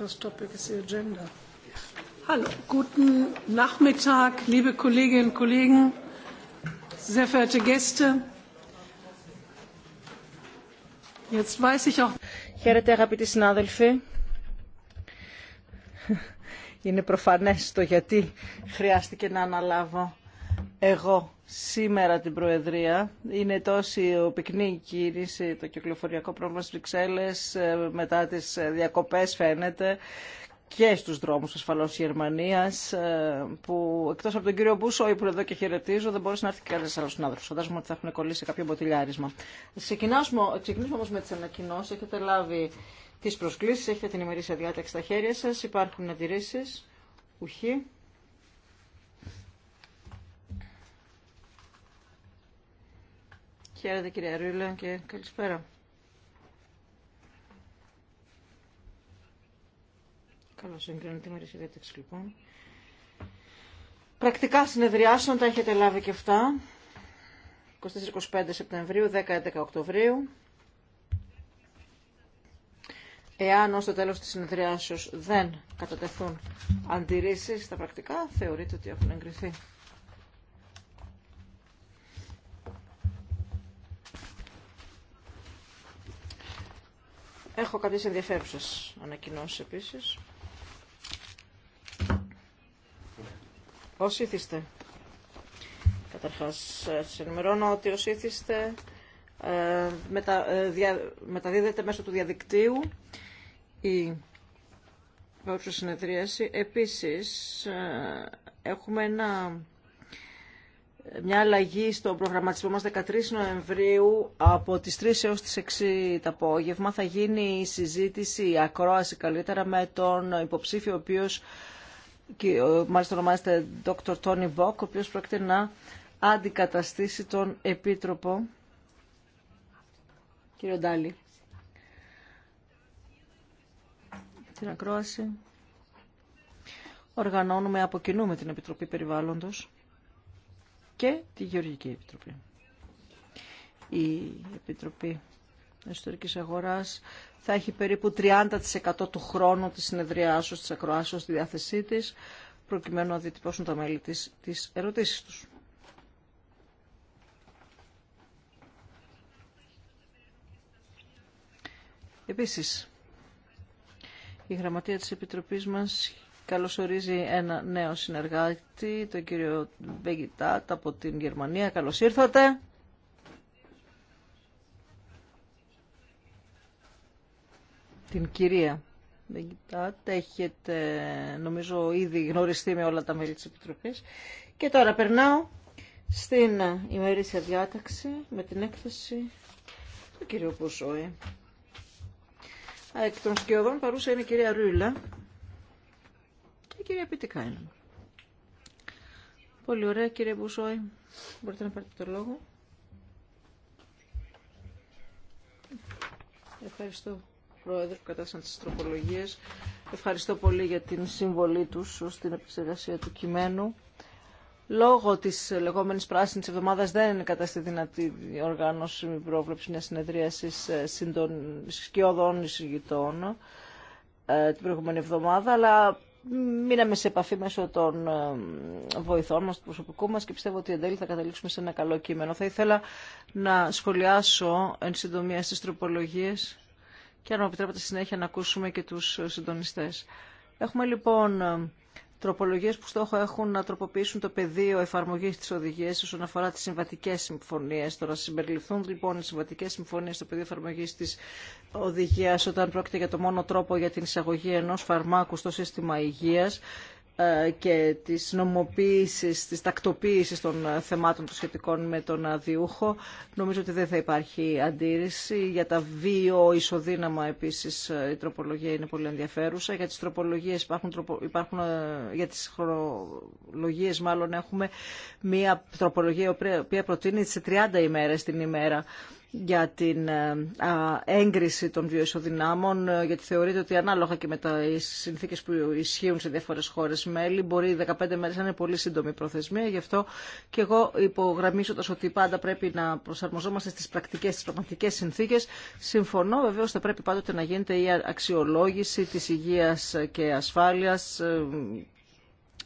first topic is the agenda. Hallo, guten Nachmittag, liebe Kolleginnen und Kollegen, sehr verehrte Gäste. Jetzt weiß ich auch. Χαίρετε αγαπητοί συνάδελφοι. Είναι προφανές το γιατί χρειάστηκε να αναλάβω εγώ σήμερα την Προεδρία. Είναι τόση πυκνή κίνηση, το κυκλοφοριακό πρόβλημα στις Βρυξέλλες, ε, μετά τις ε, διακοπές φαίνεται και στους δρόμους ασφαλώς Γερμανίας, ε, που εκτός από τον κύριο Μπούσο, ή που εδώ και χαιρετίζω, δεν μπορούσε να έρθει και κανένας άλλος συνάδελφος. Φαντάζομαι ότι θα έχουν κολλήσει κάποιο μποτιλιάρισμα. Σε ξεκινήσουμε όμως με τις ανακοινώσεις. Έχετε λάβει τις προσκλήσεις, έχετε την ημερήσια διάταξη στα χέρια σας, υπάρχουν αντιρρήσεις. Ουχή. Χαίρετε κυρία Ρούλα και καλησπέρα. Καλώ ήρθατε, η μερική λοιπόν. Πρακτικά συνεδριάσεων τα έχετε λάβει και αυτά. 24-25 Σεπτεμβρίου, 10-11 Οκτωβρίου. Εάν ως το τέλος της συνεδριάσεως δεν κατατεθούν αντιρρήσεις στα πρακτικά, θεωρείται ότι έχουν εγκριθεί. Έχω κάποιες ενδιαφέρουσες ανακοινώσεις επίσης. Όσοι ήθιστε. Καταρχάς, σας ενημερώνω ότι όσοι ήθιστε ε, ε, μεταδίδεται μέσω του διαδικτύου η παρούσα συνεδρίαση. Επίσης, ε, έχουμε ένα μια αλλαγή στο προγραμματισμό μας 13 Νοεμβρίου από τις 3 έως τις 6 το απόγευμα θα γίνει η συζήτηση, η ακρόαση καλύτερα με τον υποψήφιο ο οποίος μάλιστα ονομάζεται Dr. Tony Bock, ο οποίος πρόκειται να αντικαταστήσει τον Επίτροπο κύριο Ντάλη. Την ακρόαση οργανώνουμε από με την Επιτροπή Περιβάλλοντος και τη Γεωργική Επιτροπή. Η Επιτροπή Εσωτερικής Αγοράς θα έχει περίπου 30% του χρόνου της συνεδριάσεως, της ακροάσεως στη διάθεσή της, προκειμένου να διατυπώσουν τα μέλη της τις ερωτήσεις τους. Επίσης, η Γραμματεία της Επιτροπής μας καλωσορίζει ένα νέο συνεργάτη, τον κύριο Μπέγκιτάτ από την Γερμανία. Καλώς ήρθατε. Την κυρία Μπέγκιτάτ. Έχετε, νομίζω, ήδη γνωριστεί με όλα τα μέλη της Επιτροφής. Και τώρα περνάω στην ημερήσια διάταξη με την έκθεση του κυρίου Πουσόη. Εκ των σκιωδών παρούσα είναι η κυρία Ρούλα η κυρία Κάινα. Πολύ ωραία κύριε Μπουσόη. Μπορείτε να πάρετε το λόγο. Ευχαριστώ Πρόεδρε που κατάσταν τις τροπολογίες. Ευχαριστώ πολύ για την συμβολή τους στην επεξεργασία του κειμένου. Λόγω της λεγόμενης πράσινης εβδομάδα δεν είναι στη δυνατή οργάνωση με πρόβλεψη μια συνεδρίασης ε, συντον... σκιωδών εισηγητών ε, την προηγούμενη εβδομάδα, αλλά μείναμε σε επαφή μέσω των ε, βοηθών μας, του προσωπικού μας και πιστεύω ότι εν τέλει θα καταλήξουμε σε ένα καλό κείμενο. Θα ήθελα να σχολιάσω εν συντομία στις τροπολογίες και αν μου επιτρέπετε συνέχεια να ακούσουμε και τους συντονιστές. Έχουμε λοιπόν ε, τροπολογίες που στόχο έχουν να τροποποιήσουν το πεδίο εφαρμογής της οδηγίας όσον αφορά τις συμβατικές συμφωνίες. Τώρα συμπεριληφθούν λοιπόν οι συμβατικές συμφωνίες στο πεδίο εφαρμογής της οδηγίας όταν πρόκειται για το μόνο τρόπο για την εισαγωγή ενός φαρμάκου στο σύστημα υγείας ε, και της νομοποίησης, της τακτοποίησης των ε, θεμάτων των σχετικών με τον αδιούχο. Ε, Νομίζω ότι δεν θα υπάρχει αντίρρηση. Για τα βίο ισοδύναμα επίσης η τροπολογία είναι πολύ ενδιαφέρουσα. Για τις τροπολογίε υπάρχουν, υπάρχουν για τις χρολογίες μάλλον έχουμε μία τροπολογία η οποία προτείνει σε 30 ημέρες την ημέρα για την ε, έγκριση των βιοεισοδυνάμων, ε, γιατί θεωρείται ότι ανάλογα και με τα συνθήκε που ισχύουν σε διάφορε χώρε μέλη, μπορεί 15 μέρε να είναι πολύ σύντομη προθεσμία. Γι' αυτό και εγώ υπογραμμίζοντα ότι πάντα πρέπει να προσαρμοζόμαστε στι πρακτικέ, στι πραγματικέ συνθήκε, συμφωνώ. Βεβαίω θα πρέπει πάντοτε να γίνεται η αξιολόγηση τη υγεία και ασφάλεια ε,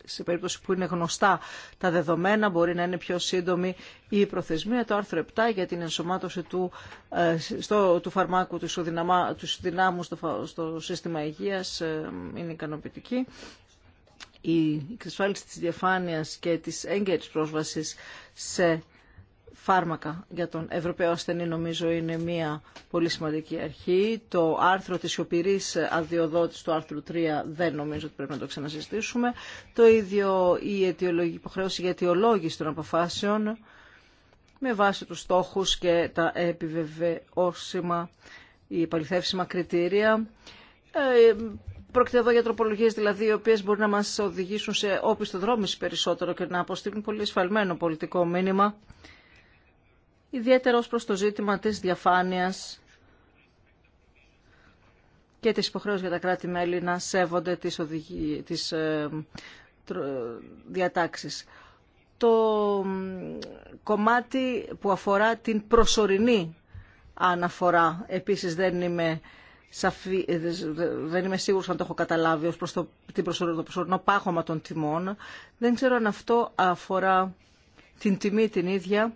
σε περίπτωση που είναι γνωστά τα δεδομένα, μπορεί να είναι πιο σύντομη η προθεσμία. Το άρθρο 7 για την ενσωμάτωση του, ε, του φαρμάκου του ισοδυνάμου στο, στο σύστημα υγείας ε, είναι ικανοποιητική. Η εξασφάλιση της διαφάνειας και της έγκαιρης πρόσβασης σε φάρμακα για τον Ευρωπαίο ασθενή νομίζω είναι μια πολύ σημαντική αρχή. Το άρθρο της σιωπηρής αδειοδότης του άρθρου 3 δεν νομίζω ότι πρέπει να το ξανασυστήσουμε. Το ίδιο η υποχρέωση για αιτιολόγηση των αποφάσεων με βάση τους στόχους και τα επιβεβαιώσιμα ή επαληθεύσιμα κριτήρια. Ε, πρόκειται εδώ για τροπολογίε δηλαδή οι οποίε μπορεί να μα οδηγήσουν σε όπιστο δρόμηση περισσότερο και να αποστείλουν πολύ ασφαλμένο πολιτικό μήνυμα ιδιαίτερα ως προς το ζήτημα της διαφάνειας και της υποχρέωσης για τα κράτη-μέλη να σέβονται τις, οδηγί... τις ε, διατάξεις. Το κομμάτι που αφορά την προσωρινή αναφορά, επίσης δεν είμαι, σαφή, ε, δεν είμαι σίγουρος αν το έχω καταλάβει ως προς το, την το προσωρινό πάγωμα των τιμών. Δεν ξέρω αν αυτό αφορά την τιμή την ίδια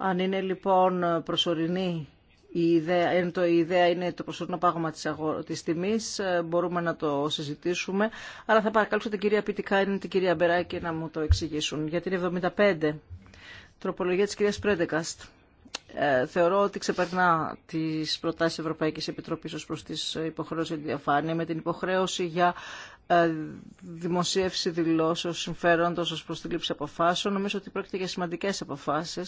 αν είναι λοιπόν προσωρινή η ιδέα, εν το, η ιδέα είναι το προσωρινό πάγωμα της, αγο... της τιμής, ε, μπορούμε να το συζητήσουμε. Αλλά θα παρακαλούσα την κυρία Πιτικά είναι την κυρία Μπεράκη να μου το εξηγήσουν. Για την 75, τροπολογία της κυρίας Πρέντεκαστ. Ε, θεωρώ ότι ξεπερνά τις προτάσεις Ευρωπαϊκής Επιτροπής ως προς τις υποχρεώσεις διαφάνεια με την υποχρέωση για ε, δημοσίευση δηλώσεων συμφέροντο ω προ τη λήψη αποφάσεων. Νομίζω ότι πρόκειται για σημαντικέ αποφάσει.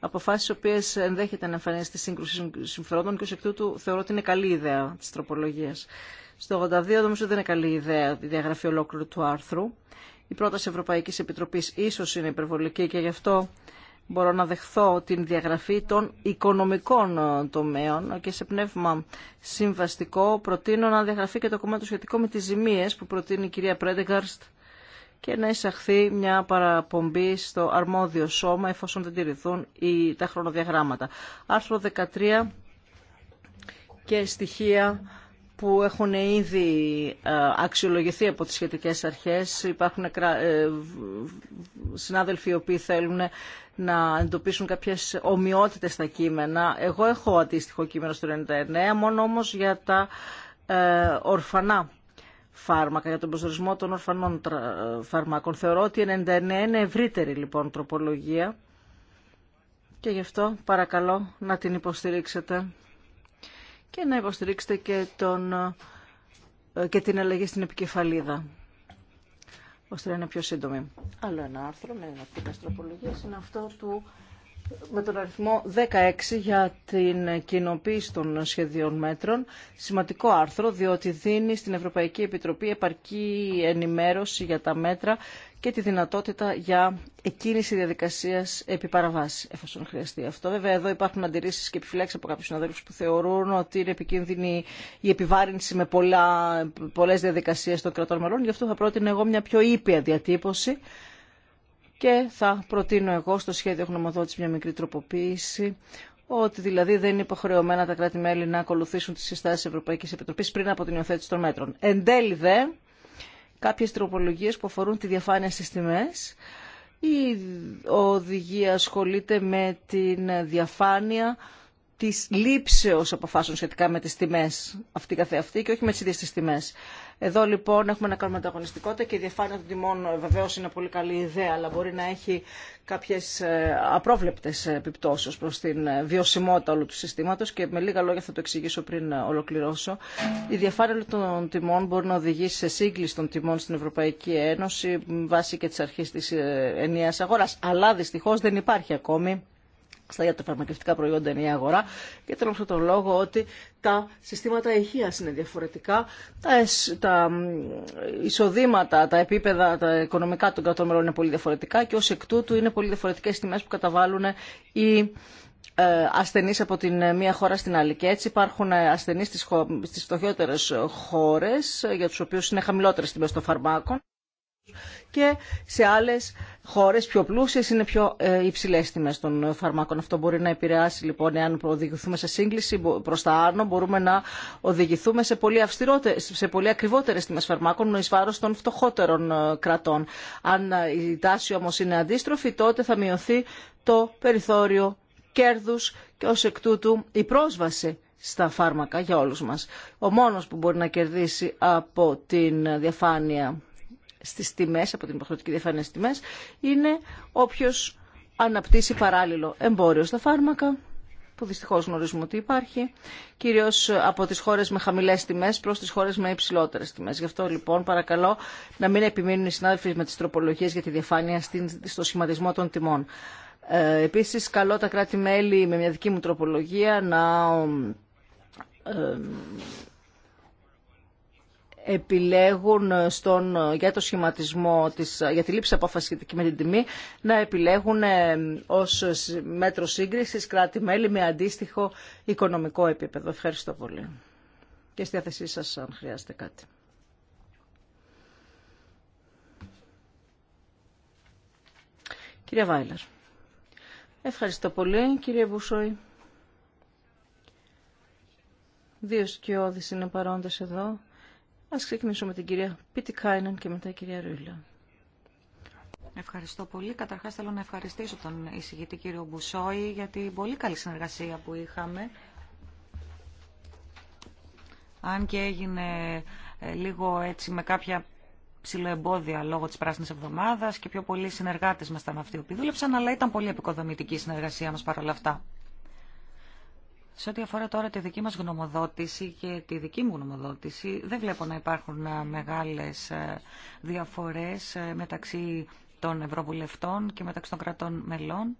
Αποφάσει οι οποίε ενδέχεται να εμφανίσει τη σύγκρουση συμφερόντων και ω εκ τούτου θεωρώ ότι είναι καλή ιδέα τη τροπολογία. Στο 82 νομίζω δεν είναι καλή ιδέα η διαγραφή ολόκληρου του άρθρου. Η πρόταση Ευρωπαϊκή Επιτροπή ίσω είναι υπερβολική και γι' αυτό μπορώ να δεχθώ την διαγραφή των οικονομικών ε, τομέων και σε πνεύμα συμβαστικό προτείνω να διαγραφεί και το κομμάτι σχετικό με τις ζημίες που προτείνει η κυρία Πρέντεγκαρστ και να εισαχθεί μια παραπομπή στο αρμόδιο σώμα εφόσον δεν τηρηθούν τα χρονοδιαγράμματα. Άρθρο 13 και στοιχεία που έχουν ήδη ε, αξιολογηθεί από τις σχετικές αρχές. Υπάρχουν ε, ε, συνάδελφοι οι οποίοι θέλουν να εντοπίσουν κάποιες ομοιότητες στα κείμενα. Εγώ έχω αντίστοιχο κείμενο στο 99, μόνο όμως για τα ορφανά φάρμακα, για τον προσδορισμό των ορφανών φαρμάκων. Θεωρώ ότι 99 είναι ευρύτερη λοιπόν τροπολογία και γι' αυτό παρακαλώ να την υποστηρίξετε και να υποστηρίξετε και, τον, ε, και την αλλαγή στην επικεφαλίδα ώστε να είναι πιο σύντομη. Άλλο ένα άρθρο με την είναι αυτό του με τον αριθμό 16 για την κοινοποίηση των σχεδίων μέτρων. Σημαντικό άρθρο, διότι δίνει στην Ευρωπαϊκή Επιτροπή επαρκή ενημέρωση για τα μέτρα και τη δυνατότητα για εκκίνηση διαδικασία επί παραβάση, εφόσον χρειαστεί αυτό. Βέβαια, εδώ υπάρχουν αντιρρήσει και επιφυλάξει από κάποιου συναδέλφου που θεωρούν ότι είναι επικίνδυνη η επιβάρυνση με πολλέ διαδικασίε των κρατών μελών. Γι' αυτό θα πρότεινα εγώ μια πιο ήπια διατύπωση και θα προτείνω εγώ στο σχέδιο γνωμοδότηση μια μικρή τροποποίηση ότι δηλαδή δεν είναι υποχρεωμένα τα κράτη-μέλη να ακολουθήσουν τις συστάσεις της Ευρωπαϊκής Επιτροπής πριν από την υιοθέτηση των μέτρων. Εν τέλει δε, κάποιες τροπολογίες που αφορούν τη διαφάνεια στις τιμές. Η οδηγία ασχολείται με την διαφάνεια της λήψεως αποφάσεων σχετικά με τις τιμές αυτή καθεαυτή και όχι με τις ίδιες τις τιμές. Εδώ λοιπόν έχουμε να κάνουμε ανταγωνιστικότητα και η διαφάνεια των τιμών ε, βεβαίω είναι πολύ καλή ιδέα, αλλά μπορεί να έχει κάποιε απρόβλεπτε επιπτώσει προ την ε, βιωσιμότητα όλου του συστήματο και με λίγα λόγια θα το εξηγήσω πριν ε, ολοκληρώσω. Η διαφάνεια των τιμών μπορεί να οδηγήσει σε σύγκληση των τιμών στην Ευρωπαϊκή Ένωση βάσει και τη αρχή τη ενιαία αγορά. Αλλά δυστυχώ δεν υπάρχει ακόμη στα ιατροφαρμακευτικά προϊόντα είναι η αγορά και θέλω αυτόν τον λόγο ότι τα συστήματα υγεία είναι διαφορετικά, τα, εισοδήματα, τα επίπεδα, τα οικονομικά των κρατών μελών είναι πολύ διαφορετικά και ω εκ τούτου είναι πολύ διαφορετικές τιμέ που καταβάλουν οι ε, ασθενεί από την ε, μία χώρα στην άλλη. Και έτσι υπάρχουν ε, ασθενεί στι χω... χώρε για του οποίου είναι χαμηλότερε τιμέ των φαρμάκων και σε άλλες χώρες πιο πλούσιες είναι πιο ε, υψηλές τιμές των φαρμάκων. Αυτό μπορεί να επηρεάσει λοιπόν εάν οδηγηθούμε σε σύγκληση προς τα άνω μπορούμε να οδηγηθούμε σε πολύ, σε πολύ ακριβότερες τιμές φαρμάκων εις βάρος των φτωχότερων ε, κρατών. Αν ε, η τάση όμως είναι αντίστροφη τότε θα μειωθεί το περιθώριο κέρδους και ως εκ τούτου η πρόσβαση στα φάρμακα για όλους μας. Ο μόνος που μπορεί να κερδίσει από την διαφάνεια στις τιμές, από την υποχρεωτική διαφάνεια στις τιμές, είναι όποιος αναπτύσσει παράλληλο εμπόριο στα φάρμακα, που δυστυχώς γνωρίζουμε ότι υπάρχει, κυρίως από τις χώρες με χαμηλές τιμές προς τις χώρες με υψηλότερες τιμές. Γι' αυτό λοιπόν παρακαλώ να μην επιμείνουν οι συνάδελφοι με τις τροπολογίες για τη διαφάνεια στο σχηματισμό των τιμών. Ε, επίσης καλώ τα κράτη-μέλη με μια δική μου τροπολογία να ε, επιλέγουν στον, για το σχηματισμό της, για τη λήψη απόφαση και με την τιμή να επιλέγουν ε, ως μέτρο σύγκρισης κράτη-μέλη με αντίστοιχο οικονομικό επίπεδο. Ευχαριστώ πολύ. Και στη διάθεσή σας αν χρειάζεται κάτι. Κυρία Βάιλερ. Ευχαριστώ πολύ κύριε Βουσόη. Δύο σκιώδεις είναι παρόντες εδώ. Ας ξεκινήσουμε με την κυρία Πίτι Κάιναν και μετά η κυρία Ρούλα. Ευχαριστώ πολύ. Καταρχάς θέλω να ευχαριστήσω τον εισηγητή κύριο Μπουσόη για την πολύ καλή συνεργασία που είχαμε. Αν και έγινε ε, λίγο έτσι με κάποια ψηλοεμπόδια λόγω της Πράσινης Εβδομάδας και πιο πολλοί συνεργάτες μας ήταν αυτοί που δούλεψαν, αλλά ήταν πολύ επικοδομητική η συνεργασία μας παρόλα αυτά. Σε ό,τι αφορά τώρα τη δική μας γνωμοδότηση και τη δική μου γνωμοδότηση, δεν βλέπω να υπάρχουν ε, μεγάλες ε, διαφορές ε, μεταξύ των Ευρωβουλευτών και μεταξύ των κρατών μελών.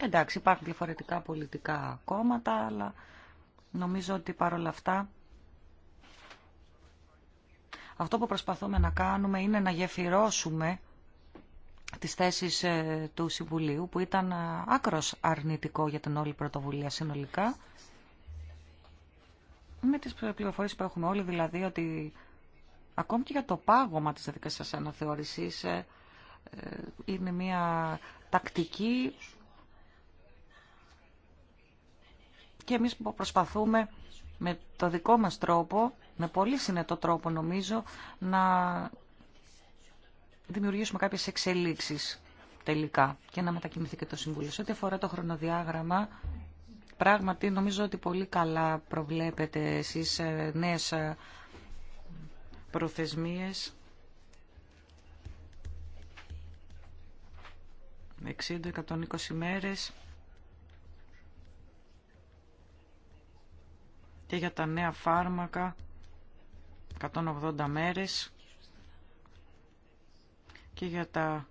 Εντάξει, υπάρχουν διαφορετικά πολιτικά κόμματα, αλλά νομίζω ότι παρόλα αυτά αυτό που προσπαθούμε να κάνουμε είναι να γεφυρώσουμε τις θέσεις ε, του Συμβουλίου που ήταν ε, άκρος αρνητικό για την όλη πρωτοβουλία συνολικά με τις πληροφορίες που έχουμε όλοι δηλαδή ότι ακόμη και για το πάγωμα της δικασίας αναθεώρησης ε, είναι μια τακτική και εμείς προσπαθούμε με το δικό μας τρόπο, με πολύ συνετό τρόπο νομίζω, να δημιουργήσουμε κάποιες εξελίξεις τελικά και να μετακινηθεί και το Συμβούλιο. Σε ό,τι αφορά το χρονοδιάγραμμα, πράγματι νομίζω ότι πολύ καλά προβλέπετε εσείς ε, νέες ε, προθεσμίες. 60-120 μέρες και για τα νέα φάρμακα 180 μέρες και για τα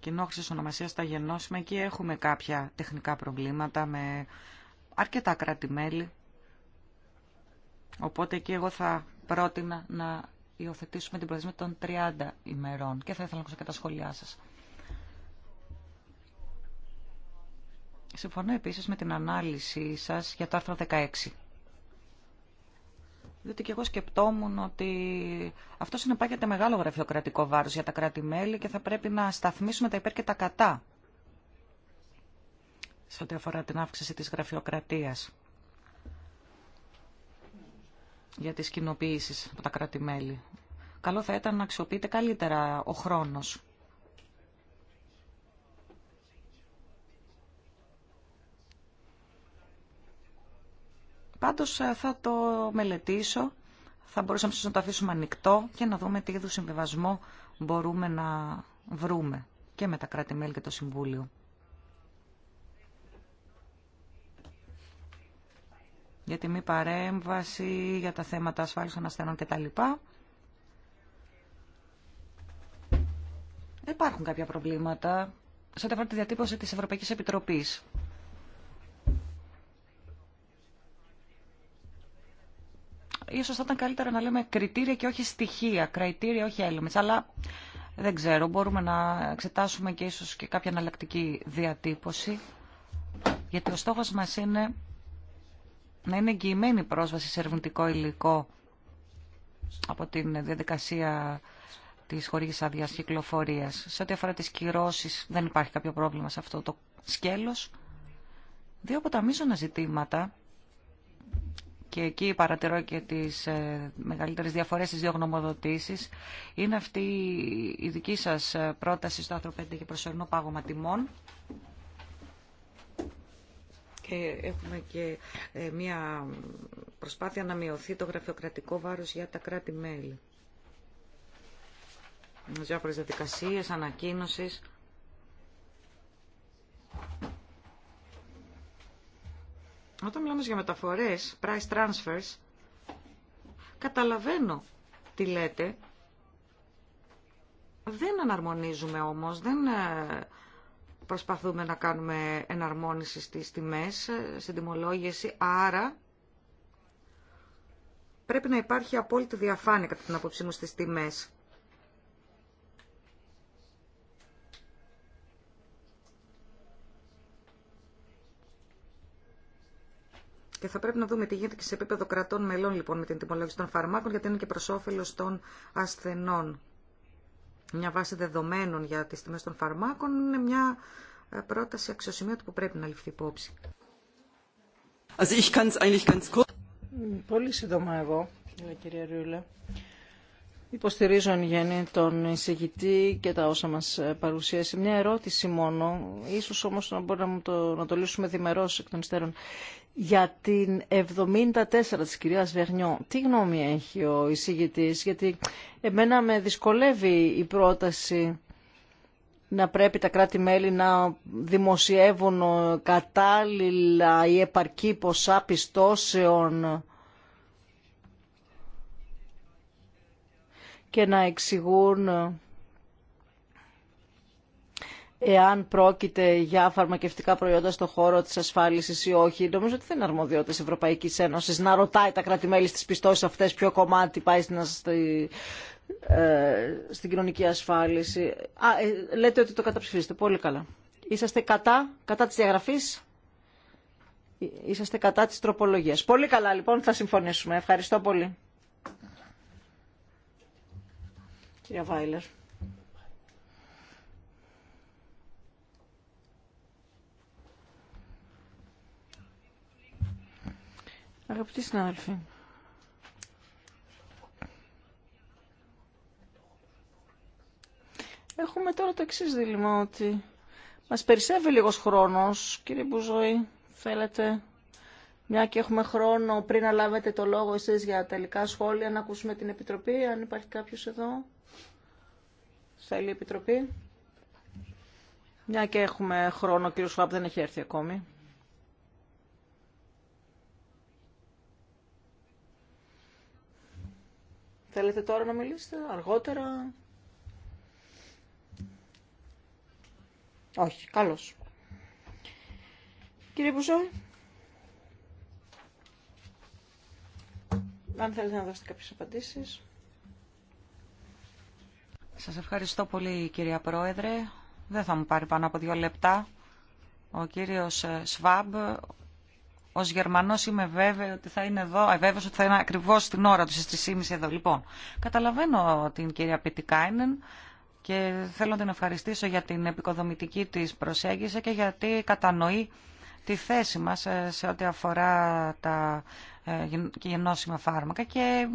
κοινόχρησης ονομασία στα γενώσιμα. Εκεί έχουμε κάποια τεχνικά προβλήματα με αρκετά κράτη-μέλη. Οπότε εκεί εγώ θα πρότεινα να υιοθετήσουμε την προθεσμία των 30 ημερών και θα ήθελα να ακούσω και τα σχόλιά σας. Συμφωνώ επίσης με την ανάλυση σας για το άρθρο 16. Διότι και εγώ σκεπτόμουν ότι αυτό συνεπάγεται μεγάλο γραφειοκρατικό βάρο για τα κράτη-μέλη και θα πρέπει να σταθμίσουμε τα υπέρ και τα κατά σε ό,τι αφορά την αύξηση της γραφειοκρατίας για τις κοινοποίησεις από τα κράτη-μέλη. Καλό θα ήταν να αξιοποιείται καλύτερα ο χρόνος. Πάντω ε, θα το μελετήσω, θα μπορούσαμε να το αφήσουμε ανοιχτό και να δούμε τι είδου συμβιβασμό μπορούμε να βρούμε και με τα κράτη-μέλη και το Συμβούλιο. για τη μη παρέμβαση, για τα θέματα ασφάλειας των ασθενών κτλ. Υπάρχουν κάποια προβλήματα σε ό,τι αφορά τη διατύπωση της Ευρωπαϊκής Επιτροπής. ίσως θα ήταν καλύτερα να λέμε κριτήρια και όχι στοιχεία, κριτήρια όχι elements, αλλά δεν ξέρω, μπορούμε να εξετάσουμε και ίσως και κάποια αναλλακτική διατύπωση, γιατί ο στόχος μας είναι να είναι εγγυημένη η πρόσβαση σε ερευνητικό υλικό από την διαδικασία της χορήγησης άδεια κυκλοφορία. Σε ό,τι αφορά τις κυρώσει, δεν υπάρχει κάποιο πρόβλημα σε αυτό το σκέλος. Δύο από τα μείζωνα ζητήματα και εκεί παρατηρώ και τις ε, μεγαλύτερες διαφορές στις δύο γνωμοδοτήσεις, είναι αυτή η δική σας ε, πρόταση στο άρθρο 5 για προσωρινό πάγωμα τιμών. Και έχουμε και ε, μια προσπάθεια να μειωθεί το γραφειοκρατικό βάρος για τα κράτη-μέλη. Διάφορες διαδικασίες, ανακοίνωσης Όταν μιλάμε για μεταφορές, price transfers, καταλαβαίνω τι λέτε. Δεν αναρμονίζουμε όμως, δεν ε, προσπαθούμε να κάνουμε εναρμόνιση στις τιμές, ε, στην τιμολόγηση, άρα πρέπει να υπάρχει απόλυτη διαφάνεια κατά την απόψη μου στις τιμές. Και θα πρέπει να δούμε τι γίνεται και σε επίπεδο κρατών μελών λοιπόν με την τιμολόγηση των φαρμάκων, γιατί είναι και προ όφελο των ασθενών. Μια βάση δεδομένων για τις τιμές των φαρμάκων είναι μια ε, πρόταση αξιοσημείωτη που πρέπει να ληφθεί υπόψη. Πολύ σύντομα εγώ, κυρία Ρούλα. Υποστηρίζω εν γέννη τον εισηγητή και τα όσα μας παρουσίασε. Μια ερώτηση μόνο, ίσως όμως να μπορούμε να το, λύσουμε διμερώς εκ των υστέρων. Για την 74 της κυρίας Βερνιό, τι γνώμη έχει ο εισηγητής, γιατί εμένα με δυσκολεύει η πρόταση να πρέπει τα κράτη-μέλη να δημοσιεύουν κατάλληλα ή επαρκή ποσά πιστώσεων και να εξηγούν ε, εάν πρόκειται για φαρμακευτικά προϊόντα στο χώρο της ασφάλισης ή όχι. Νομίζω ότι δεν είναι αρμοδιότητα της Ευρωπαϊκής Ένωσης να ρωτάει τα κράτη-μέλη στις πιστώσεις αυτές ποιο κομμάτι πάει στην, ε, στην κοινωνική ασφάλιση. Ε, λέτε ότι το καταψηφίσετε. Πολύ καλά. Είσαστε κατά, κατά της διαγραφής. Είσαστε κατά της τροπολογίας. Πολύ καλά λοιπόν, θα συμφωνήσουμε. Ευχαριστώ πολύ. Κυρία Βάιλερ. Αγαπητοί συνάδελφοι, έχουμε τώρα το εξή δίλημα ότι μας περισσεύει λίγος χρόνος. Κύριε Μπουζόη, θέλετε, μια και έχουμε χρόνο πριν να λάβετε το λόγο εσείς για τελικά σχόλια, να ακούσουμε την Επιτροπή, αν υπάρχει κάποιος εδώ. Θέλει η Επιτροπή. Μια και έχουμε χρόνο, ο κύριος Σουάπ δεν έχει έρθει ακόμη. Θέλετε τώρα να μιλήσετε, αργότερα. Όχι, καλώς. Κύριε Μπουζόη. Αν θέλετε να δώσετε κάποιες απαντήσεις. Σας ευχαριστώ πολύ κυρία Πρόεδρε. Δεν θα μου πάρει πάνω από δύο λεπτά. Ο κύριος ε, Σβάμπ, ως Γερμανός είμαι βέβαιο ότι θα είναι εδώ, ε, βέβαιος ότι θα είναι ακριβώς την ώρα του στις 3.30 εδώ. Λοιπόν, καταλαβαίνω την κυρία Πιτικάινεν και θέλω να την ευχαριστήσω για την επικοδομητική της προσέγγιση και γιατί κατανοεί τη θέση μας ε, σε ό,τι αφορά τα ε, γεννόσιμα φάρμακα και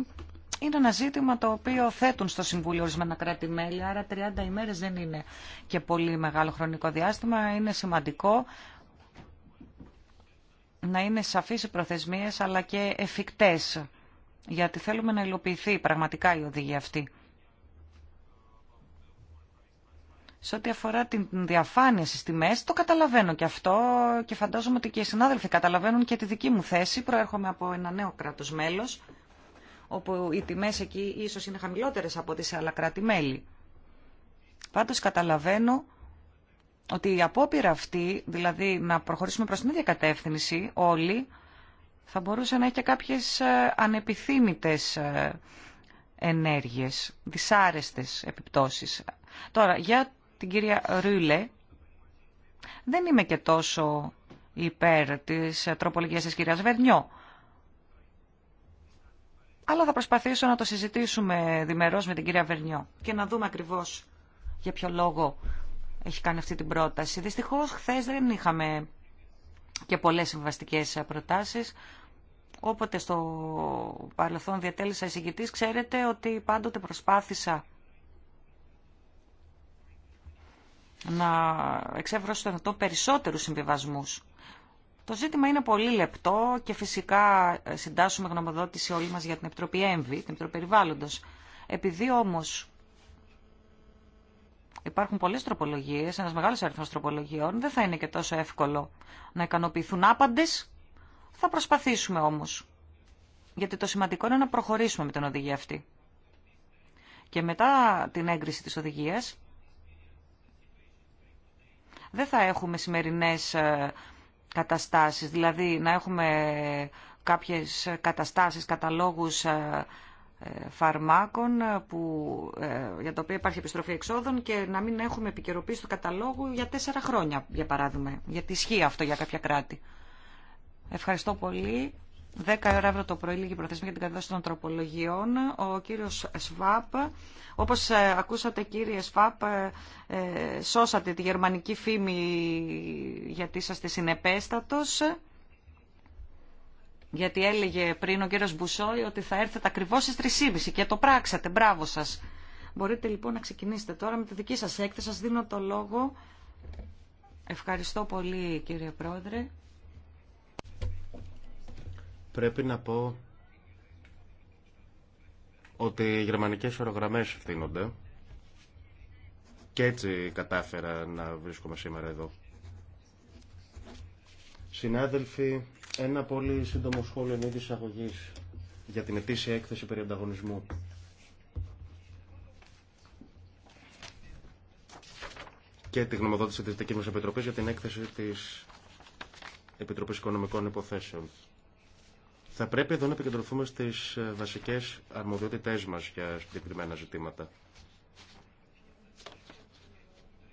είναι ένα ζήτημα το οποίο θέτουν στο Συμβούλιο ορισμένα κράτη-μέλη, άρα 30 ημέρες δεν είναι και πολύ μεγάλο χρονικό διάστημα, είναι σημαντικό να είναι σαφείς οι προθεσμίες αλλά και εφικτές, γιατί θέλουμε να υλοποιηθεί πραγματικά η οδηγία αυτή. Σε ό,τι αφορά την διαφάνεια στις τιμές, το καταλαβαίνω και αυτό και φαντάζομαι ότι και οι συνάδελφοι καταλαβαίνουν και τη δική μου θέση. Προέρχομαι από ένα νέο κράτος μέλος όπου οι τιμές εκεί ίσως είναι χαμηλότερες από τις άλλα κράτη-μέλη. Πάντως καταλαβαίνω ότι η απόπειρα αυτή, δηλαδή να προχωρήσουμε προς την ίδια κατεύθυνση όλοι, θα μπορούσε να έχει και κάποιες ε, ανεπιθύμητες ε, ενέργειες, δυσάρεστες επιπτώσεις. Τώρα, για την κυρία Ρούλε, δεν είμαι και τόσο υπέρ της τροπολογίας της κυρίας Βερνιό. Αλλά θα προσπαθήσω να το συζητήσουμε διμερώς με την κυρία Βερνιό και να δούμε ακριβώς για ποιο λόγο έχει κάνει αυτή την πρόταση. Δυστυχώς χθες δεν είχαμε και πολλές συμβαστικέ προτάσεις. Όποτε στο παρελθόν διατέλεσα εισηγητής, ξέρετε ότι πάντοτε προσπάθησα να εξεύρω στον περισσότερους συμβιβασμούς το ζήτημα είναι πολύ λεπτό και φυσικά ε, συντάσσουμε γνωμοδότηση όλοι μας για την Επιτροπή ΕΜΒΗ, την Επιτροπή Περιβάλλοντος. Επειδή όμως υπάρχουν πολλές τροπολογίες, ένας μεγάλος αριθμός τροπολογιών, δεν θα είναι και τόσο εύκολο να ικανοποιηθούν άπαντες. Θα προσπαθήσουμε όμως. Γιατί το σημαντικό είναι να προχωρήσουμε με την οδηγία αυτή. Και μετά την έγκριση της οδηγίας, δεν θα έχουμε σημερινές ε, καταστάσεις, δηλαδή να έχουμε κάποιες καταστάσεις, καταλόγους ε, ε, φαρμάκων ε, που, για τα οποία υπάρχει επιστροφή εξόδων και να μην έχουμε επικαιροποίηση του καταλόγου για τέσσερα χρόνια, για παράδειγμα, γιατί ισχύει αυτό για κάποια κράτη. Ευχαριστώ πολύ. 10 ώρα αύριο το πρωί λίγη προθεσμία για την κατάσταση των τροπολογιών. Ο κύριο Σβάπ, όπω ε, ακούσατε κύριε Σβάπ, ε, ε, σώσατε τη γερμανική φήμη γιατί είσαστε συνεπέστατο Γιατί έλεγε πριν ο κύριος Μπουσόη ότι θα έρθετε ακριβώς στις 3.30 και το πράξατε. Μπράβο σας. Μπορείτε λοιπόν να ξεκινήσετε τώρα με τη δική σας έκθεση. Σας δίνω το λόγο. Ευχαριστώ πολύ κύριε Πρόεδρε. Πρέπει να πω ότι οι γερμανικές ορογραμμές ευθύνονται και έτσι κατάφερα να βρίσκομαι σήμερα εδώ. Συνάδελφοι, ένα πολύ σύντομο σχόλιο ενίδη για την ετήσια έκθεση περί ανταγωνισμού. Και τη γνωμοδότηση της δικής μας Επιτροπής για την έκθεση της Επιτροπής Οικονομικών Υποθέσεων. Θα πρέπει εδώ να επικεντρωθούμε στις ε, βασικές αρμοδιότητές μας για συγκεκριμένα ζητήματα.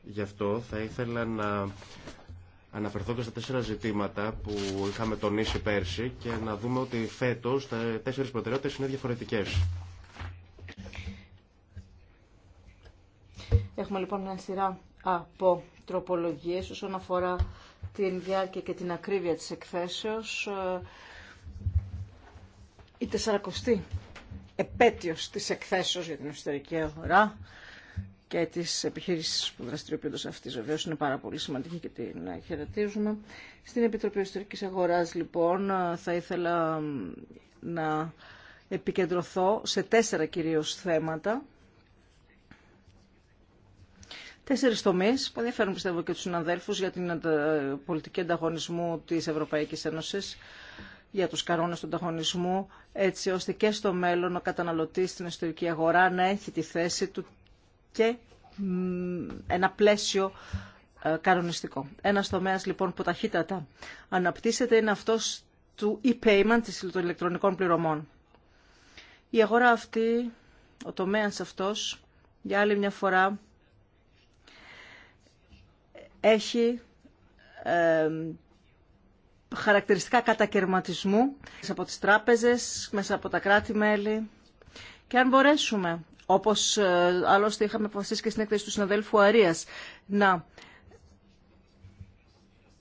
Γι' αυτό θα ήθελα να αναφερθώ και στα τέσσερα ζητήματα που είχαμε τονίσει πέρσι και να δούμε ότι φέτος τα τέσσερις προτεραιότητες είναι διαφορετικές. Έχουμε λοιπόν μια σειρά από τροπολογίες όσον αφορά την διάρκεια και την ακρίβεια της εκθέσεως η 40η επέτειος της εκθέσεως για την εσωτερική αγορά και της επιχείρησης που δραστηριοποιούνται σε αυτή βεβαίω, είναι πάρα πολύ σημαντική και την χαιρετίζουμε. Στην Επιτροπή Ιστορικής Αγοράς λοιπόν θα ήθελα να επικεντρωθώ σε τέσσερα κυρίως θέματα. Τέσσερι τομεί που ενδιαφέρουν πιστεύω και του συναδέλφου για την πολιτική ανταγωνισμού τη Ευρωπαϊκή Ένωση για τους καρόνες του ανταγωνισμού, έτσι ώστε και στο μέλλον ο καταναλωτής στην εσωτερική αγορά να έχει τη θέση του και ένα πλαίσιο ε, κανονιστικό. Ένα τομέα λοιπόν που ταχύτατα αναπτύσσεται είναι αυτός του e-payment, των ηλεκτρονικών πληρωμών. Η αγορά αυτή, ο τομέας αυτός, για άλλη μια φορά, έχει ε, χαρακτηριστικά κατακαιρματισμού μέσα από τις τράπεζες, μέσα από τα κράτη-μέλη. Και αν μπορέσουμε, όπως ε, άλλωστε είχαμε αποφασίσει και στην έκθεση του συναδέλφου Αρίας, να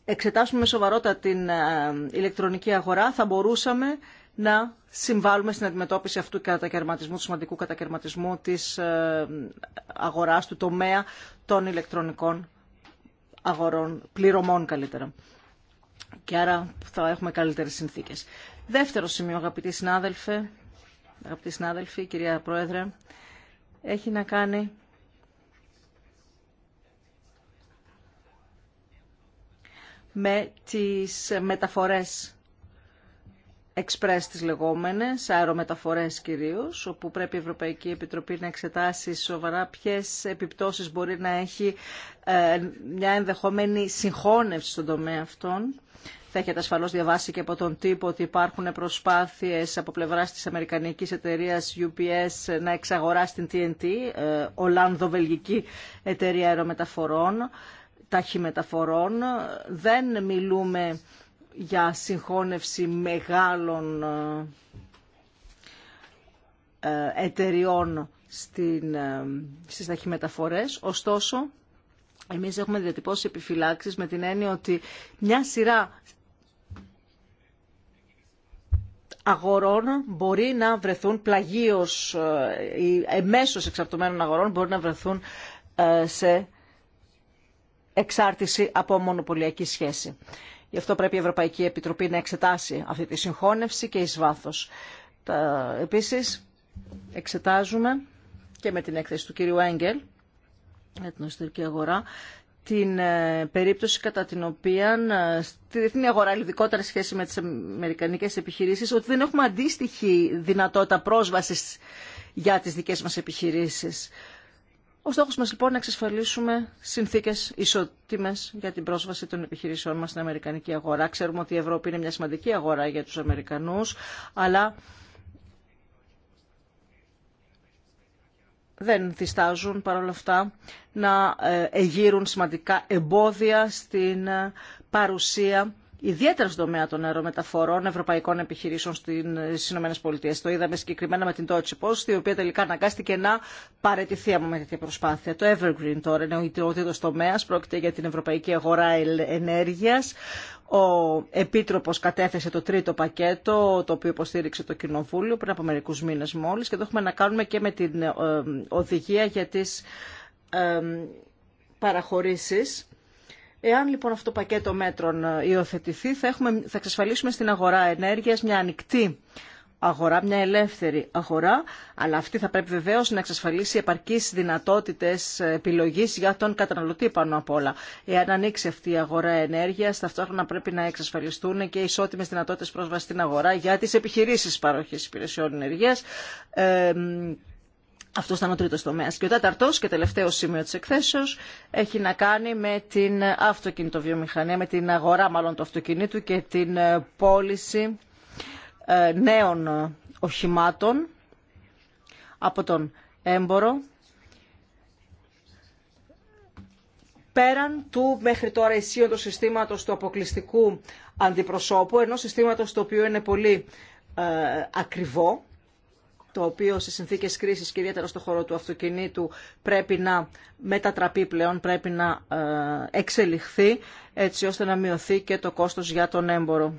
εξετάσουμε με την ε, ηλεκτρονική αγορά, θα μπορούσαμε να συμβάλλουμε στην αντιμετώπιση αυτού του του σημαντικού κατακαιρματισμού της ε, αγοράς, του τομέα των ηλεκτρονικών αγορών, πληρωμών καλύτερα και άρα θα έχουμε καλύτερες συνθήκες. Δεύτερο σημείο, αγαπητοί συνάδελφοι, αγαπητοί συνάδελφοι, κυρία Πρόεδρε, έχει να κάνει με τις μεταφορές εξπρές τις λεγόμενες, αερομεταφορές κυρίως, όπου πρέπει η Ευρωπαϊκή Επιτροπή να εξετάσει σοβαρά ποιες επιπτώσεις μπορεί να έχει ε, μια ενδεχόμενη συγχώνευση στον τομέα αυτών. Θα έχετε ασφαλώς διαβάσει και από τον τύπο ότι υπάρχουν προσπάθειες από πλευράς της Αμερικανικής εταιρείας UPS να εξαγοράσει την TNT, Ολλάνδο-Βελγική ε, εταιρεία αερομεταφορών, ταχυμεταφορών. Δεν μιλούμε για συγχώνευση μεγάλων ε, ε, εταιριών στην, ε, στις ταχυμεταφορές. Ωστόσο, εμείς έχουμε διατυπώσει επιφυλάξεις με την έννοια ότι μια σειρά αγορών μπορεί να βρεθούν πλαγίως ή εμέσως εξαρτωμένων αγορών μπορεί να βρεθούν σε εξάρτηση από μονοπωλιακή σχέση. Γι' αυτό πρέπει η Ευρωπαϊκή Επιτροπή να εξετάσει αυτή τη συγχώνευση και εις βάθος. Τα, επίσης, εξετάζουμε και με την έκθεση του κύριου Έγγελ για την εσωτερική αγορά την ε, περίπτωση κατά την οποία ε, στη διεθνή αγορά, ειδικότερα σχέση με τις αμερικανικές επιχειρήσεις, ότι δεν έχουμε αντίστοιχη δυνατότητα πρόσβασης για τις δικές μας επιχειρήσεις. Ο στόχος μας λοιπόν είναι να εξασφαλίσουμε συνθήκες ισότιμες για την πρόσβαση των επιχειρήσεών μας στην Αμερικανική αγορά. Ξέρουμε ότι η Ευρώπη είναι μια σημαντική αγορά για τους Αμερικανούς, αλλά δεν διστάζουν παρόλα αυτά να ε, εγείρουν σημαντικά εμπόδια στην ε, παρουσία ιδιαίτερα στον τομέα των αερομεταφορών ευρωπαϊκών επιχειρήσεων ε, στι ΗΠΑ. Το είδαμε συγκεκριμένα με την Deutsche Post, η οποία τελικά αναγκάστηκε να παρετηθεί από μια τέτοια προσπάθεια. Το Evergreen τώρα είναι ο ιδιωτικό τομέα, πρόκειται για την ευρωπαϊκή αγορά ενέργεια. Ο Επίτροπο κατέθεσε το τρίτο πακέτο, το οποίο υποστήριξε το Κοινοβούλιο πριν από μερικού μήνε μόλι, και εδώ έχουμε να κάνουμε και με την ε, ε, οδηγία για τι παραχωρήσεις Εάν λοιπόν αυτό το πακέτο μέτρων ε, υιοθετηθεί, θα, έχουμε, θα εξασφαλίσουμε στην αγορά ενέργειας μια ανοιχτή αγορά, μια ελεύθερη αγορά, αλλά αυτή θα πρέπει βεβαίως να εξασφαλίσει επαρκείς δυνατότητες ε, επιλογής για τον καταναλωτή πάνω απ' όλα. Εάν ανοίξει αυτή η αγορά ενέργειας, ταυτόχρονα πρέπει να εξασφαλιστούν και ισότιμες δυνατότητες πρόσβασης στην αγορά για τις επιχειρήσεις παροχής υπηρεσιών ενεργείας, ε, αυτό ήταν ο τρίτο τομέα. Και ο τέταρτο και τελευταίο σημείο τη εκθέσεω έχει να κάνει με την αυτοκινητοβιομηχανία, με την αγορά μάλλον του αυτοκινήτου και την ε, πώληση ε, νέων οχημάτων από τον έμπορο πέραν του μέχρι τώρα ισχύοντος συστήματος του αποκλειστικού αντιπροσώπου, ενός συστήματος το οποίο είναι πολύ ε, ακριβό το οποίο σε συνθήκε κρίση και ιδιαίτερα στο χώρο του αυτοκινήτου πρέπει να μετατραπεί πλέον, πρέπει να ε, εξελιχθεί έτσι ώστε να μειωθεί και το κόστος για τον έμπορο.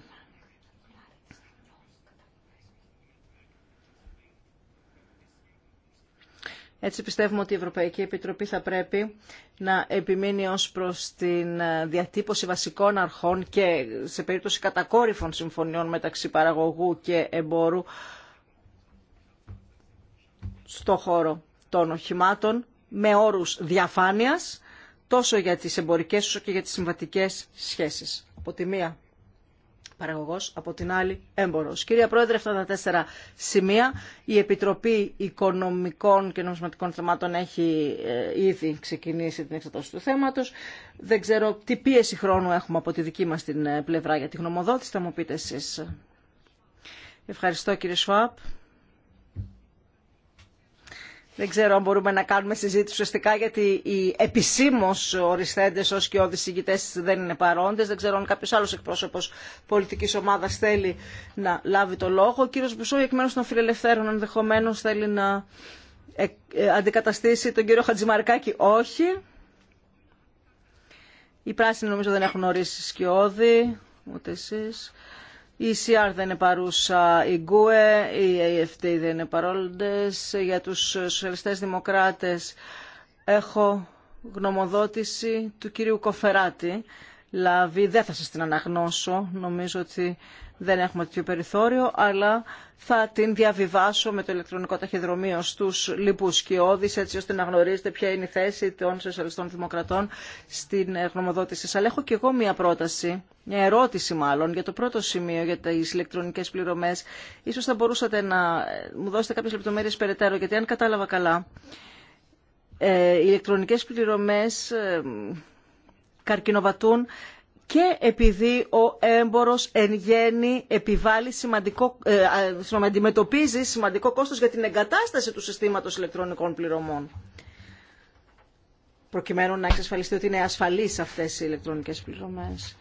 Έτσι πιστεύουμε ότι η Ευρωπαϊκή Επιτροπή θα πρέπει να επιμείνει ως προς την ε, διατύπωση βασικών αρχών και σε περίπτωση κατακόρυφων συμφωνιών μεταξύ παραγωγού και εμπόρου στο χώρο των οχημάτων με όρους διαφάνειας τόσο για τις εμπορικές όσο και για τις συμβατικές σχέσεις. Από τη μία παραγωγός, από την άλλη έμπορος. Κυρία Πρόεδρε, αυτά τα τέσσερα σημεία η Επιτροπή Οικονομικών και Νομισματικών Θεμάτων έχει ε, ήδη ξεκινήσει την εξετάσταση του θέματος. Δεν ξέρω τι πίεση χρόνου έχουμε από τη δική μας την ε, πλευρά για τη γνωμοδότηση. Θα μου πείτε εσείς. Ευχαριστώ κύριε δεν ξέρω αν μπορούμε να κάνουμε συζήτηση ουσιαστικά γιατί οι επισήμω οριστέντε ω και ο δεν είναι παρόντε. Δεν ξέρω αν κάποιο άλλο εκπρόσωπο πολιτική ομάδα θέλει να λάβει το λόγο. Ο κύριο Μπουσόη, εκ μέρου των φιλελευθέρων, ενδεχομένω θέλει να ε, ε, αντικαταστήσει τον κύριο Χατζημαρκάκη. Όχι. Οι πράσινοι νομίζω δεν έχουν ορίσει σκιώδη, ούτε εσείς. Η ECR δεν είναι παρούσα, η ΓΚΟΕ, η ΑΕΦΤ δεν είναι Για τους σοσιαλιστές δημοκράτες έχω γνωμοδότηση του κυρίου Κοφεράτη. Λάβει, δεν θα σας την αναγνώσω, νομίζω ότι δεν έχουμε τέτοιο περιθώριο, αλλά θα την διαβιβάσω με το ηλεκτρονικό ταχυδρομείο στους λοιπού σκιώδει, έτσι ώστε να γνωρίζετε ποια είναι η θέση των σοσιαλιστών δημοκρατών στην ε, γνωμοδότηση. Αλλά έχω και εγώ μία πρόταση, μια ερώτηση μάλλον, για το πρώτο σημείο, για τι ηλεκτρονικέ πληρωμές. Σω θα μπορούσατε να ε, μου δώσετε κάποιε λεπτομέρειε περαιτέρω, γιατί αν κατάλαβα καλά, ε, οι ηλεκτρονικές πληρωμές καρκινοβατούν και επειδή ο έμπορος εν γέννη επιβάλλει σημαντικό, ε, αντιμετωπίζει σημαντικό κόστος για την εγκατάσταση του συστήματος ηλεκτρονικών πληρωμών προκειμένου να εξασφαλιστεί ότι είναι ασφαλείς αυτές οι ηλεκτρονικές πληρωμές.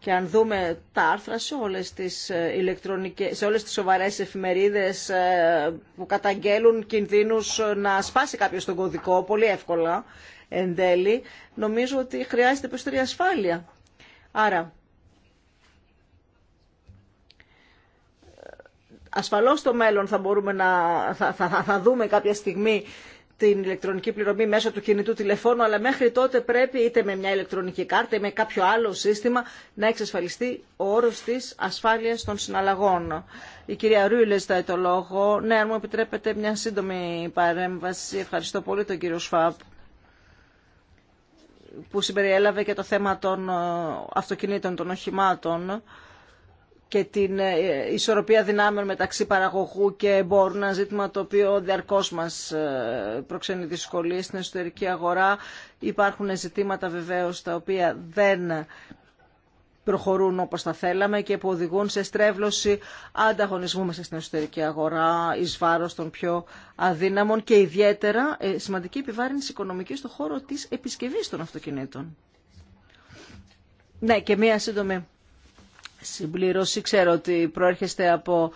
Και αν δούμε τα άρθρα σε όλες τις, ε, ηλεκτρονικές, σε όλες τις σοβαρές εφημερίδες ε, που καταγγέλουν κινδύνους ε, να σπάσει κάποιος τον κωδικό πολύ εύκολα εν τέλει, νομίζω ότι χρειάζεται περισσότερη ασφάλεια Άρα, ασφαλώς στο μέλλον θα, μπορούμε να, θα, θα, θα δούμε κάποια στιγμή την ηλεκτρονική πληρωμή μέσω του κινητού τηλεφώνου, αλλά μέχρι τότε πρέπει είτε με μια ηλεκτρονική κάρτα ή με κάποιο άλλο σύστημα να εξασφαλιστεί ο όρος της ασφάλειας των συναλλαγών. Η κυρία Ρούιλε ζητάει το λόγο. Ναι, αν μου επιτρέπετε μια σύντομη παρέμβαση. Ευχαριστώ πολύ τον κύριο Σφάπ που συμπεριέλαβε και το θέμα των ε, αυτοκινήτων, των οχημάτων και την ε, ισορροπία δυνάμεων μεταξύ παραγωγού και εμπόρου, ένα ζήτημα το οποίο διαρκώς μας ε, προξενεί δυσκολίες στην εσωτερική αγορά. Υπάρχουν ζητήματα βεβαίως τα οποία δεν προχωρούν όπως θα θέλαμε και που οδηγούν σε στρέβλωση ανταγωνισμού μέσα στην εσωτερική αγορά, εις βάρος των πιο αδύναμων και ιδιαίτερα ε, σημαντική επιβάρυνση οικονομική στον χώρο της επισκευής των αυτοκινήτων. Ναι, και μία σύντομη συμπλήρωση. Ξέρω ότι προέρχεστε από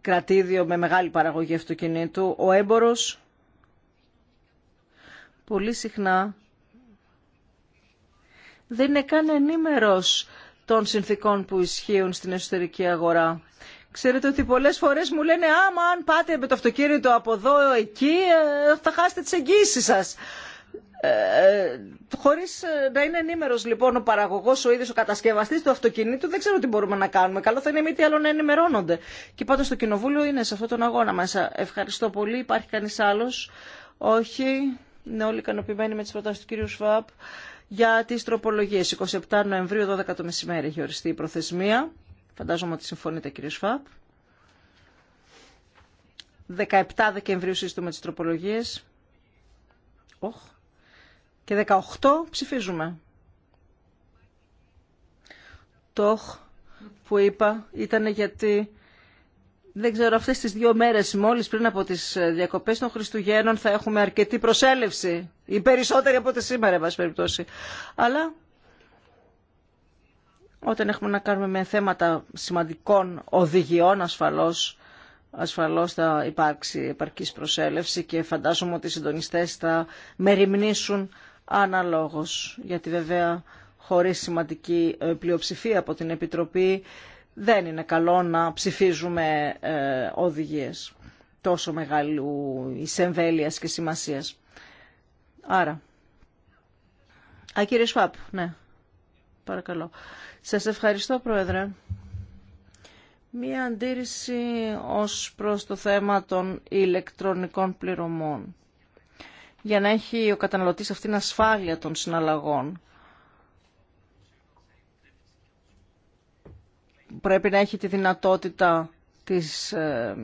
κρατήδιο με μεγάλη παραγωγή αυτοκινήτου. Ο έμπορος πολύ συχνά δεν είναι καν ενήμερος των συνθήκων που ισχύουν στην εσωτερική αγορά. Ξέρετε ότι πολλές φορές μου λένε «Άμα αν πάτε με το αυτοκίνητο από εδώ εκεί ε, θα χάσετε τις εγγύσει σας». Ε, χωρίς ε, να είναι ενήμερος λοιπόν ο παραγωγός, ο ίδιος ο κατασκευαστής του αυτοκινήτου, δεν ξέρω τι μπορούμε να κάνουμε. Καλό θα είναι μη τι άλλο να ενημερώνονται. Και πάντως το κοινοβούλιο είναι σε αυτόν τον αγώνα μέσα. Ευχαριστώ πολύ. Υπάρχει κανείς άλλος. Όχι. Είναι όλοι ικανοποιημένοι με τις προτάσεις του κύριου Σφάπ για τις τροπολογίες. 27 Νοεμβρίου, 12 το μεσημέρι έχει οριστεί η προθεσμία. Φαντάζομαι ότι συμφωνείτε κύριε Σφάπ. 17 Δεκεμβρίου σύστομα τις τροπολογίες. Οχ. Και 18 ψηφίζουμε. Το που είπα ήταν γιατί δεν ξέρω, αυτές τις δύο μέρες μόλις πριν από τις ε, διακοπές των Χριστουγέννων θα έχουμε αρκετή προσέλευση. Η περισσότερη από ό,τι σήμερα, εν περιπτώσει. Αλλά όταν έχουμε να κάνουμε με θέματα σημαντικών οδηγιών ασφαλώς, ασφαλώς θα υπάρξει επαρκής προσέλευση και φαντάζομαι ότι οι συντονιστές θα μεριμνήσουν αναλόγως. Γιατί βέβαια χωρίς σημαντική ε, πλειοψηφία από την Επιτροπή δεν είναι καλό να ψηφίζουμε ε, οδηγίες τόσο μεγάλου εισεμβέλειας και σημασίας. Άρα. Α, κύριε Σφάπ, ναι. Παρακαλώ. Σας ευχαριστώ, Πρόεδρε. Μία αντίρρηση ως προς το θέμα των ηλεκτρονικών πληρωμών. Για να έχει ο καταναλωτής αυτήν ασφάλεια των συναλλαγών πρέπει να έχει τη δυνατότητα της ε,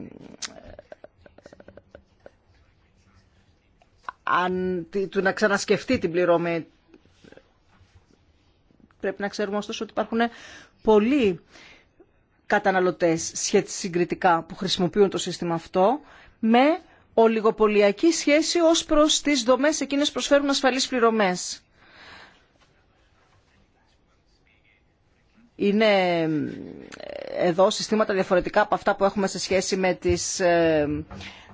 του να ξανασκεφτεί την πληρώμη. Πρέπει να ξέρουμε ωστόσο ότι υπάρχουν πολλοί καταναλωτές συγκριτικά που χρησιμοποιούν το σύστημα αυτό με ολιγοπολιακή σχέση ως προς τις δομές εκείνες προσφέρουν ασφαλείς πληρωμές. είναι ε, εδώ συστήματα διαφορετικά από αυτά που έχουμε σε σχέση με τις ε,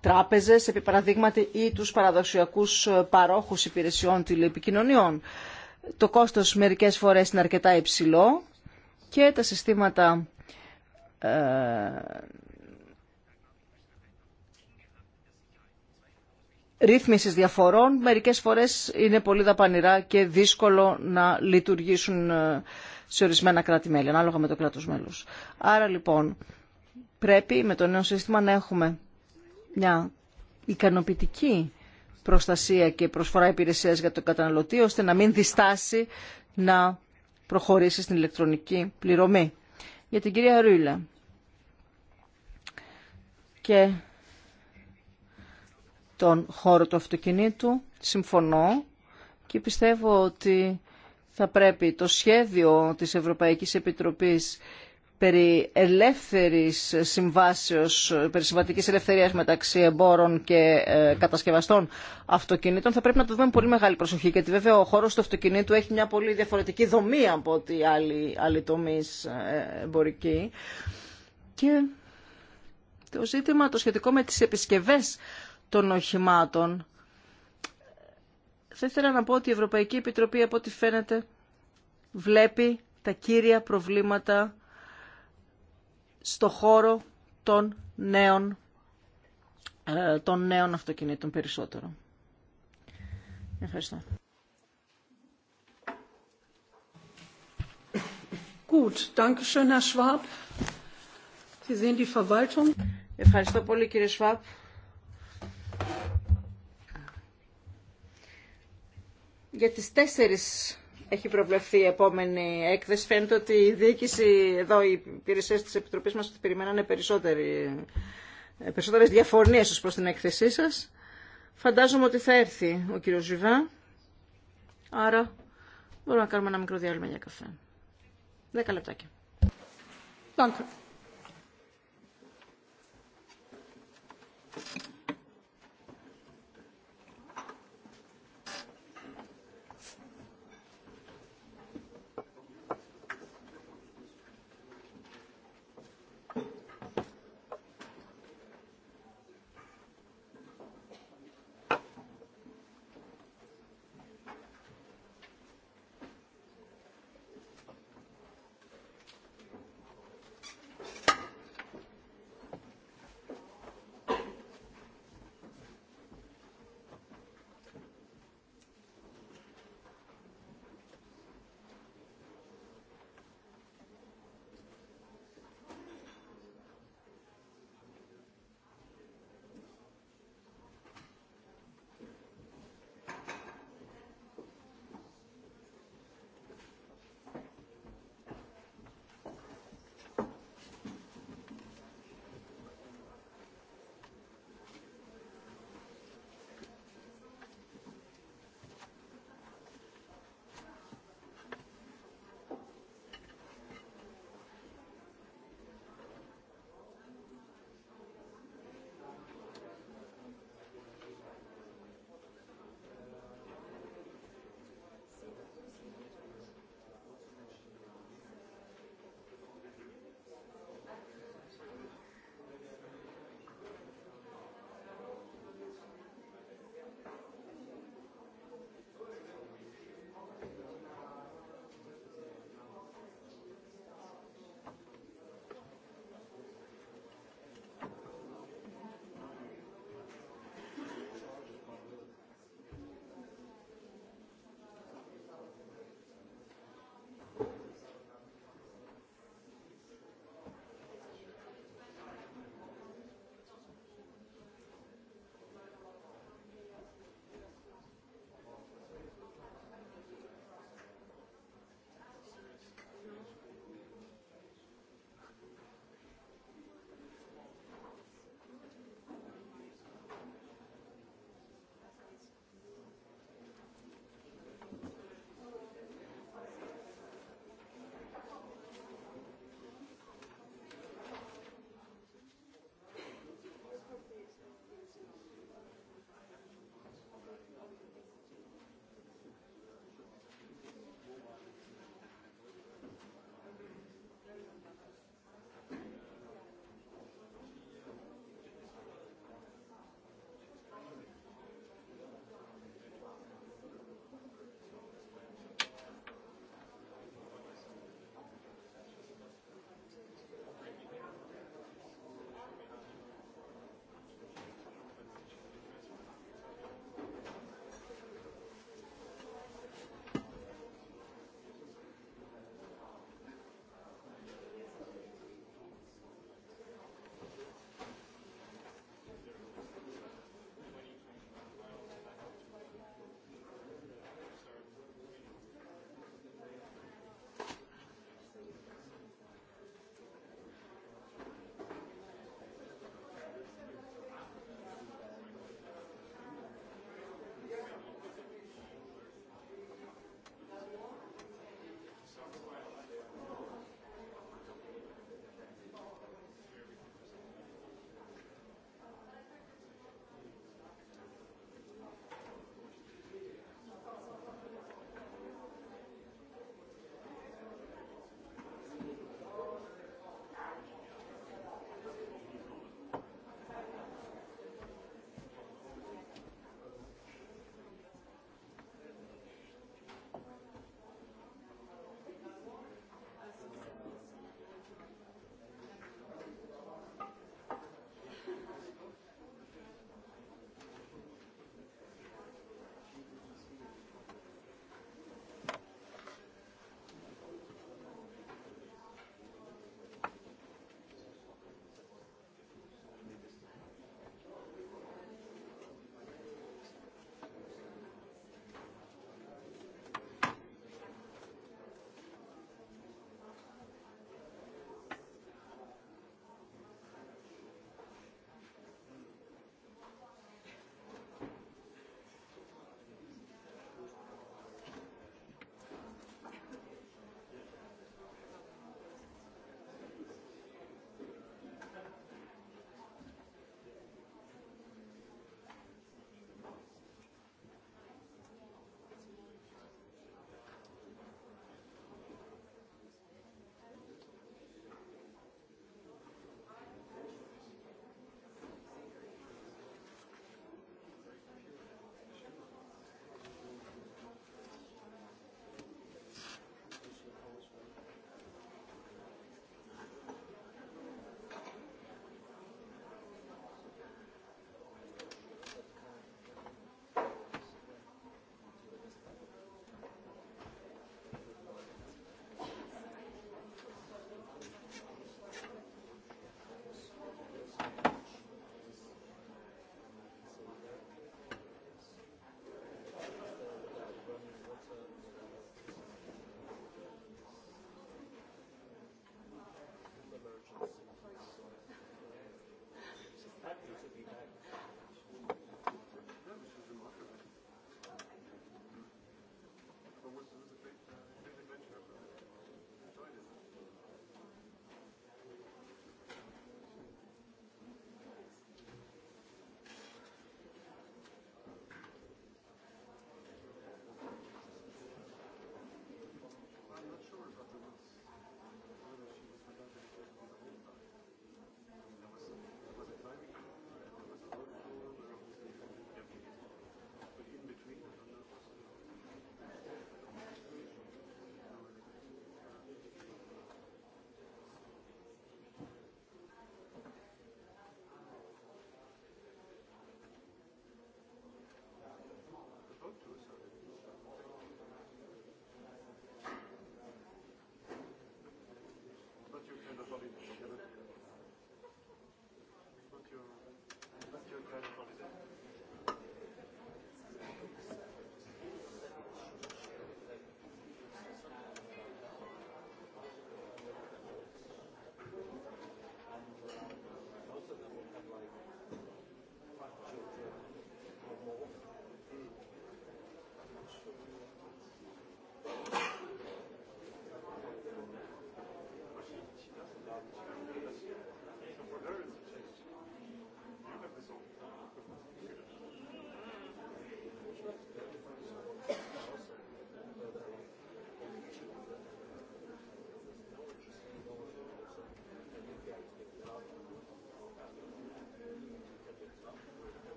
τράπεζες, επί παραδείγματι, ή τους παραδοσιακούς ε, παρόχους υπηρεσιών τηλεπικοινωνιών. Το κόστος μερικές φορές είναι αρκετά υψηλό και τα συστήματα ρύθμισης διαφορών μερικές φορές είναι πολύ δαπανηρά και δύσκολο να λειτουργήσουν σε ορισμένα κράτη-μέλη, ανάλογα με το κράτος μέλος. Άρα λοιπόν πρέπει με το νέο σύστημα να έχουμε μια ικανοποιητική προστασία και προσφορά υπηρεσίας για τον καταναλωτή, ώστε να μην διστάσει να προχωρήσει στην ηλεκτρονική πληρωμή. Για την κυρία Ρούιλε. Και τον χώρο του αυτοκινήτου συμφωνώ και πιστεύω ότι θα πρέπει το σχέδιο της Ευρωπαϊκής Επιτροπής περί ελεύθερης συμβάσεως, περί συμβατικής ελευθερίας μεταξύ εμπόρων και ε, κατασκευαστών αυτοκινήτων θα πρέπει να το δούμε με πολύ μεγάλη προσοχή γιατί βέβαια ο χώρος του αυτοκινήτου έχει μια πολύ διαφορετική δομή από ό,τι άλλοι, άλλοι ε, εμπορική. και το ζήτημα το σχετικό με τις επισκευές των οχημάτων θα ήθελα να πω ότι η Ευρωπαϊκή Επιτροπή από ό,τι φαίνεται βλέπει τα κύρια προβλήματα στο χώρο των νέων, ε, των νέων αυτοκινήτων περισσότερο. Ευχαριστώ. Gut, danke Herr Schwab. Sie sehen die Verwaltung. Ευχαριστώ πολύ κύριε Schwab. Για τις τέσσερις έχει προβλεφθεί η επόμενη έκθεση. Φαίνεται ότι η διοίκηση εδώ, οι υπηρεσίε της Επιτροπής μας, ότι περιμένανε περισσότερες διαφωνίες ως προς την έκθεσή σας. Φαντάζομαι ότι θα έρθει ο κύριος Ζιβά. Άρα μπορούμε να κάνουμε ένα μικρό διάλειμμα για καφέ. Δέκα λεπτάκια. you.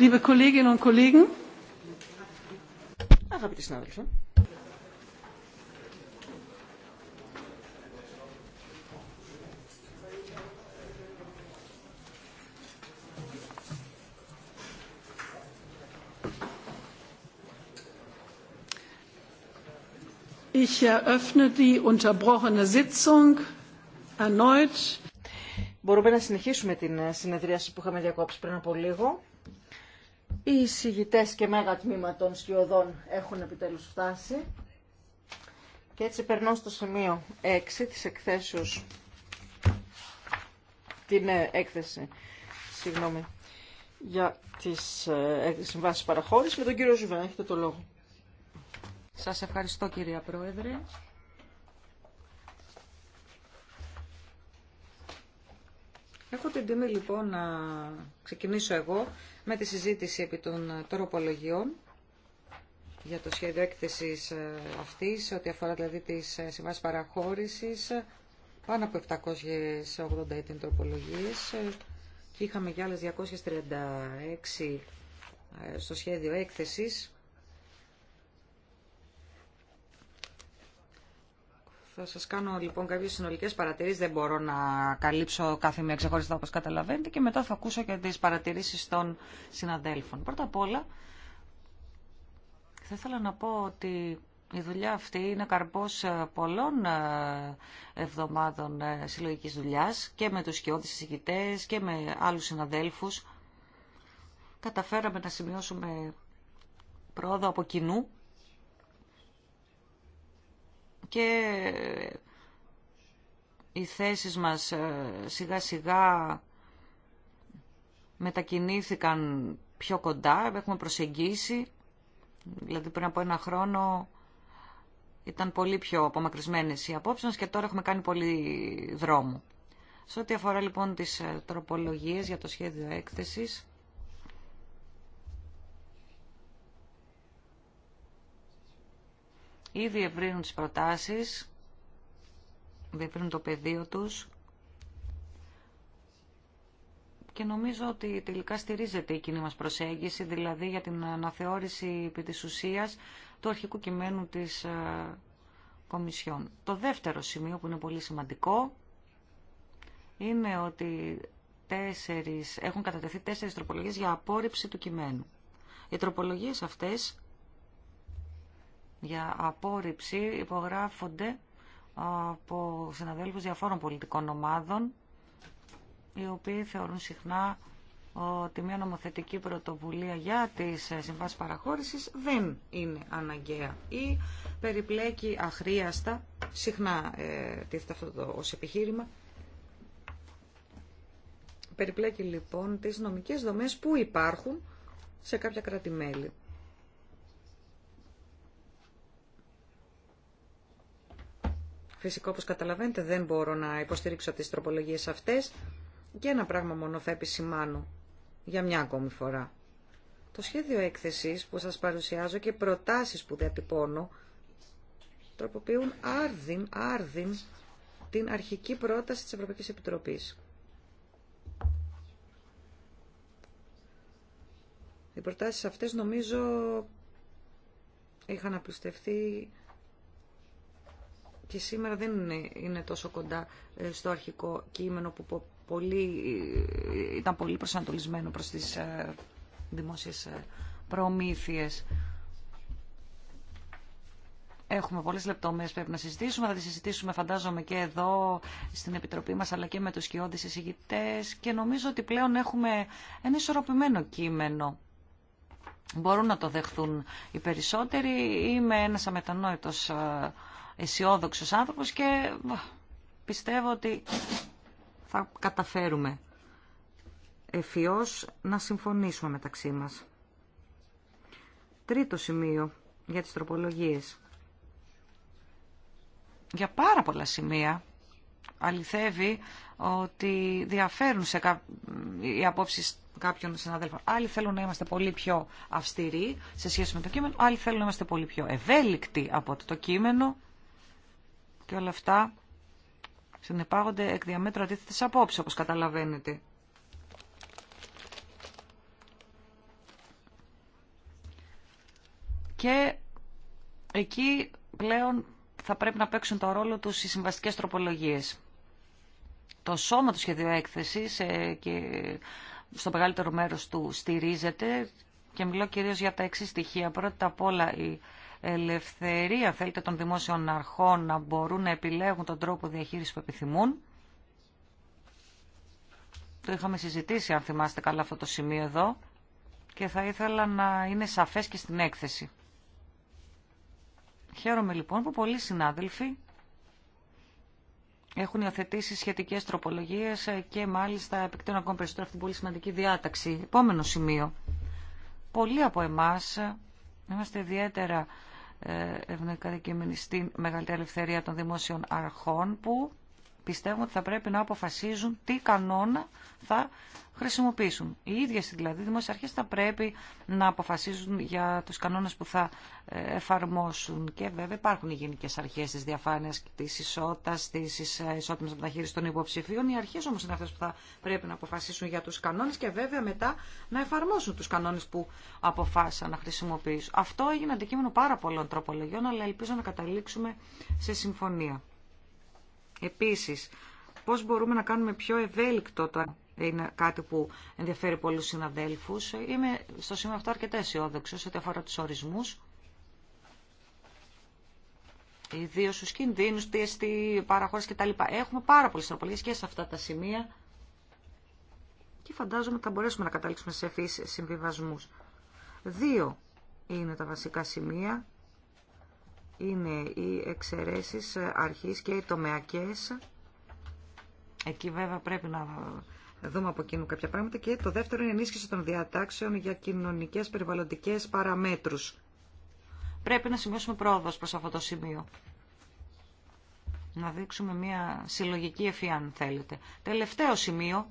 Liebe Kolleginnen und Kollegen, αγαπητοί συνάδελφοι, Ich eröffne die unterbrochene Sitzung erneut. Μπορούμε να συνεχίσουμε την συνεδρίαση που είχαμε διακόψει πριν από λίγο. Οι εισηγητέ και μέγα τμήμα των σκιωδών έχουν επιτέλους φτάσει. Και έτσι περνώ στο σημείο 6 της εκθέσεως, την ε, έκθεση, συγγνώμη, για ε, τις συμβάσεις παραχώρησης με τον κύριο Ζουβέν. Έχετε το λόγο. Σας ευχαριστώ κυρία Πρόεδρε. Έχω την τιμή λοιπόν να ξεκινήσω εγώ με τη συζήτηση επί των τροπολογιών για το σχέδιο έκθεσης ε, αυτής, ό,τι αφορά δηλαδή τις ε, συμβάσεις παραχώρησης, πάνω από 780 ήταν τροπολογίες ε, και είχαμε για άλλες 236 στο σχέδιο έκθεσης. Θα σας κάνω λοιπόν κάποιες συνολικές παρατηρήσεις. Δεν μπορώ να καλύψω κάθε μία ξεχωριστά όπως καταλαβαίνετε και μετά θα ακούσω και τις παρατηρήσεις των συναδέλφων. Πρώτα απ' όλα θα ήθελα να πω ότι η δουλειά αυτή είναι καρπός ε, πολλών ε, εβδομάδων ε, συλλογικής δουλειάς και με τους σκιώδεις συζητητές και με άλλους συναδέλφους. Καταφέραμε να σημειώσουμε πρόοδο από κοινού και οι θέσεις μας ε, σιγά σιγά μετακινήθηκαν πιο κοντά, έχουμε προσεγγίσει. Δηλαδή πριν από ένα χρόνο ήταν πολύ πιο απομακρυσμένες οι απόψεις μας και τώρα έχουμε κάνει πολύ δρόμο. Σε ό,τι αφορά λοιπόν τις ε, τροπολογίες για το σχέδιο έκθεσης, ήδη ευρύνουν τις προτάσεις, διευρύνουν το πεδίο τους και νομίζω ότι τελικά στηρίζεται η κοινή μας προσέγγιση, δηλαδή για την αναθεώρηση επί της ουσίας του αρχικού κειμένου της ε, Κομισιόν. Το δεύτερο σημείο που είναι πολύ σημαντικό είναι ότι τέσσερις, έχουν κατατεθεί τέσσερις τροπολογίες για απόρριψη του κειμένου. Οι τροπολογίες αυτές για απόρριψη υπογράφονται από συναδέλφους διαφόρων πολιτικών ομάδων οι οποίοι θεωρούν συχνά ότι μια νομοθετική πρωτοβουλία για τις συμβάσεις παραχώρησης δεν είναι αναγκαία ή περιπλέκει αχρίαστα, συχνά ε, τίθεται αυτό το, ως επιχείρημα, περιπλέκει λοιπόν τις νομικές δομές που υπάρχουν σε κάποια φυσικό όπως καταλαβαίνετε δεν μπορώ να υποστηρίξω τις τροπολογίες αυτές και ένα πράγμα μόνο θα επισημάνω για μια ακόμη φορά. Το σχέδιο έκθεσης που σας παρουσιάζω και προτάσεις που διατυπώνω τροποποιούν άρδιν, άρδιν την αρχική πρόταση της Ευρωπαϊκής Επιτροπής. Οι προτάσεις αυτές νομίζω είχαν απλουστευτεί και σήμερα δεν είναι, τόσο κοντά ε, στο αρχικό κείμενο που πολύ, ε, ήταν πολύ προσανατολισμένο προς τις ε, δημόσιες προμήθειες. Έχουμε πολλές λεπτομέρειες πρέπει να συζητήσουμε. Θα τις συζητήσουμε φαντάζομαι και εδώ στην Επιτροπή μας αλλά και με τους σκιώδεις εισηγητές και νομίζω ότι πλέον έχουμε ένα ισορροπημένο κείμενο. Μπορούν να το δεχθούν οι περισσότεροι. με ένας αμετανόητος αισιόδοξο άνθρωπος και πιστεύω ότι θα καταφέρουμε εφιώς να συμφωνήσουμε μεταξύ μας. Τρίτο σημείο για τις τροπολογίες. Για πάρα πολλά σημεία αληθεύει ότι διαφέρουν σε κά... οι απόψει κάποιων συναδέλφων. Άλλοι θέλουν να είμαστε πολύ πιο αυστηροί σε σχέση με το κείμενο, άλλοι θέλουν να είμαστε πολύ πιο ευέλικτοι από το κείμενο. Και όλα αυτά συνεπάγονται εκ διαμέτρου αντίθετης απόψη, όπως καταλαβαίνετε. Και εκεί πλέον θα πρέπει να παίξουν το ρόλο τους οι συμβαστικές τροπολογίες. Το σώμα του σχεδίου έκθεσης ε, και στο μεγαλύτερο μέρος του στηρίζεται και μιλώ κυρίως για τα εξή στοιχεία. Πρώτα απ' όλα η ελευθερία θέλετε των δημόσιων αρχών να μπορούν να επιλέγουν τον τρόπο διαχείρισης που επιθυμούν. Το είχαμε συζητήσει αν θυμάστε καλά αυτό το σημείο εδώ και θα ήθελα να είναι σαφές και στην έκθεση. Χαίρομαι λοιπόν που πολλοί συνάδελφοι έχουν υιοθετήσει σχετικές τροπολογίες και μάλιστα επεκτείνω ακόμα περισσότερο αυτή την πολύ σημαντική διάταξη. Επόμενο σημείο. Πολλοί από εμάς είμαστε ιδιαίτερα ε, ευνοϊκά δικαιωμένη στην μεγαλύτερη ελευθερία των δημόσιων αρχών που Πιστεύω ότι θα πρέπει να αποφασίζουν τι κανόνα θα χρησιμοποιήσουν. Οι ίδιες δηλαδή οι αρχές θα πρέπει να αποφασίζουν για τους κανόνες που θα ε, εφαρμόσουν. Και βέβαια υπάρχουν οι γενικές αρχές της διαφάνειας, της ισότητας, της ε, ισότητας μεταχείρισης των υποψηφίων. Οι αρχές όμως είναι αυτές που θα πρέπει να αποφασίσουν για τους κανόνες και βέβαια μετά να εφαρμόσουν τους κανόνες που αποφάσισαν να χρησιμοποιήσουν. Αυτό έγινε αντικείμενο πάρα πολλών τροπολογιών, αλλά ελπίζω να καταλήξουμε σε συμφωνία. Επίσης, πώς μπορούμε να κάνουμε πιο ευέλικτο το είναι κάτι που ενδιαφέρει πολλούς συναδέλφους. Είμαι στο σημείο αυτό αρκετά αισιόδοξο ό,τι αφορά τους ορισμούς. Ιδίω στους κινδύνους, TST, παραχώρες κτλ. Έχουμε πάρα πολλές τροπολογίες και σε αυτά τα σημεία και φαντάζομαι ότι θα μπορέσουμε να καταλήξουμε σε αφήσεις συμβιβασμούς. Δύο είναι τα βασικά σημεία είναι οι εξαιρέσει αρχής και οι τομεακές. Εκεί βέβαια πρέπει να δούμε από εκείνου κάποια πράγματα. Και το δεύτερο είναι η ενίσχυση των διατάξεων για κοινωνικές περιβαλλοντικές παραμέτρους. Πρέπει να σημειώσουμε πρόοδος προς αυτό το σημείο. Να δείξουμε μια συλλογική ευφία αν θέλετε. Τελευταίο σημείο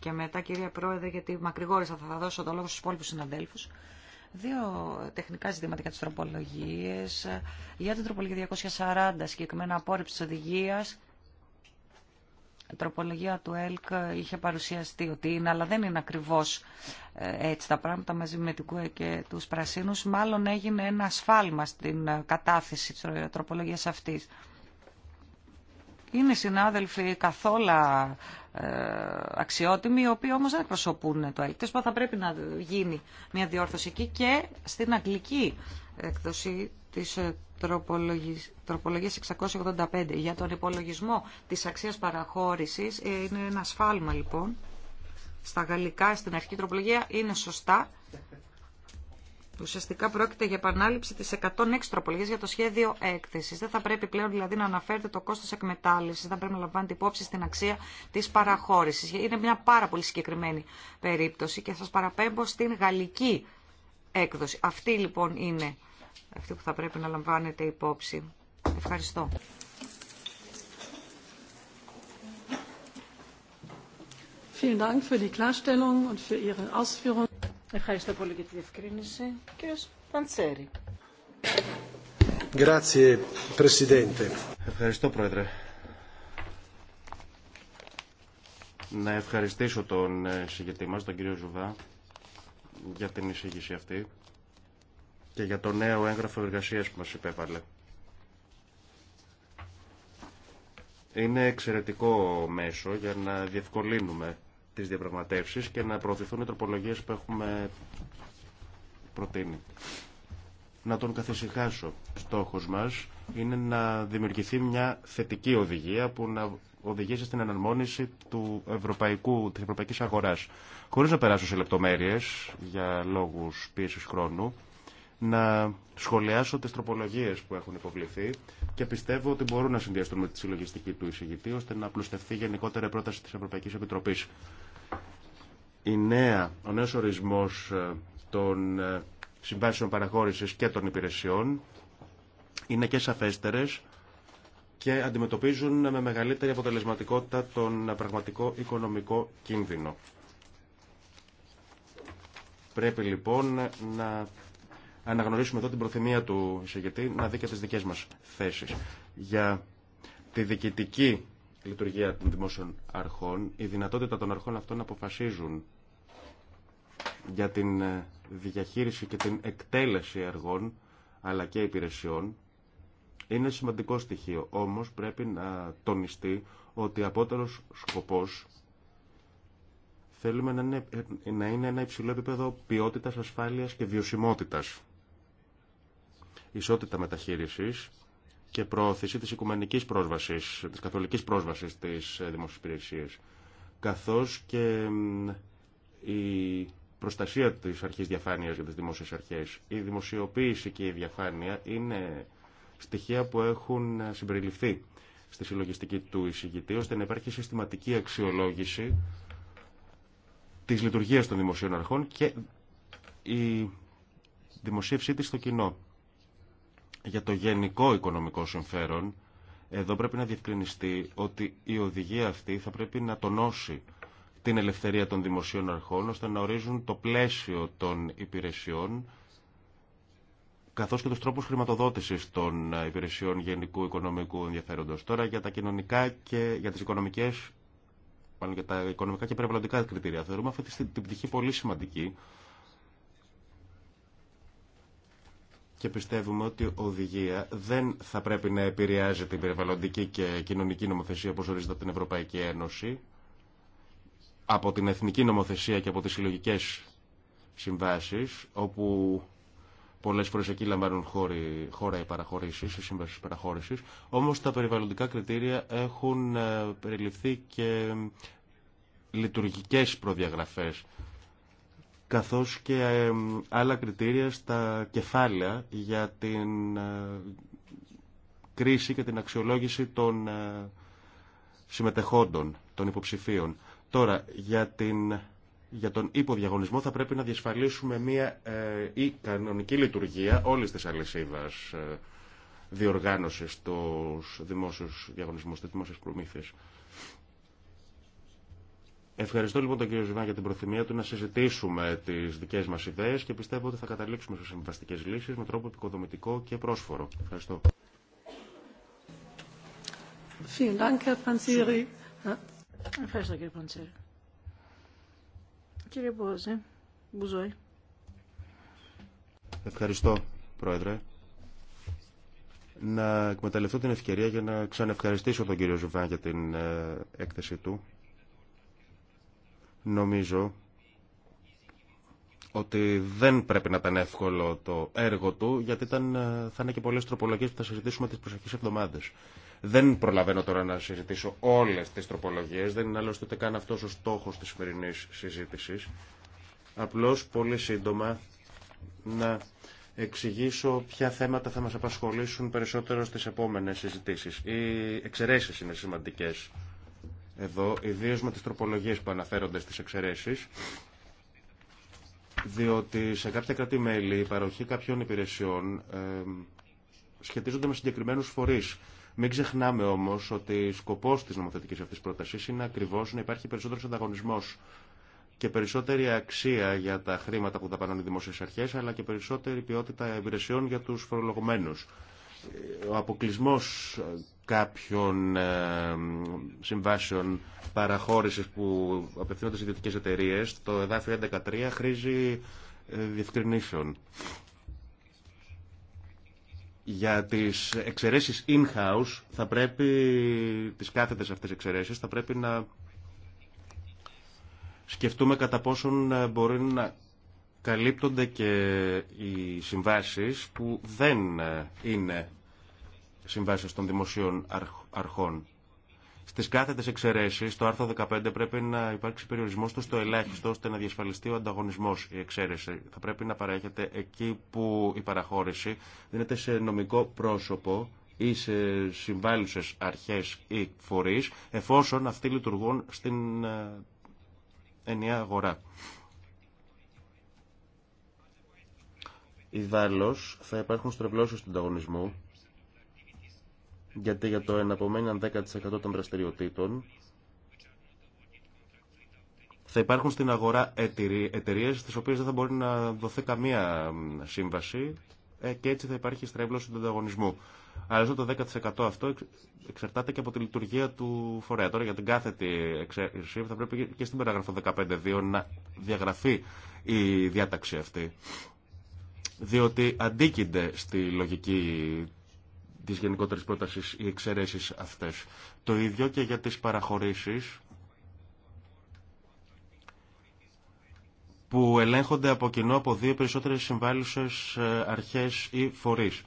και μετά κυρία Πρόεδρε γιατί μακρηγόρησα θα δώσω το λόγο στους υπόλοιπους συναντέλφους. Δύο τεχνικά ζητήματα για τις τροπολογίες. Για την τροπολογία 240, συγκεκριμένα απόρριψη της οδηγίας, η τροπολογία του ΕΛΚ είχε παρουσιαστεί ότι είναι, αλλά δεν είναι ακριβώς ε, έτσι τα πράγματα μαζί με την ΚΟΕ και τους Πρασίνους. Μάλλον έγινε ένα σφάλμα στην ε, κατάθεση της ε, τροπολογίας αυτής είναι συνάδελφοι καθόλου ε, αξιότιμοι, οι οποίοι όμως δεν εκπροσωπούν το ΕΛΚ. θα πρέπει να γίνει μια διόρθωση εκεί και στην αγγλική έκδοση της ε, τροπολογίας 685 για τον υπολογισμό της αξίας παραχώρησης. Ε, είναι ένα σφάλμα λοιπόν. Στα γαλλικά, στην αρχική τροπολογία είναι σωστά Ουσιαστικά πρόκειται για επανάληψη τη 106 τροπολογία για το σχέδιο έκθεση. Δεν θα πρέπει πλέον δηλαδή να αναφέρεται το κόστο εκμετάλλευση, δεν πρέπει να λαμβάνετε υπόψη στην αξία τη παραχώρηση. Είναι μια πάρα πολύ συγκεκριμένη περίπτωση και σα παραπέμπω στην γαλλική έκδοση. Αυτή λοιπόν είναι αυτή που θα πρέπει να λαμβάνετε υπόψη. Ευχαριστώ. Vielen Dank für die Klarstellung und für Ihre Ausführungen. Ευχαριστώ πολύ για τη διευκρίνηση. Κύριος Παντσέρη. Ευχαριστώ, Πρόεδρε. Να ευχαριστήσω τον ε, συγκεκριτή μας, τον κύριο Ζουβά, για την εισήγηση αυτή και για το νέο έγγραφο εργασίας που μας υπέβαλε. Είναι εξαιρετικό μέσο για να διευκολύνουμε τις διαπραγματεύσεις και να προωθηθούν οι τροπολογίες που έχουμε προτείνει. Να τον καθησυχάσω. Στόχος μας είναι να δημιουργηθεί μια θετική οδηγία που να οδηγήσει στην εναρμόνιση του ευρωπαϊκού, της ευρωπαϊκής αγοράς. Χωρίς να περάσω σε λεπτομέρειες για λόγους πίεσης χρόνου, να σχολιάσω τις τροπολογίες που έχουν υποβληθεί και πιστεύω ότι μπορούν να συνδυαστούν με τη συλλογιστική του εισηγητή ώστε να απλουστευτεί γενικότερα η πρόταση της Ευρωπαϊκής Επιτροπής η νέα, ο νέος ορισμός ε, των ε, συμβάσεων παραχώρησης και των υπηρεσιών είναι και σαφέστερες και αντιμετωπίζουν με μεγαλύτερη αποτελεσματικότητα τον πραγματικό οικονομικό κίνδυνο. Πρέπει λοιπόν να αναγνωρίσουμε εδώ την προθυμία του εισηγητή να δει και τις δικές μας θέσεις. Για τη διοικητική λειτουργία των δημόσιων αρχών, η δυνατότητα των αρχών αυτών να αποφασίζουν για την ε, διαχείριση και την εκτέλεση εργών αλλά και υπηρεσιών είναι σημαντικό στοιχείο. Όμως πρέπει να τονιστεί ότι απότερος σκοπός θέλουμε να είναι, ένα υψηλό επίπεδο ποιότητας, ασφάλειας και βιωσιμότητας. Ισότητα μεταχείρισης και προώθηση της οικουμενικής πρόσβασης, της καθολικής πρόσβασης της ε, δημόσιας καθώς και η προστασία της αρχής διαφάνειας για τις δημόσιες αρχές. Η δημοσιοποίηση και η διαφάνεια είναι στοιχεία που έχουν συμπεριληφθεί στη συλλογιστική του εισηγητή, ώστε να υπάρχει συστηματική αξιολόγηση της λειτουργίας των δημοσίων αρχών και η δημοσίευσή της στο κοινό. Για το γενικό οικονομικό συμφέρον, εδώ πρέπει να διευκρινιστεί ότι η οδηγία αυτή θα πρέπει να τονώσει την ελευθερία των δημοσίων αρχών ώστε να ορίζουν το πλαίσιο των υπηρεσιών καθώς και τους τρόπους χρηματοδότησης των ε, υπηρεσιών γενικού οικονομικού ενδιαφέροντος. Τώρα για τα κοινωνικά και για τις οικονομικές πάνω για τα οικονομικά και περιβαλλοντικά κριτήρια. Θεωρούμε αυτή την πτυχή πολύ σημαντική και πιστεύουμε ότι η οδηγία δεν θα πρέπει να επηρεάζει την περιβαλλοντική και κοινωνική νομοθεσία όπως ορίζεται από την Ευρωπαϊκή Ένωση από την εθνική νομοθεσία και από τις συλλογικέ συμβάσεις, όπου πολλές φορές εκεί λαμβάνουν χώρα οι παραχωρήσεις, οι σύμβασεις παραχώρησης, όμως τα περιβαλλοντικά κριτήρια έχουν ε, περιληφθεί και λειτουργικές προδιαγραφές, καθώς και ε, άλλα κριτήρια στα κεφάλαια για την ε, κρίση και την αξιολόγηση των συμμετεχόντων, των υποψηφίων. Τώρα, για, την, για τον υποδιαγωνισμό θα πρέπει να διασφαλίσουμε μια ε, η κανονική λειτουργία όλης της αλυσίδας ε, διοργάνωσης στους δημόσιους διαγωνισμούς, στις δημόσιες Ευχαριστώ λοιπόν τον κύριο Ζημά για την προθυμία του να συζητήσουμε τι δικέ μα ιδέε και πιστεύω ότι θα καταλήξουμε σε συμβαστικέ λύσει με τρόπο επικοδομητικό και πρόσφορο. Ευχαριστώ. Ευχαριστώ κύριε Παντσέρη. Κύριε Μπόζε, Μπουζόη. Ευχαριστώ, Πρόεδρε. Να εκμεταλλευτώ την ευκαιρία για να ξανευχαριστήσω τον κύριο Ζουβάν για την ε, έκθεση του. Νομίζω ότι δεν πρέπει να ήταν εύκολο το έργο του, γιατί ήταν, ε, θα είναι και πολλές τροπολογίες που θα συζητήσουμε τις προσεχείς εβδομάδες. Δεν προλαβαίνω τώρα να συζητήσω όλες τις τροπολογίες, δεν είναι άλλωστε ούτε καν αυτός ο στόχος της σημερινή συζήτησης. Απλώς πολύ σύντομα να εξηγήσω ποια θέματα θα μας απασχολήσουν περισσότερο στις επόμενες συζητήσεις. Οι εξαιρέσεις είναι σημαντικές εδώ, ιδίως με τις τροπολογίες που αναφέρονται στις εξαιρέσεις, διότι σε κάποια κράτη-μέλη η παροχή κάποιων υπηρεσιών ε, σχετίζονται με συγκεκριμένους φορείς μην ξεχνάμε όμω ότι σκοπό τη νομοθετική αυτή πρόταση είναι ακριβώ να υπάρχει περισσότερο ανταγωνισμό και περισσότερη αξία για τα χρήματα που δαπανούν οι δημόσιε αρχέ, αλλά και περισσότερη ποιότητα υπηρεσιών για του φορολογουμένου. Ο αποκλεισμό κάποιων ε, συμβάσεων παραχώρηση που απευθύνονται σε ιδιωτικέ εταιρείε, το εδάφιο 11.3 χρήζει ε, διευκρινήσεων για τις εξαιρέσεις in-house θα πρέπει, τις κάθετες αυτές εξαιρέσεις, θα πρέπει να σκεφτούμε κατά πόσον ε, μπορεί να καλύπτονται και οι συμβάσεις που δεν ε, είναι συμβάσεις των δημοσίων αρχών. Στι κάθετε εξαιρέσει, το άρθρο 15 πρέπει να υπάρξει περιορισμό του στο ελάχιστο ώστε να διασφαλιστεί ο ανταγωνισμό. Η εξαίρεση θα πρέπει να παρέχεται εκεί που η παραχώρηση δίνεται σε νομικό πρόσωπο ή σε συμβάλλουσε αρχέ ή φορεί, εφόσον αυτοί λειτουργούν στην ε, ενιαία αγορά. Ιδάλω, θα υπάρχουν στρεβλώσει του ανταγωνισμού γιατί για το εναπομέναν 10% των δραστηριοτήτων θα υπάρχουν στην αγορά εταιρείε στις οποίες δεν θα μπορεί να δοθεί καμία σύμβαση ε, και έτσι θα υπάρχει στρέβλωση του ανταγωνισμού. Αλλά το 10% αυτό εξαρτάται και από τη λειτουργία του φορέα. Τώρα για την κάθετη εξαίρεση θα πρέπει και στην παράγραφο 15.2 να διαγραφεί η διάταξη αυτή. Διότι αντίκεινται στη λογική τις γενικότερες πρότασεις οι εξαιρέσεις αυτές. Το ίδιο και για τις παραχωρήσεις που ελέγχονται από κοινό από δύο περισσότερες συμβάλλουσες ε, αρχές ή φορείς.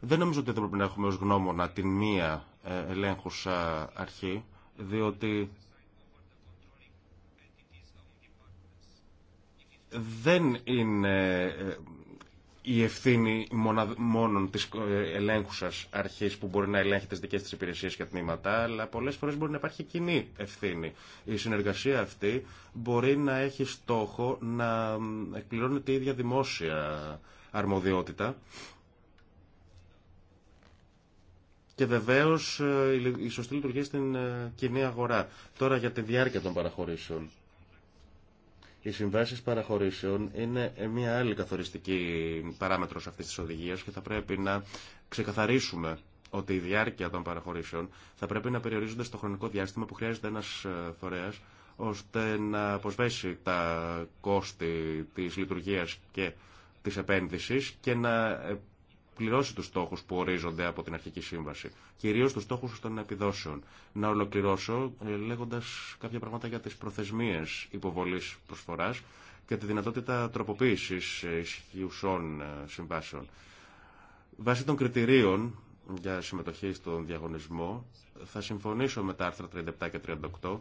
Δεν νομίζω ότι δεν πρέπει να έχουμε ως γνώμονα την μία ε, ελέγχουσα αρχή, διότι δεν είναι ε, η ευθύνη μόνον της ε, ελέγχουσας αρχής που μπορεί να ελέγχει τις δικές της υπηρεσίες και τμήματα, αλλά πολλές φορές μπορεί να υπάρχει κοινή ευθύνη. Η συνεργασία αυτή μπορεί να έχει στόχο να εκπληρώνει η ίδια δημόσια αρμοδιότητα. Και βεβαίω ε, η σωστή λειτουργία στην ε, κοινή αγορά. Τώρα για τη διάρκεια των παραχωρήσεων. Οι συμβάσει παραχωρήσεων είναι μια άλλη καθοριστική παράμετρος αυτής της οδηγία και θα πρέπει να ξεκαθαρίσουμε ότι η διάρκεια των παραχωρήσεων θα πρέπει να περιορίζονται στο χρονικό διάστημα που χρειάζεται ένας ε, φορέας ώστε να αποσβέσει τα κόστη της λειτουργίας και της επένδυσης και να πληρώσει τους στόχου που ορίζονται από την αρχική σύμβαση, κυρίως τους στόχου των επιδόσεων. Να ολοκληρώσω ε, λέγοντα κάποια πράγματα για τι προθεσμίε υποβολή προσφορά και τη δυνατότητα τροποποίηση ε, ισχυουσών ε, συμβάσεων. Βάσει των κριτηρίων για συμμετοχή στον διαγωνισμό θα συμφωνήσω με τα άρθρα 37 και 38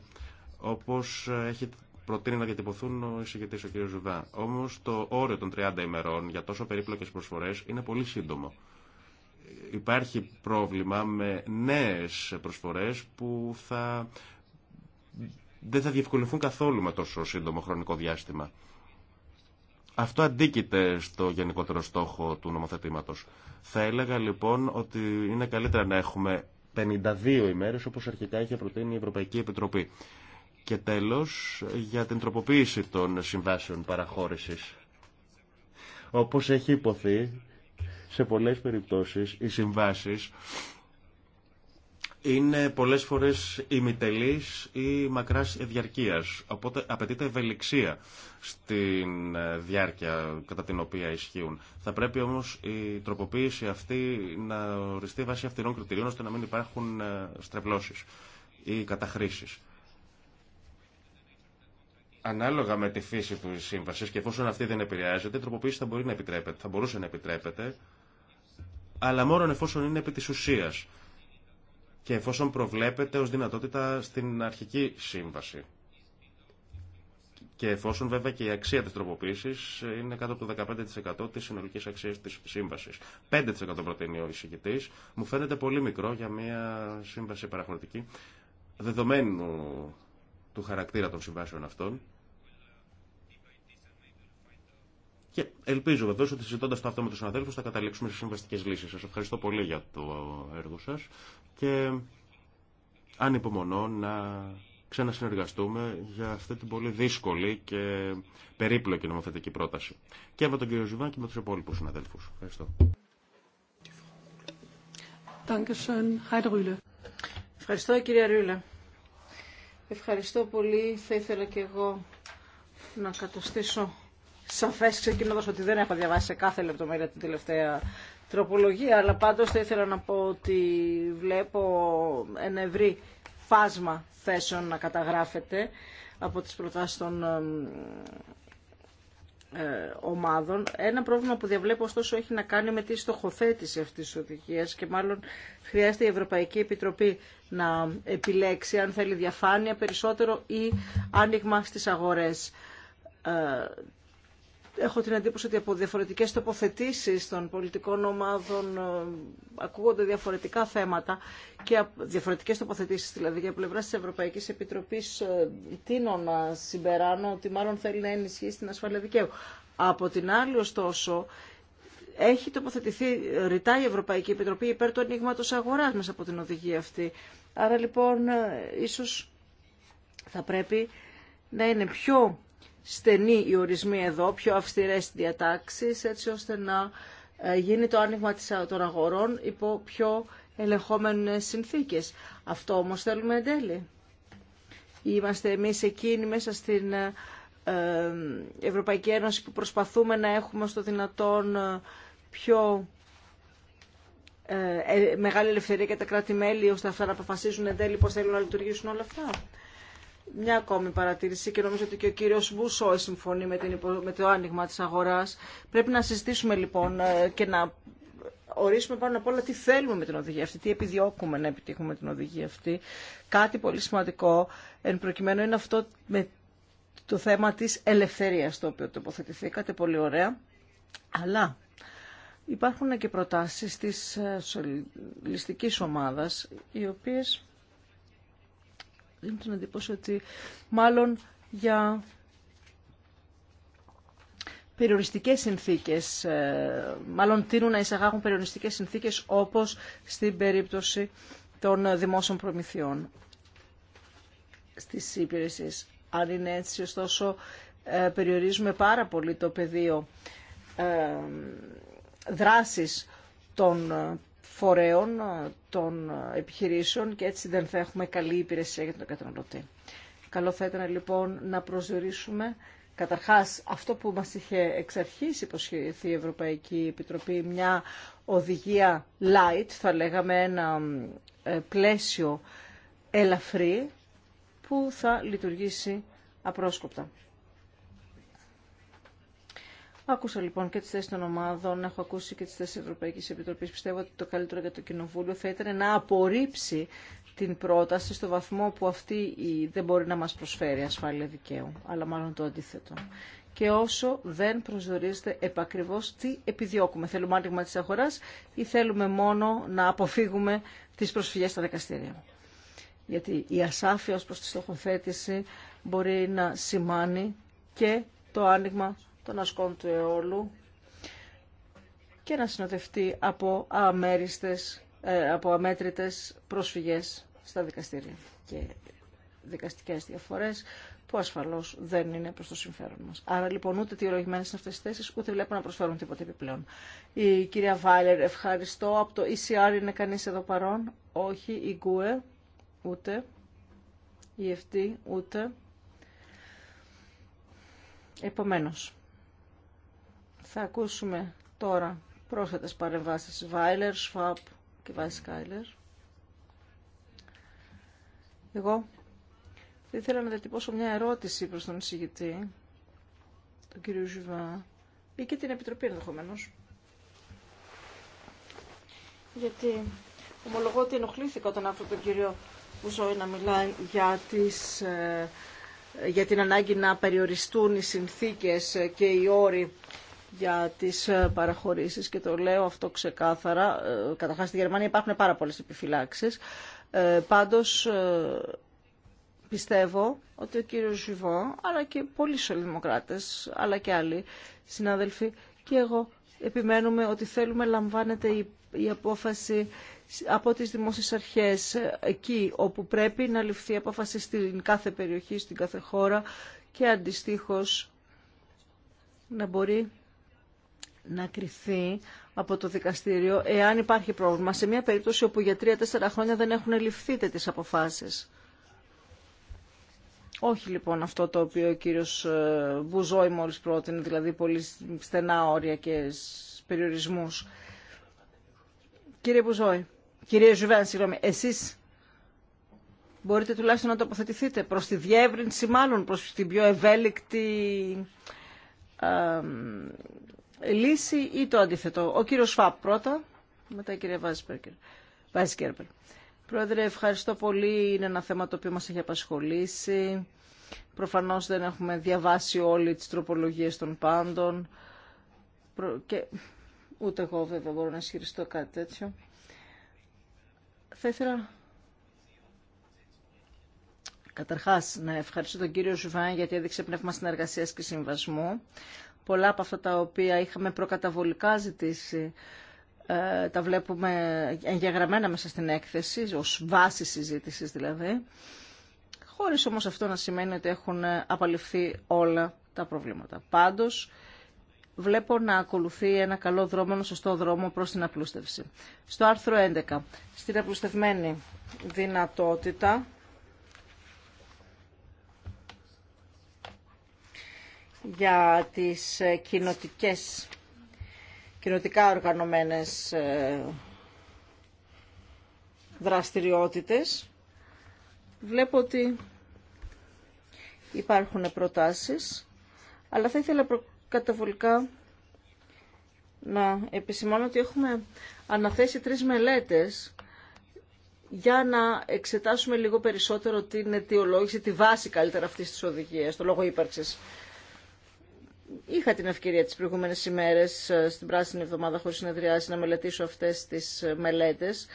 όπως έχει προτείνει να διατυπωθούν ο εισηγητή ο κ. Ζουδά. Όμω το όριο των 30 ημερών για τόσο περίπλοκε προσφορέ είναι πολύ σύντομο. Υπάρχει πρόβλημα με νέε προσφορέ που θα... δεν θα διευκολυνθούν καθόλου με τόσο σύντομο χρονικό διάστημα. Αυτό αντίκειται στο γενικότερο στόχο του νομοθετήματος. Θα έλεγα λοιπόν ότι είναι καλύτερα να έχουμε 52 ημέρες όπως αρχικά είχε προτείνει η Ευρωπαϊκή Επιτροπή. Και τέλος, για την τροποποίηση των συμβάσεων παραχώρησης. Όπως έχει υποθεί, σε πολλές περιπτώσεις οι συμβάσεις είναι πολλές φορές ημιτελής ή μακράς διαρκείας. Οπότε απαιτείται ευελιξία στην διάρκεια κατά την οποία ισχύουν. Θα πρέπει όμως η τροποποίηση αυτή να οριστεί βάσει αυτηρών κριτηρίων ώστε να μην υπάρχουν ε, στρεβλώσεις ή καταχρήσεις ανάλογα με τη φύση του σύμβαση και εφόσον αυτή δεν επηρεάζεται, η τροποποίηση θα, μπορεί να επιτρέπεται, θα μπορούσε να επιτρέπεται, αλλά μόνο εφόσον είναι επί τη ουσία και εφόσον προβλέπεται ω δυνατότητα στην αρχική σύμβαση. Και εφόσον βέβαια και η αξία τη τροποποίηση είναι κάτω από το 15% τη συνολική αξία τη σύμβαση. 5% προτείνει ο εισηγητή. Μου φαίνεται πολύ μικρό για μια σύμβαση παραχωρητική. δεδομένου του χαρακτήρα των συμβάσεων αυτών. Και ελπίζω βεβαίω ότι συζητώντα το αυτό με του συναδέλφου θα καταλήξουμε σε συμβαστικέ λύσει. Σα ευχαριστώ πολύ για το έργο σα και ανυπομονώ να ξανασυνεργαστούμε για αυτή την πολύ δύσκολη και περίπλοκη νομοθετική πρόταση. Και με τον κύριο Ζιβάν και με του υπόλοιπου συναδέλφου. Ευχαριστώ. Ευχαριστώ κύριε Ρούλε. Ευχαριστώ πολύ. Θα ήθελα και εγώ να καταστήσω Σαφέ, ξεκινώντα ότι δεν έχω διαβάσει σε κάθε λεπτομέρεια την τελευταία τροπολογία, αλλά πάντως θα ήθελα να πω ότι βλέπω ένα ευρύ φάσμα θέσεων να καταγράφεται από τις προτάσεις των ε, ομάδων. Ένα πρόβλημα που διαβλέπω ωστόσο έχει να κάνει με τη στοχοθέτηση αυτής της οδηγίας και μάλλον χρειάζεται η Ευρωπαϊκή Επιτροπή να επιλέξει αν θέλει διαφάνεια περισσότερο ή άνοιγμα στις αγορές. Ε, έχω την εντύπωση ότι από διαφορετικέ τοποθετήσει των πολιτικών ομάδων ε, ακούγονται διαφορετικά θέματα και διαφορετικέ τοποθετήσει, δηλαδή για πλευρά τη Ευρωπαϊκή Επιτροπή, ε, τίνω να συμπεράνω ότι μάλλον θέλει να ενισχύσει την ασφάλεια δικαίου. Από την άλλη ωστόσο έχει τοποθετηθεί ρητά η Ευρωπαϊκή Επιτροπή υπέρ του ανοίγματο αγορά μέσα από την οδηγία αυτή. Άρα λοιπόν ε, ίσω θα πρέπει να είναι πιο στενοί οι ορισμοί εδώ, πιο αυστηρές διατάξεις, έτσι ώστε να ε, γίνει το άνοιγμα των αγορών υπό πιο ελεγχόμενες συνθήκες. Αυτό όμως θέλουμε εν τέλει. Είμαστε εμείς εκείνοι μέσα στην ε, ε, Ευρωπαϊκή Ένωση που προσπαθούμε να έχουμε στο δυνατόν πιο μεγάλη ελευθερία και τα κράτη-μέλη ώστε αυτά να αποφασίζουν εν τέλει πώς θέλουν να λειτουργήσουν όλα αυτά. Μια ακόμη παρατήρηση και νομίζω ότι και ο κύριος Μπουσόη συμφωνεί με, την υπο... με το άνοιγμα της αγοράς. Πρέπει να συζητήσουμε λοιπόν ε, και να ορίσουμε πάνω απ' όλα τι θέλουμε με την οδηγία αυτή, τι επιδιώκουμε να επιτύχουμε την οδηγία αυτή. Κάτι πολύ σημαντικό εν προκειμένου είναι αυτό με το θέμα της ελευθερίας το οποίο τοποθετηθήκατε πολύ ωραία. Αλλά υπάρχουν και προτάσεις της ε, σοσιαλιστικής ομάδας οι οποίες Δίνω την εντύπωση ότι μάλλον για περιοριστικές συνθήκες, ε, μάλλον τείνουν να εισαγάγουν περιοριστικές συνθήκες όπως στην περίπτωση των δημόσιων προμηθειών στις υπηρεσίες. Αν είναι έτσι, ωστόσο, ε, περιορίζουμε πάρα πολύ το πεδίο ε, δράσης των φορέων ε, των ε, επιχειρήσεων και έτσι δεν θα έχουμε καλή υπηρεσία για τον καταναλωτή. Καλό θα ήταν λοιπόν να προσδιορίσουμε καταρχάς αυτό που μας είχε εξ αρχής υποσχεθεί η Ευρωπαϊκή Επιτροπή, μια οδηγία light, θα λέγαμε ένα ε, πλαίσιο ελαφρύ που θα λειτουργήσει απρόσκοπτα. Άκουσα λοιπόν και τι θέσει των ομάδων, έχω ακούσει και τι θέσει τη Ευρωπαϊκή Επιτροπή. Πιστεύω ότι το καλύτερο για το Κοινοβούλιο θα ήταν να απορρίψει την πρόταση στο βαθμό που αυτή δεν μπορεί να μα προσφέρει ασφάλεια δικαίου, αλλά μάλλον το αντίθετο. Και όσο δεν προσδιορίζεται επακριβώ, τι επιδιώκουμε. Θέλουμε άνοιγμα τη αγορά ή θέλουμε μόνο να αποφύγουμε τι προσφυλιέ στα δικαστήριο. Γιατί η θελουμε μονο να αποφυγουμε τι προσφυγε στα δικαστηρια γιατι η ασαφεια ως προς τη στοχοθέτηση μπορεί να σημάνει και το άνοιγμα των ασκών του αιώλου και να συνοδευτεί από, αμέριστες, ε, από αμέτρητες προσφυγές στα δικαστήρια και δικαστικές διαφορές που ασφαλώς δεν είναι προς το συμφέρον μας. Άρα λοιπόν ούτε τηρογημένες είναι αυτές τις θέσεις, ούτε βλέπω να προσφέρουν τίποτα επιπλέον. Η κυρία Βάιλερ, ευχαριστώ. Από το ECR είναι κανείς εδώ παρόν. Όχι, η Γκουε, ούτε. Η ΕΦΤ, ούτε. Επομένως, θα ακούσουμε τώρα πρόσθετες παρεμβάσεις Βάιλερ, Σφάπ και ΒΑΙΣΚΑΙΛΕΡ. Εγώ ήθελα να διατυπώσω μια ερώτηση προς τον εισηγητή, τον κύριο Ζουβά, ή και την Επιτροπή ενδεχομένω. Γιατί ομολογώ ότι ενοχλήθηκα όταν άκουσα τον κύριο Μπουζόη να μιλάει για τις ε, για την ανάγκη να περιοριστούν οι συνθήκες και οι όροι για τις ε, παραχωρήσεις και το λέω αυτό ξεκάθαρα. Ε, καταρχάς στη Γερμανία υπάρχουν πάρα πολλές επιφυλάξεις. Ε, πάντως πιστεύω ότι ο κύριος Ζιβό, αλλά και πολλοί σοδημοκράτες, αλλά και άλλοι συνάδελφοι και εγώ επιμένουμε ότι θέλουμε λαμβάνεται η, απόφαση από τις δημόσιες αρχές εκεί όπου πρέπει να ληφθεί η απόφαση στην κάθε περιοχή, στην κάθε χώρα και αντιστοίχως να μπορεί να κριθεί από το δικαστήριο εάν υπάρχει πρόβλημα σε μια περίπτωση όπου για τρία-τέσσερα χρόνια δεν έχουν ληφθεί τέτοιες αποφάσεις. Όχι λοιπόν αυτό το οποίο ο κύριος ε, Μπουζόη μόλις πρότεινε, δηλαδή πολύ στενά όρια και περιορισμούς. Κύριε Μπουζόη, κύριε Ζουβέν, συγγνώμη, εσείς μπορείτε τουλάχιστον να τοποθετηθείτε προς τη διεύρυνση μάλλον, προς την πιο ευέλικτη ε, λύση ή το αντίθετο. Ο κύριος Φαπ πρώτα, μετά η κυρία Βάζικερπερ. Πρόεδρε, ευχαριστώ πολύ. Είναι ένα θέμα το οποίο μας έχει απασχολήσει. Προφανώς δεν έχουμε διαβάσει όλοι τις τροπολογίες των πάντων. Και ούτε εγώ βέβαια μπορώ να ισχυριστώ κάτι τέτοιο. Θα ήθελα καταρχάς να ευχαριστώ τον κύριο Ζουβάν γιατί έδειξε πνεύμα συνεργασίας και συμβασμού πολλά από αυτά τα οποία είχαμε προκαταβολικά ζητήσει ε, τα βλέπουμε εγγεγραμμένα μέσα στην έκθεση, ως βάση συζήτησης δηλαδή, χωρίς όμως αυτό να σημαίνει ότι έχουν απαλληφθεί όλα τα προβλήματα. Πάντως, βλέπω να ακολουθεί ένα καλό δρόμο, ένα σωστό δρόμο προς την απλούστευση. Στο άρθρο 11, στην απλουστευμένη δυνατότητα, για τις ε, κοινοτικές, κοινοτικά οργανωμένες ε, δραστηριότητες. Βλέπω ότι υπάρχουν προτάσεις, αλλά θα ήθελα καταβολικά να επισημάνω ότι έχουμε αναθέσει τρεις μελέτες για να εξετάσουμε λίγο περισσότερο την αιτιολόγηση, τη βάση καλύτερα αυτής της οδηγίας, το λόγο ύπαρξης Είχα την ευκαιρία τις προηγούμενες ημέρες ε, στην Πράσινη Εβδομάδα χωρίς συνεδριάσει να μελετήσω αυτές τις ε, μελέτες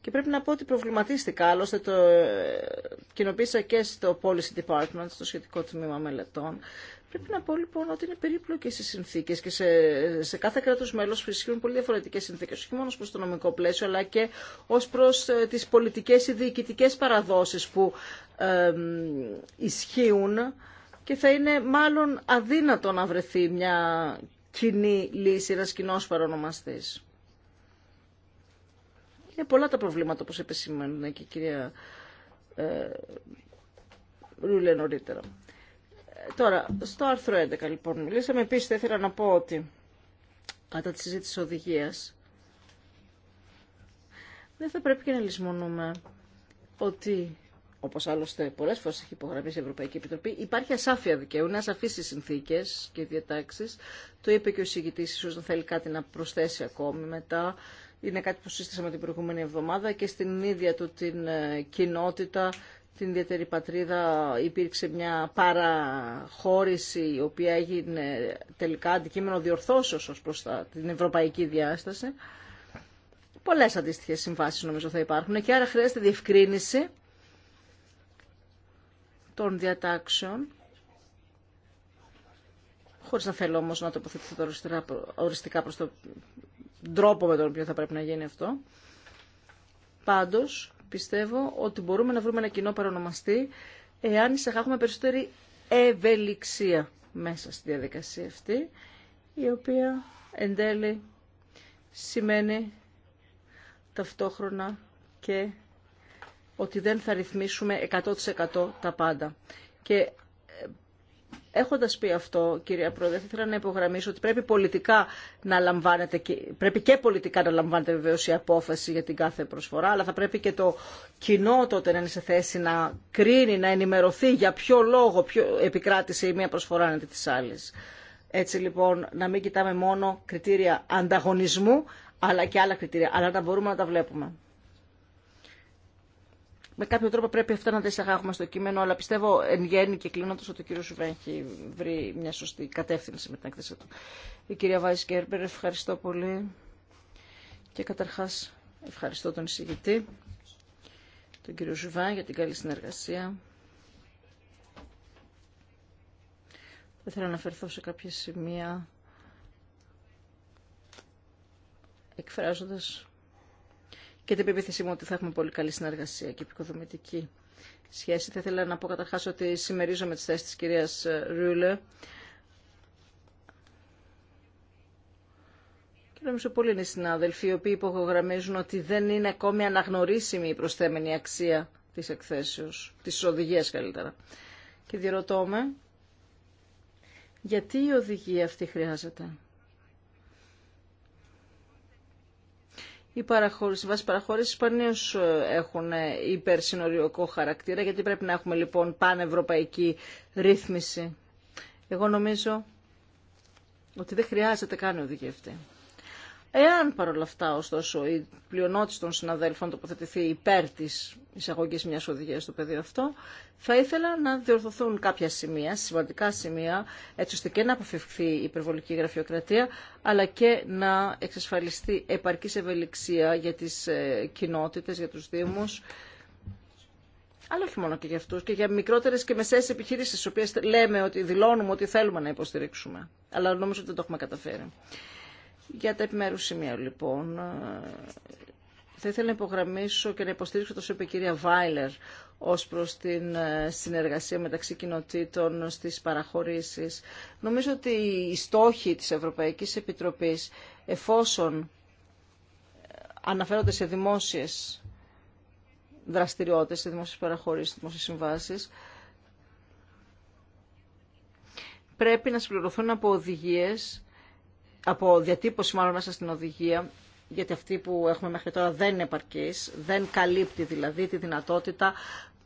και πρέπει να πω ότι προβληματίστηκα, άλλωστε το ε, κοινοποίησα και στο Policy Department, στο σχετικό τμήμα μελετών. Πρέπει να πω λοιπόν ότι είναι περίπλοκες οι συνθήκες και σε, σε κάθε κράτος μέλος ισχύουν πολύ διαφορετικές συνθήκες, όχι μόνο προς το νομικό πλαίσιο, αλλά και ως προς τις πολιτικές ή διοικητικές παραδόσεις που ισχύουν και θα είναι μάλλον αδύνατο να βρεθεί μια κοινή λύση, ένα κοινό παρονομαστής. Είναι πολλά τα προβλήματα, όπως επεσήμανε και η κυρία ε, Ρούλε νωρίτερα. Ε, τώρα, στο άρθρο 11 λοιπόν μιλήσαμε. Επίσης θα ήθελα να πω ότι κατά τη συζήτηση οδηγία, δεν θα πρέπει και να λησμονούμε ότι όπως άλλωστε πολλές φορές έχει υπογραμμίσει η Ευρωπαϊκή Επιτροπή, υπάρχει ασάφεια δικαίου, είναι ασαφείς οι συνθήκες και οι διατάξεις. Το είπε και ο συγκητής ίσως να θέλει κάτι να προσθέσει ακόμη μετά. Είναι κάτι που σύστησαμε την προηγούμενη εβδομάδα και στην ίδια του την ε, κοινότητα, την ιδιαίτερη πατρίδα, υπήρξε μια παραχώρηση η οποία έγινε τελικά αντικείμενο διορθώσεως ως προς την ευρωπαϊκή διάσταση. Πολλές αντίστοιχες συμβάσεις νομίζω θα υπάρχουν και άρα χρειάζεται διευκρίνηση των διατάξεων χωρίς να θέλω όμως να τοποθετηθώ οριστικά προς τον τρόπο με τον οποίο θα πρέπει να γίνει αυτό. Πάντως, πιστεύω ότι μπορούμε να βρούμε ένα κοινό παρονομαστή εάν εισαγάγουμε περισσότερη ευελιξία μέσα στη διαδικασία αυτή, η οποία εν τέλει σημαίνει ταυτόχρονα και ότι δεν θα ρυθμίσουμε 100% τα πάντα. Και ε, έχοντας πει αυτό, κυρία Πρόεδρε, θα ήθελα να υπογραμμίσω ότι πρέπει πολιτικά να λαμβάνετε, πρέπει και πολιτικά να λαμβάνετε βεβαίω η απόφαση για την κάθε προσφορά, αλλά θα πρέπει και το κοινό τότε να είναι σε θέση να κρίνει, να ενημερωθεί για ποιο λόγο ποιο επικράτησε η μία προσφορά αντί της άλλης. Έτσι λοιπόν, να μην κοιτάμε μόνο κριτήρια ανταγωνισμού, αλλά και άλλα κριτήρια, αλλά να μπορούμε να τα βλέπουμε με κάποιο τρόπο πρέπει αυτά να εισαγάγουμε στο κείμενο, αλλά πιστεύω εν γέννη και κλείνοντα ότι ο κύριο Σουβέν έχει βρει μια σωστή κατεύθυνση με την του. Η κυρία Βάη Κέρμπερ, ευχαριστώ πολύ. Και καταρχά ευχαριστώ τον εισηγητή, τον κύριο Ζουβά για την καλή συνεργασία. Θα θέλω να αναφερθώ σε κάποια σημεία εκφράζοντας και την πεποίθησή μου ότι θα έχουμε πολύ καλή συνεργασία και επικοδομητική σχέση. Θα ήθελα να πω καταρχά ότι συμμερίζομαι τις θέσει τη κυρίας ε, Ρούλε. Και νομίζω πολλοί είναι οι συνάδελφοι οι οποίοι υπογραμμίζουν ότι δεν είναι ακόμη αναγνωρίσιμη η προσθέμενη αξία της εκθέσεως, τη οδηγίας καλύτερα. Και διερωτώ με, γιατί η οδηγία αυτή χρειάζεται. οι παραχώρηση, οι παραχώρησης ε, έχουν ε, υπερσυνοριοκό χαρακτήρα, γιατί πρέπει να έχουμε λοιπόν πανευρωπαϊκή ρύθμιση. Εγώ νομίζω ότι δεν χρειάζεται καν οδηγευτή. Εάν παρόλα αυτά, ωστόσο, η πλειονότητα των συναδέλφων τοποθετηθεί υπέρ τη εισαγωγή μια οδηγία στο πεδίο αυτό, θα ήθελα να διορθωθούν κάποια σημεία, σημαντικά σημεία, έτσι ώστε και να αποφευχθεί η υπερβολική γραφειοκρατία, αλλά και να εξασφαλιστεί επαρκή ευελιξία για τι ε, κοινότητε, για του Δήμου, αλλά όχι μόνο και για αυτού, και για μικρότερε και μεσαίε επιχειρήσει, τι οποίε λέμε ότι δηλώνουμε ότι θέλουμε να υποστηρίξουμε. Αλλά νομίζω ότι δεν το έχουμε καταφέρει. Για τα επιμέρους σημεία λοιπόν, ε, θα ήθελα να υπογραμμίσω και να υποστηρίξω τόσο είπε η κυρία Βάιλερ ως προς την ε, συνεργασία μεταξύ κοινοτήτων στις παραχωρήσεις. Νομίζω ότι οι στόχοι της Ευρωπαϊκής Επιτροπής, εφόσον ε, αναφέρονται σε δημόσιες δραστηριότητες, σε δημόσιες παραχωρήσεις, σε δημόσιες συμβάσεις, πρέπει να συμπληρωθούν από οδηγίες από διατύπωση μάλλον μέσα στην οδηγία, γιατί αυτή που έχουμε μέχρι τώρα δεν είναι επαρκής, δεν καλύπτει δηλαδή τη δυνατότητα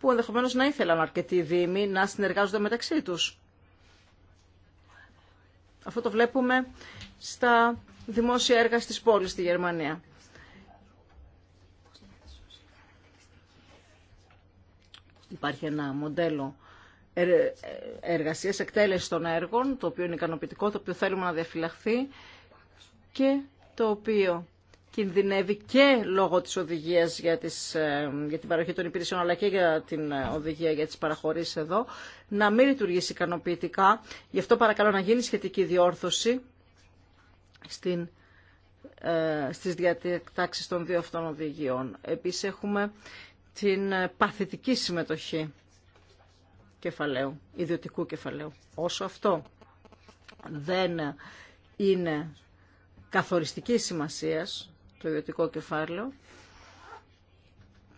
που ενδεχομένω να ήθελαν αρκετοί δήμοι να συνεργάζονται μεταξύ τους. Αυτό το βλέπουμε στα δημόσια έργα στις πόλεις στη Γερμανία. Υπάρχει ένα μοντέλο ε, εργασίας εκτέλεσης των έργων, το οποίο είναι ικανοποιητικό, το οποίο θέλουμε να διαφυλαχθεί και το οποίο κινδυνεύει και λόγω της οδηγίας για, τις, ε, για την παροχή των υπηρεσιών αλλά και για την ε, οδηγία για τις παραχωρήσεις εδώ, να μην λειτουργήσει ικανοποιητικά. Γι' αυτό παρακαλώ να γίνει σχετική διόρθωση στην, ε, στις διατάξεις των δύο αυτών οδηγιών. Επίσης έχουμε την ε, παθητική συμμετοχή κεφαλαίου, ιδιωτικού κεφαλαίου. Όσο αυτό δεν είναι καθοριστικής σημασίας, το ιδιωτικό κεφάλαιο,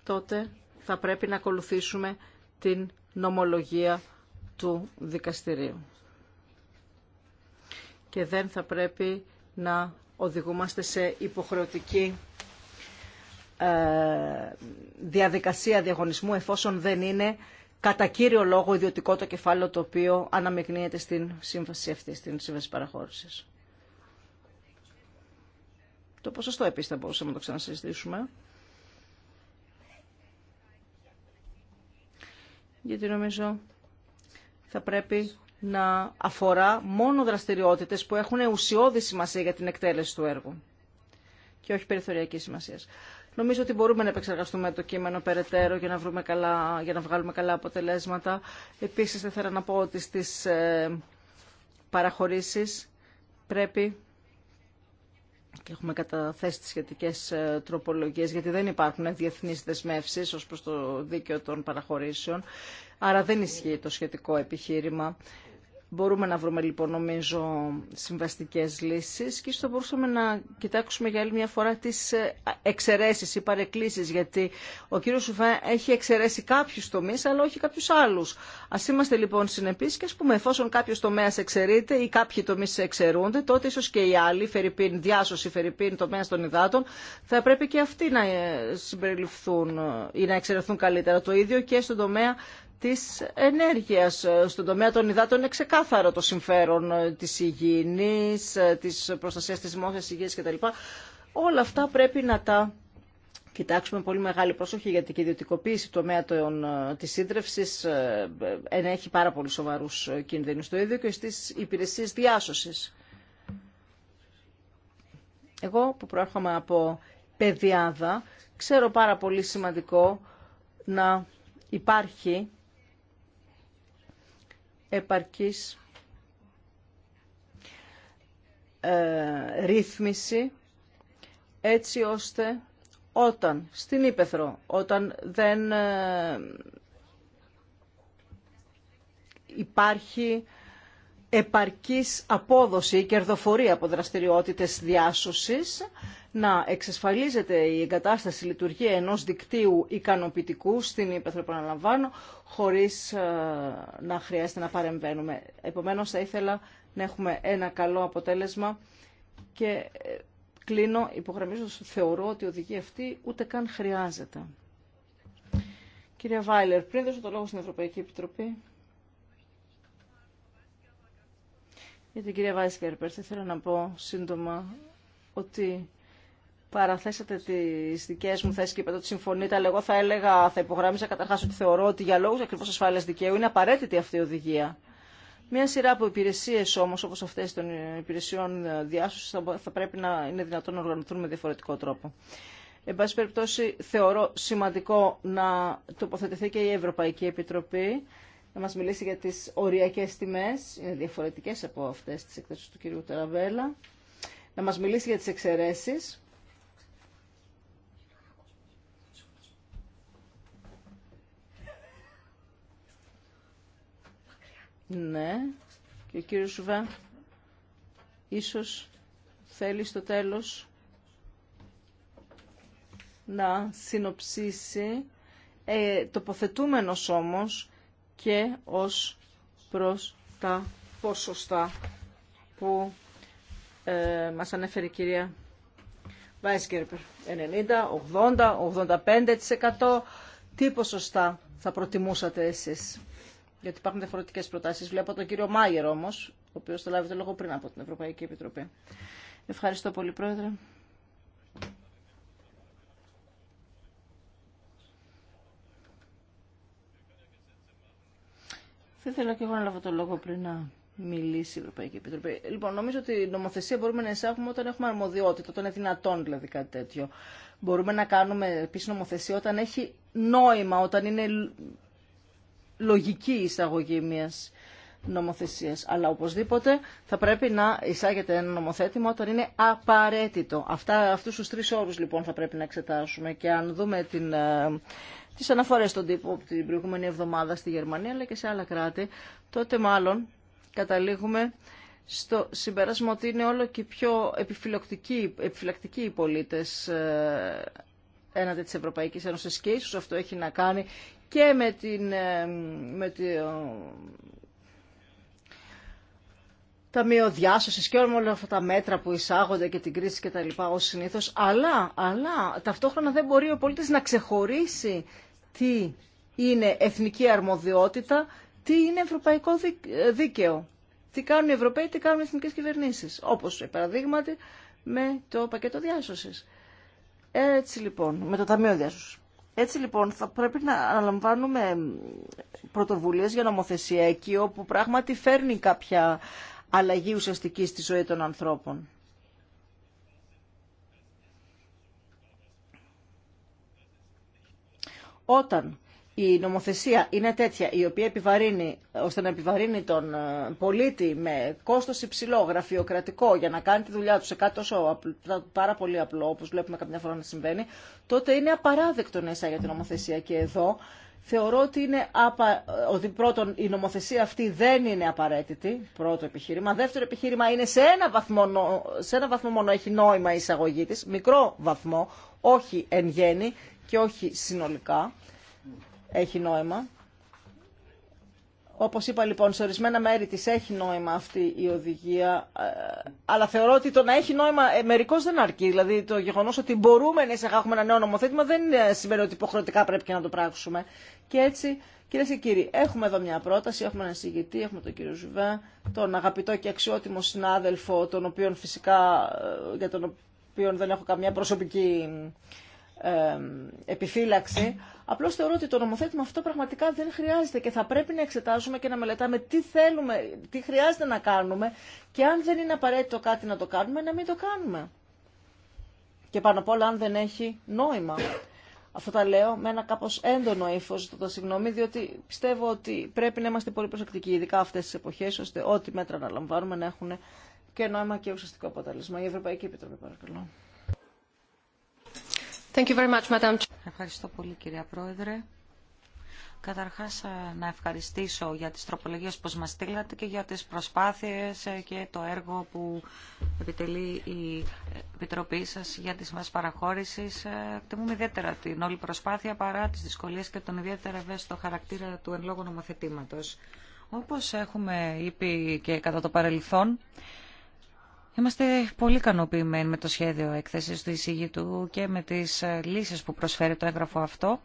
τότε θα πρέπει να ακολουθήσουμε την νομολογία του δικαστηρίου. Και δεν θα πρέπει να οδηγούμαστε σε υποχρεωτική ε, διαδικασία διαγωνισμού εφόσον δεν είναι κατά κύριο λόγο ιδιωτικό το κεφάλαιο το οποίο αναμειγνύεται στην σύμβαση αυτή, στην σύμβαση παραχώρησης. Το ποσοστό επίσης θα μπορούσαμε να το ξανασυζητήσουμε. Γιατί νομίζω θα πρέπει να αφορά μόνο δραστηριότητες που έχουν ουσιώδη σημασία για την εκτέλεση του έργου και όχι περιθωριακή σημασία. Νομίζω ότι μπορούμε να επεξεργαστούμε το κείμενο περαιτέρω για να, βρούμε καλά, για να βγάλουμε καλά αποτελέσματα. Επίσης, θα ήθελα να πω ότι στις ε, παραχωρήσεις πρέπει και έχουμε καταθέσει τις σχετικές ε, τροπολογίες γιατί δεν υπάρχουν διεθνείς δεσμεύσεις ως προς το δίκαιο των παραχωρήσεων άρα δεν ισχύει το σχετικό επιχείρημα Μπορούμε να βρούμε λοιπόν νομίζω συμβαστικές λύσεις και ίσως θα μπορούσαμε να κοιτάξουμε για άλλη μια φορά τις ε, εξαιρέσεις ή παρεκκλήσεις γιατί ο κύριος Σουφέ έχει εξαιρέσει κάποιους τομείς αλλά όχι κάποιους άλλους. Ας είμαστε λοιπόν συνεπείς και ας πούμε εφόσον κάποιος τομέας εξαιρείται ή κάποιοι τομείς εξαιρούνται τότε ίσως και οι άλλοι, φεριπίν, διάσωση, φεριπίν, τομέας των υδάτων θα πρέπει και αυτοί να ε, συμπεριληφθούν ε, ή να εξαιρεθούν καλύτερα το ίδιο και στον τομέα της ενέργειας. Στον τομέα των υδάτων είναι ξεκάθαρο το συμφέρον ε, της υγιεινής, ε, της προστασίας της δημόσιας υγείας κτλ. Όλα αυτά πρέπει να τα κοιτάξουμε πολύ μεγάλη προσοχή γιατί και η ιδιωτικοποίηση του τομέα των, ε, της σύντρευσης ενέχει πάρα πολύ σοβαρούς κινδύνους. Το ίδιο και στις υπηρεσίες διάσωσης. Εγώ που προέρχομαι από παιδιάδα, ξέρω πάρα πολύ σημαντικό να υπάρχει επαρκής ε, ρύθμιση έτσι ώστε όταν στην Ήπεθρο, όταν δεν ε, υπάρχει επαρκής απόδοση ή κερδοφορία από δραστηριότητες διάσωσης, να εξασφαλίζεται η εγκατάσταση η λειτουργία ενός δικτύου ικανοποιητικού στην Ήπεθρο, επαναλαμβάνω, χωρίς ε, να χρειάζεται να παρεμβαίνουμε. Επομένως, θα ήθελα να έχουμε ένα καλό αποτέλεσμα και ε, κλείνω υπογραμμίζοντας ότι θεωρώ ότι η οδηγία καν χρειάζεται. Κυρία Βάιλερ, πριν δώσω το λόγο στην Ευρωπαϊκή οτι θεωρω οτι η οδηγια αυτη ουτε καν χρειαζεται Κύριε βαιλερ πριν δωσω το λογο στην ευρωπαικη επιτροπη Για την κυρία Βάισκερπερ, θα ήθελα να πω σύντομα ότι παραθέσατε τι δικέ μου θέσει και είπατε ότι συμφωνείτε, αλλά εγώ θα έλεγα, θα υπογράμμιζα καταρχά ότι θεωρώ ότι για λόγου ακριβώ ασφάλεια δικαίου είναι απαραίτητη αυτή η οδηγία. Μια σειρά από υπηρεσίε όμω, όπω αυτέ των υπηρεσιών διάσωση, θα πρέπει να είναι δυνατόν να οργανωθούν με διαφορετικό τρόπο. Εν πάση περιπτώσει, θεωρώ σημαντικό να τοποθετηθεί και η Ευρωπαϊκή Επιτροπή να μας μιλήσει για τις οριακές τιμές, είναι διαφορετικές από αυτές τις εκθέσεις του κυρίου Τεραβέλα. να μας μιλήσει για τις εξαιρεσει. Ναι, και ο κύριος Σουβέ ίσως θέλει στο τέλος να συνοψίσει ε, τοποθετούμενος όμως και ως προς τα ποσοστά που ε, μας ανέφερε η κυρία Βάισκερπερ. 90, 80, 85% τι ποσοστά θα προτιμούσατε εσείς. Γιατί υπάρχουν διαφορετικέ προτάσεις. Βλέπω τον κύριο Μάγερ όμως, ο οποίος το λάβει το λόγο πριν από την Ευρωπαϊκή Επιτροπή. Ευχαριστώ πολύ, Πρόεδρε. Θα ήθελα και εγώ να λάβω το λόγο πριν να μιλήσει η Ευρωπαϊκή Επιτροπή. Λοιπόν, νομίζω ότι η νομοθεσία μπορούμε να εισάγουμε όταν έχουμε αρμοδιότητα, όταν είναι δυνατόν δηλαδή κάτι τέτοιο. Μπορούμε να κάνουμε επίση νομοθεσία όταν έχει νόημα, όταν είναι λογική η εισαγωγή μιας αλλά οπωσδήποτε θα πρέπει να εισάγεται ένα νομοθέτημα όταν είναι απαραίτητο. Αυτά, αυτούς τους τρεις όρους λοιπόν θα πρέπει να εξετάσουμε και αν δούμε την, ε, τις αναφορές στον τύπο την προηγούμενη εβδομάδα στη Γερμανία αλλά και σε άλλα κράτη, τότε μάλλον καταλήγουμε στο συμπέρασμα ότι είναι όλο και πιο επιφυλακτικοί, επιφυλακτικοί οι πολίτες ε, έναντι της Ευρωπαϊκής Ένωσης και ίσως αυτό έχει να κάνει και με, την, ε, με τη, ε, ταμείο διάσωση και όλα αυτά τα μέτρα που εισάγονται και την κρίση και λοιπά ω συνήθω. Αλλά, αλλά ταυτόχρονα δεν μπορεί ο πολίτη να ξεχωρίσει τι είναι εθνική αρμοδιότητα, τι είναι ευρωπαϊκό δίκαιο. Τι κάνουν οι Ευρωπαίοι, τι κάνουν οι εθνικέ κυβερνήσει. Όπω παραδείγματι με το πακέτο διάσωση. Έτσι λοιπόν, με το Ταμείο Διάσωση. Έτσι λοιπόν θα πρέπει να αναλαμβάνουμε πρωτοβουλίες για νομοθεσία εκεί όπου πράγματι φέρνει κάποια αλλαγή ουσιαστική στη ζωή των ανθρώπων. Όταν η νομοθεσία είναι τέτοια η οποία επιβαρύνει, ώστε να επιβαρύνει τον ε, πολίτη με κόστος υψηλό, γραφειοκρατικό, για να κάνει τη δουλειά του σε κάτι τόσο πάρα πολύ απλό, όπως βλέπουμε καμιά φορά να συμβαίνει, τότε είναι απαράδεκτο να την νομοθεσία. Και εδώ Θεωρώ ότι, είναι απα... ότι πρώτον η νομοθεσία αυτή δεν είναι απαραίτητη, πρώτο επιχείρημα. Δεύτερο επιχείρημα είναι σε ένα βαθμό, σε ένα βαθμό μόνο έχει νόημα η εισαγωγή της, μικρό βαθμό, όχι εν γέννη και όχι συνολικά έχει νόημα. Όπως είπα λοιπόν, σε ορισμένα μέρη της έχει νόημα αυτή η οδηγία, ε, αλλά θεωρώ ότι το να έχει νόημα ε, μερικώς δεν αρκεί. Δηλαδή το γεγονός ότι μπορούμε να έχουμε ένα νέο νομοθέτημα δεν ε, σημαίνει ότι υποχρεωτικά πρέπει και να το πράξουμε. Και έτσι, κυρίε και κύριοι, έχουμε εδώ μια πρόταση, έχουμε έναν συγγητή, έχουμε τον κύριο Ζουβέ, τον αγαπητό και αξιότιμο συνάδελφο, τον φυσικά, ε, για τον οποίο δεν έχω καμιά προσωπική ε, επιφύλαξη. Απλώ θεωρώ ότι το νομοθέτημα αυτό πραγματικά δεν χρειάζεται και θα πρέπει να εξετάζουμε και να μελετάμε τι θέλουμε, τι χρειάζεται να κάνουμε και αν δεν είναι απαραίτητο κάτι να το κάνουμε, να μην το κάνουμε. Και πάνω απ' όλα αν δεν έχει νόημα. Αυτό τα λέω με ένα κάπως έντονο ύφο, το, τα συγγνώμη, διότι πιστεύω ότι πρέπει να είμαστε πολύ προσεκτικοί, ειδικά αυτές τις εποχές, ώστε ό,τι μέτρα να λαμβάνουμε να έχουν και νόημα και ουσιαστικό αποτέλεσμα. Η Ευρωπαϊκή Επιτροπή, παρακαλώ. Thank you very much, Ευχαριστώ πολύ, κυρία Πρόεδρε. Καταρχάς ε, να ευχαριστήσω για τις τροπολογίες που μας στείλατε και για τις προσπάθειες ε, και το έργο που επιτελεί η Επιτροπή σας για τις μας παραχώρησης. Ε, εκτιμούμε ιδιαίτερα την όλη προσπάθεια παρά τις δυσκολίες και τον ιδιαίτερα ευαίσθητο χαρακτήρα του εν λόγω νομοθετήματος. Όπως έχουμε είπε και κατά το παρελθόν, Είμαστε πολύ ικανοποιημένοι με το σχέδιο έκθεσης του εισηγητού και με τις λύσεις που προσφέρει το έγγραφο αυτό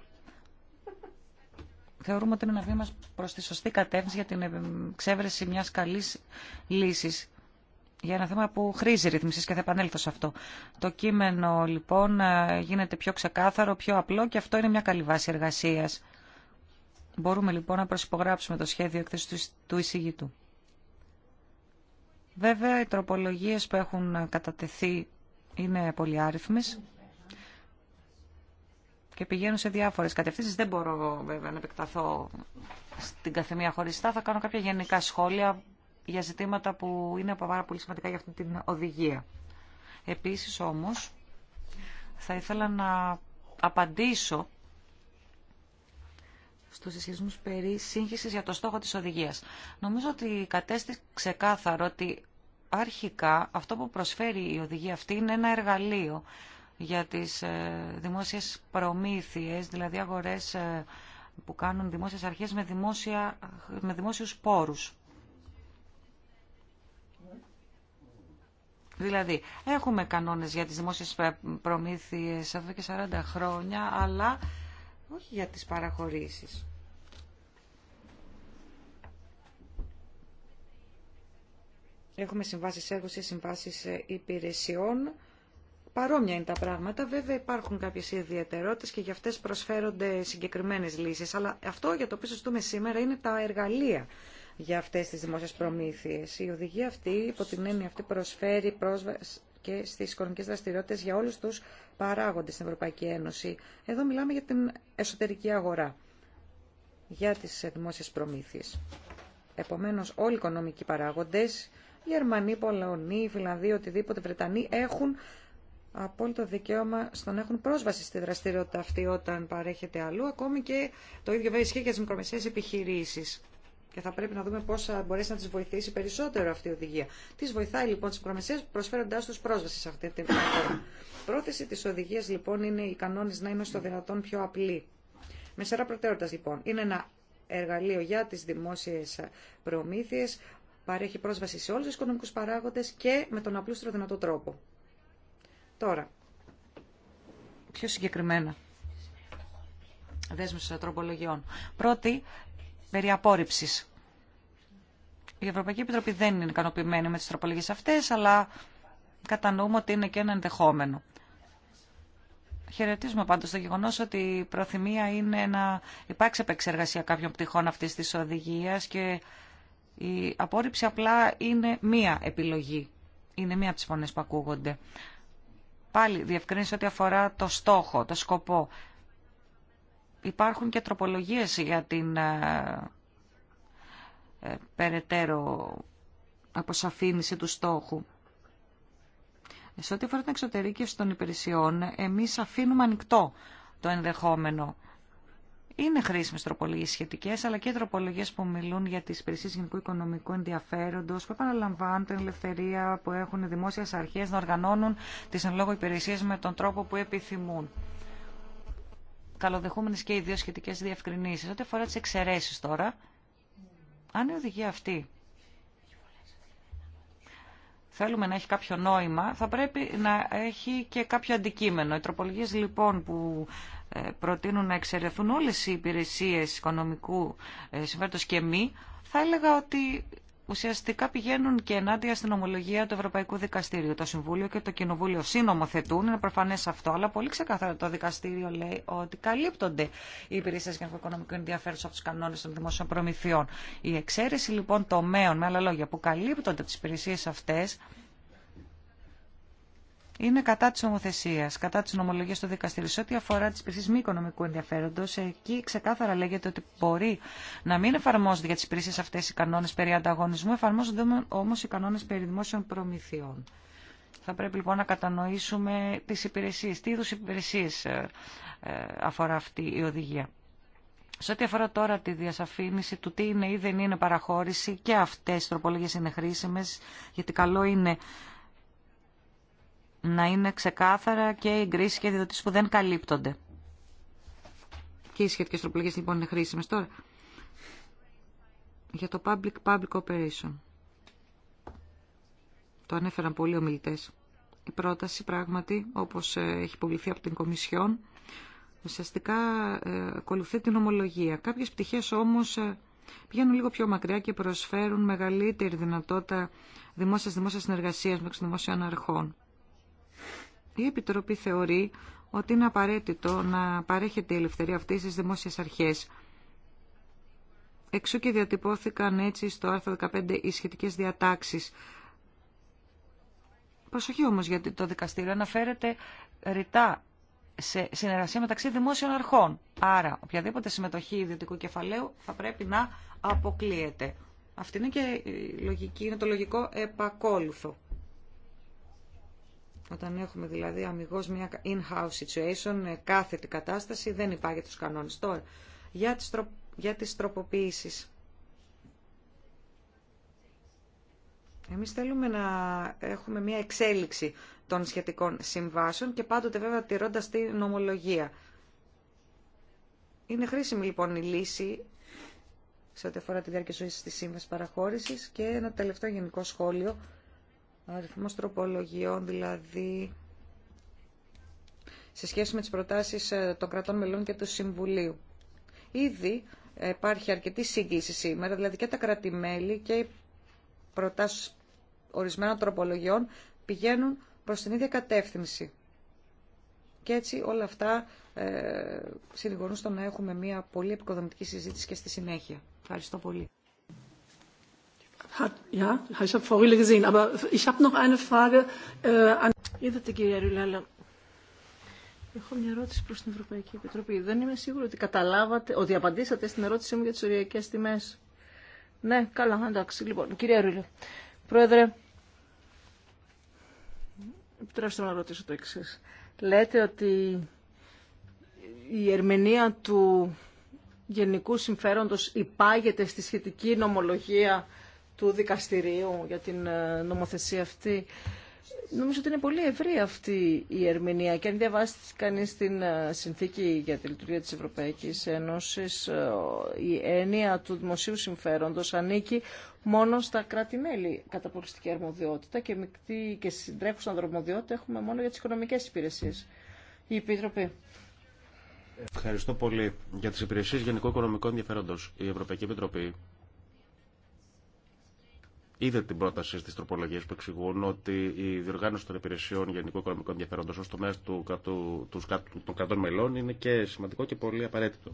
θεωρούμε ότι είναι ένα βήμα προς τη σωστή κατεύθυνση για την εξέβρεση μιας καλής λύσης για ένα θέμα που χρήζει ρυθμίσεις και θα επανέλθω σε αυτό. Το κείμενο λοιπόν ε, γίνεται πιο ξεκάθαρο, πιο απλό και αυτό είναι μια καλή βάση εργασίας. Μπορούμε λοιπόν να προσυπογράψουμε το σχέδιο εκθέση του εισηγητού. Βέβαια, οι τροπολογίες που έχουν κατατεθεί είναι πολυάριθμες και πηγαίνουν σε διάφορες κατευθύνσεις. Δεν μπορώ βέβαια να επεκταθώ στην καθεμία χωριστά. Θα κάνω κάποια γενικά σχόλια για ζητήματα που είναι πάρα πολύ σημαντικά για αυτή την οδηγία. Επίσης όμως θα ήθελα να απαντήσω στους ισχυρισμούς περί σύγχυσης για το στόχο της οδηγίας. Νομίζω ότι κατέστη ξεκάθαρο ότι αρχικά αυτό που προσφέρει η οδηγία αυτή είναι ένα εργαλείο για τις ε, δημόσιες προμήθειες, δηλαδή αγορές ε, που κάνουν δημόσιες αρχές με, δημόσια, με δημόσιους πόρους. Δηλαδή, έχουμε κανόνες για τις δημόσιες ε, προμήθειες εδώ και 40 χρόνια, αλλά όχι για τις παραχωρήσεις. Έχουμε συμβάσεις έργους συμβάσεις υπηρεσιών παρόμοια είναι τα πράγματα. Βέβαια υπάρχουν κάποιε ιδιαιτερότητε και για αυτέ προσφέρονται συγκεκριμένε λύσει. Αλλά αυτό για το οποίο συζητούμε σήμερα είναι τα εργαλεία για αυτέ τι δημόσιε προμήθειες. Η οδηγία αυτή, υπό την έννοια αυτή, προσφέρει πρόσβαση και στι οικονομικέ δραστηριότητε για όλου του παράγοντε στην Ευρωπαϊκή Ένωση. Εδώ μιλάμε για την εσωτερική αγορά, για τι δημόσιε προμήθειε. Επομένω, όλοι οι οικονομικοί παράγοντε, Γερμανοί, Πολωνοί, Φιλανδοί, οτιδήποτε, Βρετανοί, έχουν απόλυτο δικαίωμα στο να έχουν πρόσβαση στη δραστηριότητα αυτή όταν παρέχεται αλλού, ακόμη και το ίδιο βέβαια ισχύει για τι μικρομεσαίε επιχειρήσει. Και θα πρέπει να δούμε πώ θα μπορέσει να τι βοηθήσει περισσότερο αυτή η οδηγία. Τι βοηθάει λοιπόν τι μικρομεσαίε προσφέροντά του πρόσβαση σε αυτή την πλατφόρμα. Πρόθεση τη οδηγία λοιπόν είναι οι κανόνε να είναι στο δυνατόν πιο απλοί. Με σειρά προτεραιότητα λοιπόν. Είναι ένα εργαλείο για τι δημόσιε προμήθειε, παρέχει πρόσβαση σε όλου του οικονομικού παράγοντε και με τον απλούστερο δυνατό τρόπο. Τώρα, πιο συγκεκριμένα, δέσμευση των τροπολογιών. Πρώτη, περί απόρριψης. Η Ευρωπαϊκή Επιτροπή δεν είναι ικανοποιημένη με τις τροπολογίες αυτές, αλλά κατανοούμε ότι είναι και ένα ενδεχόμενο. Χαιρετίζουμε πάντως το γεγονό ότι η προθυμία είναι να υπάρξει επεξεργασία κάποιων πτυχών αυτή τη οδηγία και η απόρριψη απλά είναι μία επιλογή. Είναι μία από τι φωνέ που ακούγονται. Πάλι διευκρίνηση ό,τι αφορά το στόχο, το σκοπό. Υπάρχουν και τροπολογίες για την ε, ε, περαιτέρω αποσαφήνιση του στόχου. Σε ό,τι αφορά την εξωτερική των υπηρεσιών, εμείς αφήνουμε ανοιχτό το ενδεχόμενο είναι χρήσιμε τροπολογίε σχετικέ, αλλά και τροπολογίε που μιλούν για τι υπηρεσίε γενικού οικονομικού ενδιαφέροντο, που επαναλαμβάνουν την ελευθερία που έχουν οι δημόσιε αρχέ να οργανώνουν τι εν λόγω υπηρεσίε με τον τρόπο που επιθυμούν. Καλοδεχούμενε και οι δύο σχετικέ διευκρινήσει. Ό,τι αφορά τι εξαιρέσει τώρα, αν η οδηγία αυτή θέλουμε να έχει κάποιο νόημα, θα πρέπει να έχει και κάποιο αντικείμενο. Οι τροπολογίε λοιπόν που ε, προτείνουν να εξαιρεθούν όλες οι υπηρεσίες οικονομικού ε, συμφέροντος και μη, θα έλεγα ότι ουσιαστικά πηγαίνουν και ενάντια στην ομολογία του Ευρωπαϊκού Δικαστήριου. Το Συμβούλιο και το Κοινοβούλιο συνομοθετούν, είναι προφανέ αυτό, αλλά πολύ ξεκάθαρα το Δικαστήριο λέει ότι καλύπτονται οι υπηρεσίε οικονομικού ενδιαφέρου από του κανόνε των δημοσίων προμηθειών. Η εξαίρεση λοιπόν τομέων, με άλλα λόγια, που καλύπτονται από τι υπηρεσίε αυτέ, είναι κατά τη νομοθεσία, κατά τη νομολογία του δικαστηρίου. Σε ό,τι αφορά τι υπηρεσίε μη οικονομικού ενδιαφέροντο, εκεί ξεκάθαρα λέγεται ότι μπορεί να μην εφαρμόζονται για τι υπηρεσίε αυτέ οι κανόνε περί ανταγωνισμού, εφαρμόζονται όμω οι κανόνε περί δημόσιων προμηθειών. Θα πρέπει λοιπόν να κατανοήσουμε τι υπηρεσίε, τι είδου υπηρεσίε ε, ε, αφορά αυτή η οδηγία. Σε ό,τι αφορά τώρα τη διασαφήνιση του τι είναι ή δεν είναι παραχώρηση, και αυτέ οι τροπολογίε είναι χρήσιμε, γιατί καλό είναι να είναι ξεκάθαρα και οι εγκρίσει και οι που δεν καλύπτονται. Και οι σχετικέ τροπολογίε λοιπόν είναι χρήσιμε τώρα. Για το public public operation. Το ανέφεραν πολλοί ομιλητέ. Η πρόταση πράγματι, όπω ε, έχει υποβληθεί από την Κομισιόν, ουσιαστικά ε, ακολουθεί την ομολογία. Κάποιε πτυχέ όμω ε, πηγαίνουν λίγο πιο μακριά και προσφέρουν μεγαλύτερη δυνατότητα δημόσια-δημόσια συνεργασία μεταξύ δημόσιων αρχών. Η Επιτροπή θεωρεί ότι είναι απαραίτητο να παρέχεται η ελευθερία αυτή στις δημόσιες αρχές. Εξού και διατυπώθηκαν έτσι στο άρθρο 15 οι σχετικές διατάξεις. Προσοχή όμως γιατί το δικαστήριο αναφέρεται ρητά σε συνεργασία μεταξύ δημόσιων αρχών. Άρα οποιαδήποτε συμμετοχή ιδιωτικού κεφαλαίου θα πρέπει να αποκλείεται. Αυτή είναι και η λογική, είναι το λογικό επακόλουθο. Όταν έχουμε δηλαδή αμυγός μια in-house situation, ε, κάθετη κατάσταση, δεν υπάρχει τους κανόνες. Τώρα, για τις, τρο... για τις τροποποιήσεις. Εμείς θέλουμε να έχουμε μια εξέλιξη των σχετικών συμβάσεων και πάντοτε βέβαια τηρώντας τη νομολογία. Είναι χρήσιμη λοιπόν η λύση σε ό,τι αφορά τη διάρκεια ζωής της σύμβασης παραχώρησης και ένα τελευταίο γενικό σχόλιο αριθμός τροπολογιών δηλαδή σε σχέση με τις προτάσεις ε, των κρατών μελών και του Συμβουλίου. Ήδη υπάρχει αρκετή σύγκληση σήμερα, δηλαδή και τα κρατημέλη και οι προτάσεις ορισμένων τροπολογιών πηγαίνουν προς την ίδια κατεύθυνση. Και έτσι όλα αυτά ε, συνηγορούν στο να έχουμε μια πολύ επικοδομητική συζήτηση και στη συνέχεια. Ευχαριστώ πολύ κυρία έχω μια ερώτηση προς την Ευρωπαϊκή Επιτροπή. Δεν είμαι σίγουρη ότι καταλάβατε, ότι απαντήσατε στην ερώτησή μου για τις οριακές τιμές. Ναι, καλά, εντάξει. Λοιπόν, κυρία Ρουλέ, Πρόεδρε, επιτρέψτε να ρωτήσω το εξή. Λέτε ότι η ερμηνεία του γενικού συμφέροντος υπάγεται στη σχετική νομολογία του δικαστηρίου για την ε, νομοθεσία αυτή. Νομίζω ότι είναι πολύ ευρύ αυτή η ερμηνεία και αν διαβάσει κανεί την ε, συνθήκη για τη λειτουργία τη Ευρωπαϊκή Ένωση, ε, η έννοια του δημοσίου συμφέροντο ανήκει μόνο στα κράτη-μέλη κατά αρμοδιότητα και, μεικτή, και συντρέχουσα αρμοδιότητα έχουμε μόνο για τι οικονομικέ υπηρεσίε. Η Επίτροπη. Ευχαριστώ πολύ. Για τι υπηρεσίε Γενικού Οικονομικού Ενδιαφέροντο, η Ευρωπαϊκή Επιτροπή είδε την πρόταση στι τροπολογίε που εξηγούν ότι η διοργάνωση των υπηρεσιών γενικού οικονομικού ενδιαφέροντο ω τομέα του, του, των κρατών μελών είναι και σημαντικό και πολύ απαραίτητο.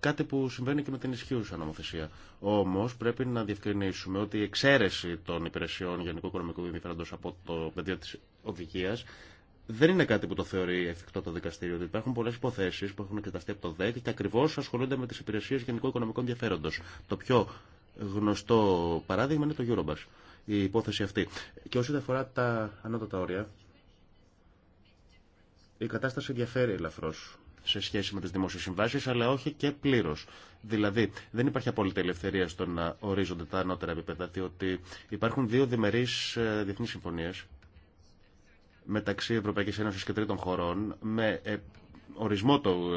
Κάτι που συμβαίνει και με την ισχύουσα νομοθεσία. Όμω πρέπει να διευκρινίσουμε ότι η εξαίρεση των υπηρεσιών γενικού οικονομικού ενδιαφέροντο από το πεδίο τη οδηγία δεν είναι κάτι που το θεωρεί εφικτό το δικαστήριο. Ότι υπάρχουν πολλέ υποθέσει που έχουν εξεταστεί από το ΔΕΚ και ακριβώ ασχολούνται με τι υπηρεσίε γενικού οικονομικού ενδιαφέροντο. Το πιο γνωστό παράδειγμα είναι το Eurobus, η υπόθεση αυτή. Και όσον αφορά τα ανώτατα όρια, η κατάσταση διαφέρει ελαφρώς σε σχέση με τις δημόσιες συμβάσεις, αλλά όχι και πλήρως. Δηλαδή, δεν υπάρχει απόλυτη ελευθερία στο να ορίζονται τα ανώτερα επίπεδα, διότι υπάρχουν δύο διμερείς ε, διεθνείς συμφωνίες μεταξύ Ευρωπαϊκής Ένωσης και τρίτων χωρών, με ε, ορισμό του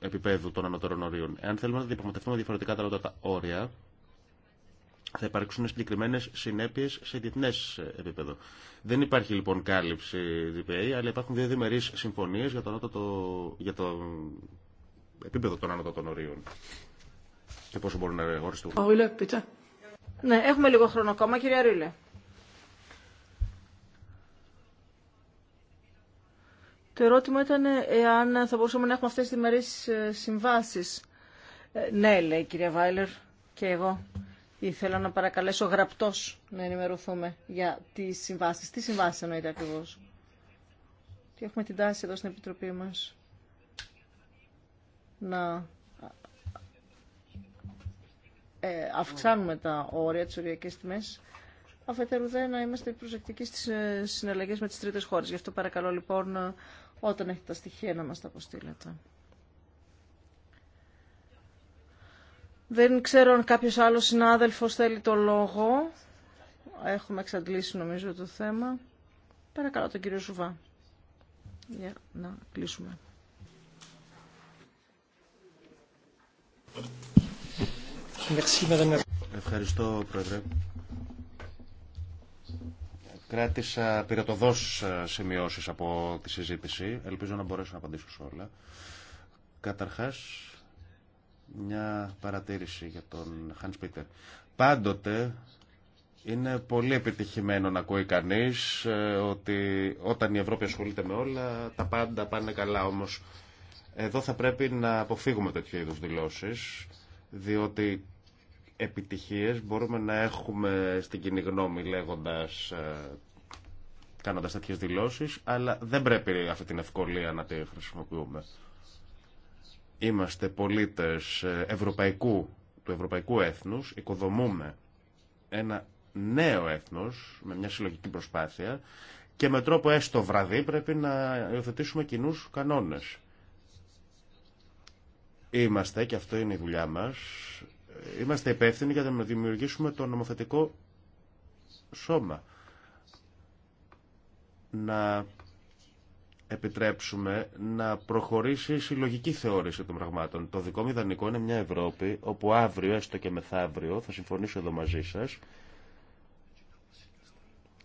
ε, επίπεδου των ανώτερων όριων. Εάν θέλουμε να διαπραγματευτούμε διαφορετικά τα ανώτατα όρια, θα υπάρξουν συγκεκριμένε συνέπειε σε διεθνέ επίπεδο. Δεν υπάρχει λοιπόν κάλυψη DPA, αλλά υπάρχουν δύο διμερεί συμφωνίε για, το... για το επίπεδο των ανώτατων ορίων και πόσο μπορούν να εγωριστούν. Ναι, έχουμε λίγο χρόνο ακόμα, κυρία Ρίλε. Το ερώτημα ήταν εάν θα μπορούσαμε να έχουμε αυτές τις διμερείς ε, συμβάσεις. Ε, ναι, λέει η κυρία Βάιλερ και εγώ. Ήθελα να παρακαλέσω γραπτός να ενημερωθούμε για τι συμβάσει. Τι συμβάσει εννοείται ακριβώ. Και έχουμε την τάση εδώ στην Επιτροπή μας να ε, αυξάνουμε τα όρια, τι οριακέ τιμέ, αφετέρου δε να είμαστε προσεκτικοί στις ε, συναλλαγέ με τις τρίτες χώρες. Γι' αυτό παρακαλώ λοιπόν όταν έχετε τα στοιχεία να μα τα αποστείλετε. Δεν ξέρω αν κάποιος άλλος συνάδελφος θέλει το λόγο. Έχουμε εξαντλήσει νομίζω το θέμα. Παρακαλώ τον κύριο Σουβά. Για να κλείσουμε. Ευχαριστώ, Πρόεδρε. Κράτησα πυροτοδός ε, σημειώσεις από τη συζήτηση. Ελπίζω να μπορέσω να απαντήσω σε όλα. Καταρχάς, μια παρατήρηση για τον Χάνς Πίτερ. Πάντοτε είναι πολύ επιτυχημένο να ακούει κανείς ε, ότι όταν η Ευρώπη ασχολείται με όλα τα πάντα πάνε καλά όμως. Εδώ θα πρέπει να αποφύγουμε τέτοιου είδου δηλώσεις διότι επιτυχίες μπορούμε να έχουμε στην κοινή γνώμη λέγοντας ε, κάνοντας τέτοιες δηλώσεις αλλά δεν πρέπει αυτή την ευκολία να τη χρησιμοποιούμε. Είμαστε πολίτες ε, ευρωπαϊκού, του ευρωπαϊκού έθνους, οικοδομούμε ένα νέο έθνος με μια συλλογική προσπάθεια και με τρόπο έστω βραδύ πρέπει να υιοθετήσουμε κοινού κανόνες. Είμαστε, και αυτό είναι η δουλειά μας, είμαστε υπεύθυνοι για να δημιουργήσουμε το νομοθετικό σώμα. Να επιτρέψουμε να προχωρήσει η συλλογική θεώρηση των πραγμάτων. Το δικό μου ιδανικό είναι μια Ευρώπη όπου αύριο, έστω και μεθαύριο, θα συμφωνήσω εδώ μαζί σα,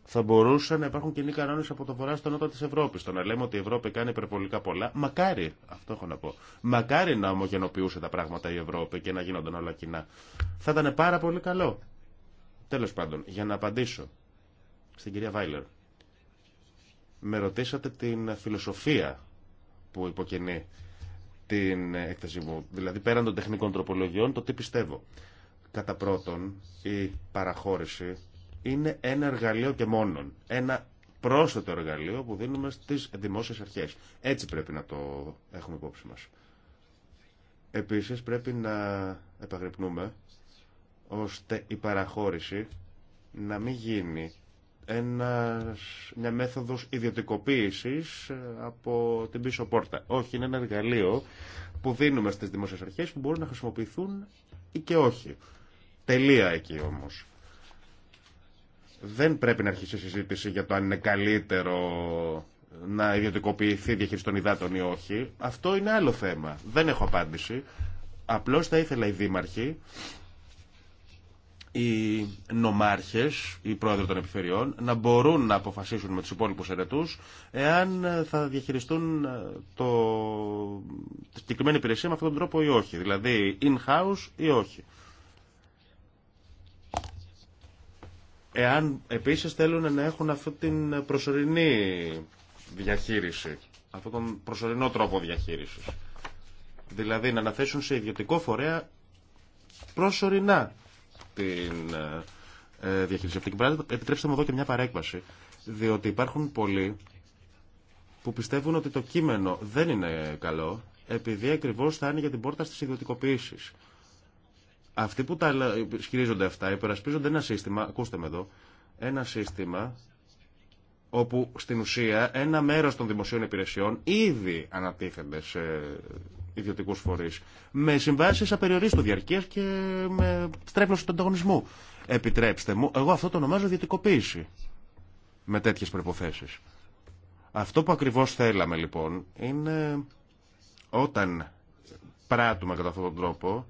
θα μπορούσαν να υπάρχουν κοινοί κανόνε από το βορρά στο νότο τη Ευρώπη. Το να λέμε ότι η Ευρώπη κάνει υπερβολικά πολλά, μακάρι, αυτό έχω να πω, μακάρι να ομογενοποιούσε τα πράγματα η Ευρώπη και να γίνονταν όλα κοινά. Θα ήταν πάρα πολύ καλό. Τέλο πάντων, για να απαντήσω στην κυρία Βάιλερ με ρωτήσατε την φιλοσοφία που υποκινεί την έκθεση μου, δηλαδή πέραν των τεχνικών τροπολογιών, το τι πιστεύω. Κατά πρώτον, η παραχώρηση είναι ένα εργαλείο και μόνον. Ένα πρόσθετο εργαλείο που δίνουμε στις δημόσιες αρχές. Έτσι πρέπει να το έχουμε υπόψη μας. Επίσης πρέπει να επαγρυπνούμε ώστε η παραχώρηση να μην γίνει ένας, μια μέθοδος ιδιωτικοποίησης ε, από την πίσω πόρτα. Όχι, είναι ένα εργαλείο που δίνουμε στις δημόσιες αρχές που μπορούν να χρησιμοποιηθούν ή και όχι. Τελεία εκεί όμως. Δεν πρέπει να αρχίσει η συζήτηση για το αν είναι καλύτερο να ιδιωτικοποιηθεί διαχείριση των υδάτων ή όχι. Αυτό είναι άλλο θέμα. Δεν έχω απάντηση. Απλώς θα ήθελα οι δήμαρχοι οι νομάρχες, οι πρόεδροι των επιφερειών, να μπορούν να αποφασίσουν με τους υπόλοιπους ερετούς εάν ε, θα διαχειριστούν ε, το... τη συγκεκριμένη υπηρεσία με αυτόν τον τρόπο ή όχι. Δηλαδή in-house ή όχι. Εάν επίσης θέλουν να έχουν αυτή την προσωρινή διαχείριση, αυτόν τον προσωρινό τρόπο διαχείρισης. Δηλαδή να αναθέσουν σε ιδιωτικό φορέα προσωρινά την ε, διαχείριση αυτή. Και πράγματι, επιτρέψτε μου εδώ και μια παρέκβαση. Διότι υπάρχουν πολλοί που πιστεύουν ότι το κείμενο δεν είναι καλό, επειδή ακριβώ θα είναι για την πόρτα στι ιδιωτικοποίησει. Αυτοί που τα ισχυρίζονται αυτά υπερασπίζονται ένα σύστημα, ακούστε με εδώ, ένα σύστημα όπου στην ουσία ένα μέρος των δημοσίων υπηρεσιών ήδη ανατίθενται σε ιδιωτικού φορεί. Με συμβάσει απεριορίστου διαρκεία και με στρέβλωση του ανταγωνισμού. Επιτρέψτε μου, εγώ αυτό το ονομάζω ιδιωτικοποίηση. Με τέτοιε προποθέσει. Αυτό που ακριβώ θέλαμε λοιπόν είναι όταν πράττουμε κατά αυτόν τον τρόπο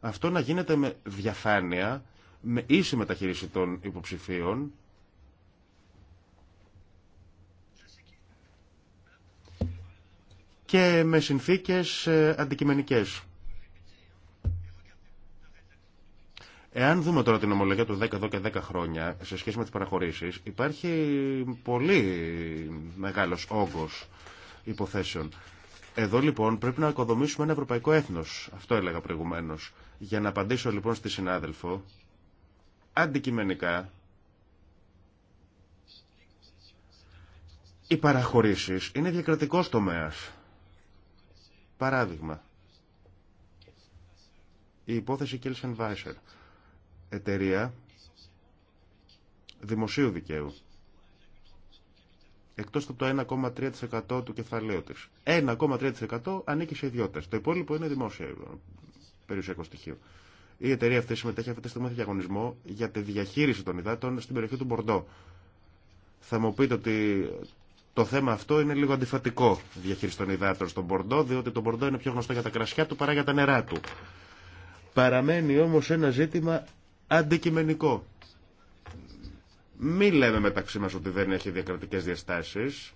αυτό να γίνεται με διαφάνεια, με ίση μεταχείριση των υποψηφίων και με συνθήκες ε, αντικειμενικές. Εάν δούμε τώρα την ομολογία του 10 εδώ και 10 χρόνια σε σχέση με τις παραχωρήσεις, υπάρχει πολύ μεγάλος όγκος υποθέσεων. Εδώ λοιπόν πρέπει να οικοδομήσουμε ένα ευρωπαϊκό έθνος, αυτό έλεγα προηγουμένως. Για να απαντήσω λοιπόν στη συνάδελφο, αντικειμενικά, οι παραχωρήσεις είναι διακρατικός τομέας. Παράδειγμα, η υπόθεση Κέλσεν Weiser, εταιρεία δημοσίου δικαίου, εκτός από το 1,3% του κεφαλαίου της. 1,3% ανήκει σε ιδιώτες. Το υπόλοιπο είναι δημόσιο περιουσιακό στοιχείο. Η εταιρεία αυτή συμμετέχει αυτή τη στιγμή σε διαγωνισμό για τη διαχείριση των υδάτων στην περιοχή του Μπορντό. Θα μου πείτε ότι το θέμα αυτό είναι λίγο αντιφατικό διαχείριση των υδάτων στον Μπορντό, διότι το Μπορντό είναι πιο γνωστό για τα κρασιά του παρά για τα νερά του. Παραμένει όμως ένα ζήτημα αντικειμενικό. Μην λέμε μεταξύ μας ότι δεν έχει διακρατικές διαστάσεις.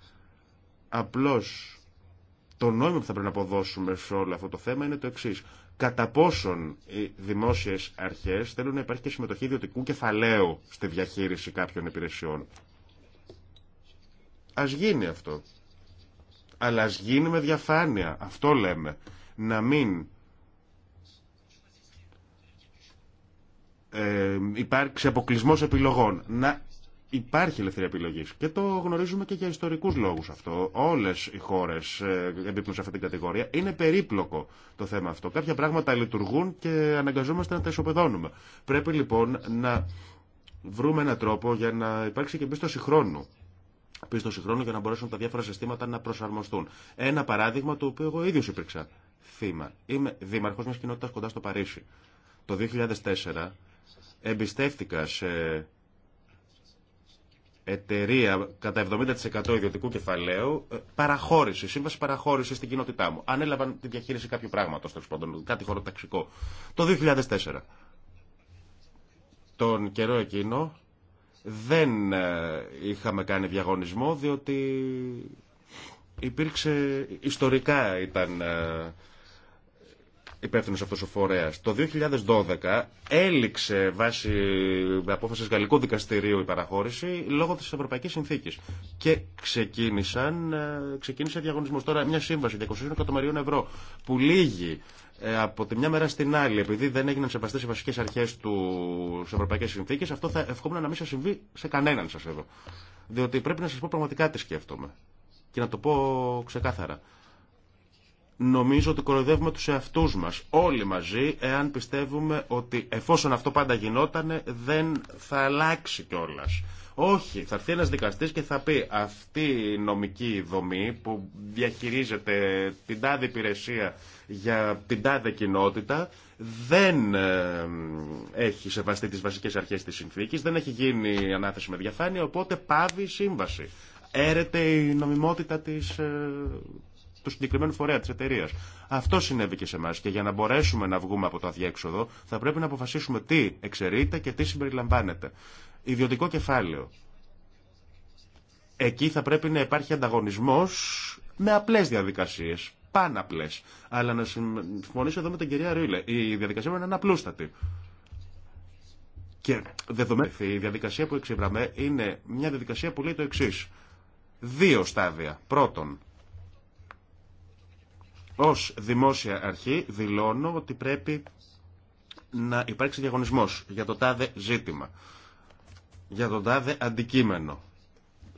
Απλώς το νόημα που θα πρέπει να αποδώσουμε σε όλο αυτό το θέμα είναι το εξή. Κατά πόσον οι δημόσιες αρχές θέλουν να υπάρχει και συμμετοχή ιδιωτικού κεφαλαίου στη διαχείριση κάποιων υπηρεσιών. Ας γίνει αυτό. Αλλά ας γίνει με διαφάνεια. Αυτό λέμε. Να μην ε, υπάρξει αποκλεισμό επιλογών. Να υπάρχει ελευθερία επιλογή. Και το γνωρίζουμε και για ιστορικού λόγου αυτό. Όλε οι χώρε ε, εμπίπτουν σε αυτή την κατηγορία. Είναι περίπλοκο το θέμα αυτό. Κάποια πράγματα λειτουργούν και αναγκαζόμαστε να τα ισοπεδώνουμε. Πρέπει λοιπόν να βρούμε έναν τρόπο για να υπάρξει και εμπίστοση χρόνου πίστοση χρόνου για να μπορέσουν τα διάφορα συστήματα να προσαρμοστούν. Ένα παράδειγμα του οποίου εγώ ίδιο υπήρξα θύμα. Είμαι δήμαρχο μια κοινότητα κοντά στο Παρίσι. Το 2004 εμπιστεύτηκα σε εταιρεία κατά 70% ιδιωτικού κεφαλαίου ε, παραχώρηση, σύμβαση παραχώρηση στην κοινότητά μου. Ανέλαβαν τη διαχείριση κάποιου πράγματο, τέλο πάντων, κάτι χωροταξικό. Το 2004. Τον καιρό εκείνο δεν ε, είχαμε κάνει διαγωνισμό διότι υπήρξε ιστορικά ήταν ε, υπεύθυνο αυτό ο φορέα. Το 2012 έληξε βάσει απόφαση Γαλλικού Δικαστηρίου η παραχώρηση λόγω τη Ευρωπαϊκή Συνθήκη. Και ξεκίνησαν, ε, ξεκίνησε διαγωνισμό. Τώρα μια σύμβαση 200 εκατομμυρίων ευρώ που λύγει ε, από τη μια μέρα στην άλλη, επειδή δεν έγιναν σεβαστέ οι βασικέ αρχέ του Ευρωπαϊκή συνθήκε, αυτό θα ευχόμουν να μην σα συμβεί σε κανέναν σα εδώ. Διότι πρέπει να σα πω πραγματικά τι σκέφτομαι. Και να το πω ξεκάθαρα. Νομίζω ότι κοροϊδεύουμε του εαυτού μα όλοι μαζί, εάν πιστεύουμε ότι εφόσον αυτό πάντα γινόταν, δεν θα αλλάξει κιόλα. Όχι, θα έρθει ένα δικαστή και θα πει αυτή η νομική δομή που διαχειρίζεται την τάδη υπηρεσία για την τάδε κοινότητα δεν ε, έχει σεβαστεί τις βασικές αρχές της συνθήκης, δεν έχει γίνει ανάθεση με διαφάνεια, οπότε πάβει η σύμβαση. Έρεται η νομιμότητα της, ε, του συγκεκριμένου φορέα τη εταιρεία. Αυτό συνέβη και σε εμά και για να μπορέσουμε να βγούμε από το αδιέξοδο θα πρέπει να αποφασίσουμε τι εξαιρείται και τι συμπεριλαμβάνεται. Ιδιωτικό κεφάλαιο. Εκεί θα πρέπει να υπάρχει ανταγωνισμός με απλές διαδικασίες πάναπλε. Αλλά να συμφωνήσω εδώ με την κυρία Ρίλε. Η διαδικασία είναι απλούστατη. Και δεδομένη η διαδικασία που εξηγραμε είναι μια διαδικασία που λέει το εξή. Δύο στάδια. Πρώτον, ως δημόσια αρχή δηλώνω ότι πρέπει να υπάρξει διαγωνισμό για το τάδε ζήτημα, για το τάδε αντικείμενο.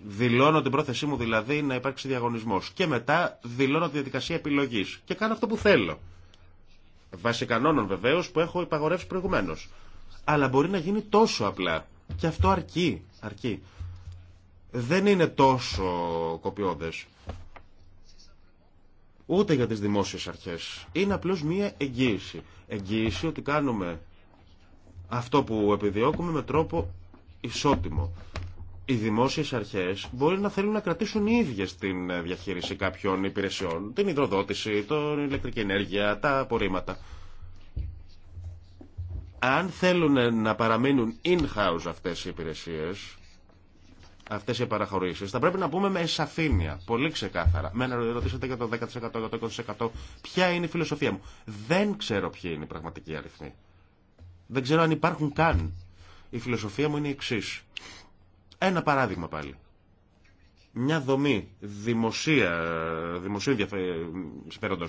Δηλώνω την πρόθεσή μου δηλαδή να υπάρξει διαγωνισμός και μετά δηλώνω τη διαδικασία επιλογής και κάνω αυτό που θέλω. Βάσει κανόνων βεβαίως που έχω υπαγορεύσει προηγουμένως. Αλλά μπορεί να γίνει τόσο απλά και αυτό αρκεί. αρκεί. Δεν είναι τόσο κοπιώδε. ούτε για τι δημόσιε αρχέ. Είναι απλώς μία εγγύηση. Εγγύηση ότι κάνουμε αυτό που επιδιώκουμε με τρόπο ισότιμο οι δημόσιες αρχές μπορεί να θέλουν να κρατήσουν οι ίδιες την ε, διαχείριση κάποιων υπηρεσιών, την υδροδότηση, την ηλεκτρική ενέργεια, τα απορρίμματα. Αν θέλουν ε, να παραμείνουν in-house αυτές οι υπηρεσίες, αυτές οι παραχωρήσεις, θα πρέπει να πούμε με σαφήνεια, πολύ ξεκάθαρα. Με να ρωτήσετε για το 10%, για το 20%, ποια είναι η φιλοσοφία μου. Δεν ξέρω ποιοι είναι οι πραγματικοί αριθμοί. Δεν ξέρω αν υπάρχουν καν. Η φιλοσοφία μου είναι η εξής ένα παράδειγμα πάλι. Μια δομή δημοσία, δημοσίου συμφέροντο.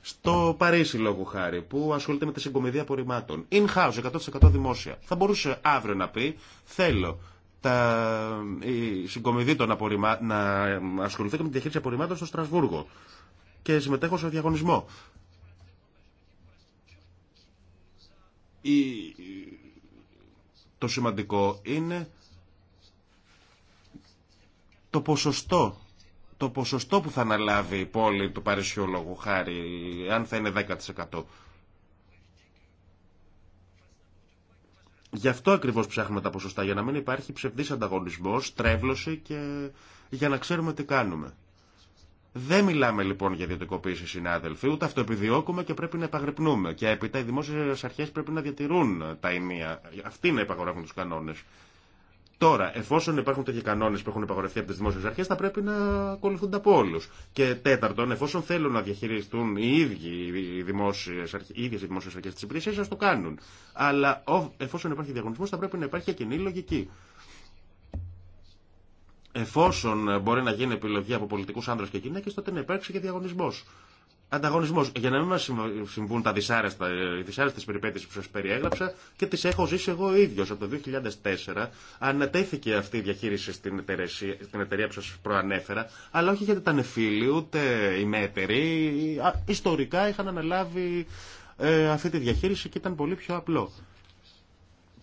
στο Παρίσι λόγου χάρη που ασχολείται με τη συγκομιδια απορριμματων απορριμμάτων. In-house, 100% δημόσια. Θα μπορούσε αύριο να πει θέλω τα, η συγκομιδή να ασχοληθεί με τη διαχείριση απορριμμάτων στο Στρασβούργο. Και συμμετέχω σε διαγωνισμό. Η... Το σημαντικό είναι το ποσοστό το ποσοστό που θα αναλάβει η πόλη του Παρισιόλογου χάρη, αν θα είναι 10%. Γι' αυτό ακριβώς ψάχνουμε τα ποσοστά, για να μην υπάρχει ψευδής ανταγωνισμός, τρέβλωση και για να ξέρουμε τι κάνουμε. Δεν μιλάμε λοιπόν για ιδιωτικοποίηση, συνάδελφοι, ούτε αυτό επιδιώκουμε και πρέπει να επαγρυπνούμε. Και έπειτα οι δημόσιε αρχέ πρέπει να διατηρούν τα ημεία, Αυτοί να υπαγορεύουν του κανόνε. Τώρα, εφόσον υπάρχουν τέτοιοι κανόνε που έχουν υπαγορευτεί από τι δημόσιε αρχέ, θα πρέπει να ακολουθούνται από όλου. Και τέταρτον, εφόσον θέλουν να διαχειριστούν οι ίδιοι οι δημόσιε οι δημόσιε αρχέ τη υπηρεσία, α το κάνουν. Αλλά εφόσον υπάρχει διαγωνισμό, θα πρέπει να υπάρχει και κοινή λογική. Εφόσον μπορεί να γίνει επιλογή από πολιτικού άνδρε και γυναίκε, τότε να υπάρξει και διαγωνισμό ανταγωνισμό. Για να μην μα συμβούν τα δυσάρεστα, οι περιπέτειες που σα περιέγραψα και τι έχω ζήσει εγώ ίδιο. Από το 2004 ανατέθηκε αυτή η διαχείριση στην εταιρεία, στην εταιρεία που σα προανέφερα, αλλά όχι γιατί ήταν φίλοι ούτε ημέτεροι. Ιστορικά είχαν αναλάβει ε, αυτή τη διαχείριση και ήταν πολύ πιο απλό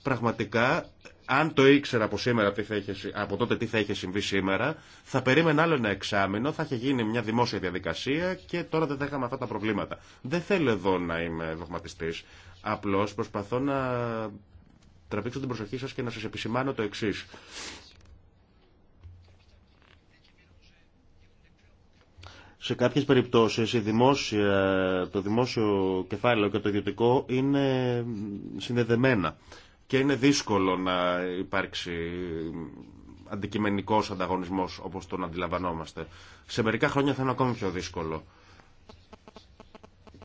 πραγματικά αν το ήξερα από, σήμερα, τι θα είχε, από τότε τι θα είχε συμβεί σήμερα, θα περίμενα άλλο ένα εξάμεινο, θα είχε γίνει μια δημόσια διαδικασία και τώρα δεν θα είχαμε αυτά τα προβλήματα. Δεν θέλω εδώ να είμαι δογματιστή. Απλώ προσπαθώ να τραβήξω την προσοχή σα και να σα επισημάνω το εξή. σε κάποιες περιπτώσεις το δημόσιο κεφάλαιο και το ιδιωτικό είναι συνδεδεμένα και είναι δύσκολο να υπάρξει αντικειμενικός ανταγωνισμός όπως τον αντιλαμβανόμαστε. Σε μερικά χρόνια θα είναι ακόμη πιο δύσκολο.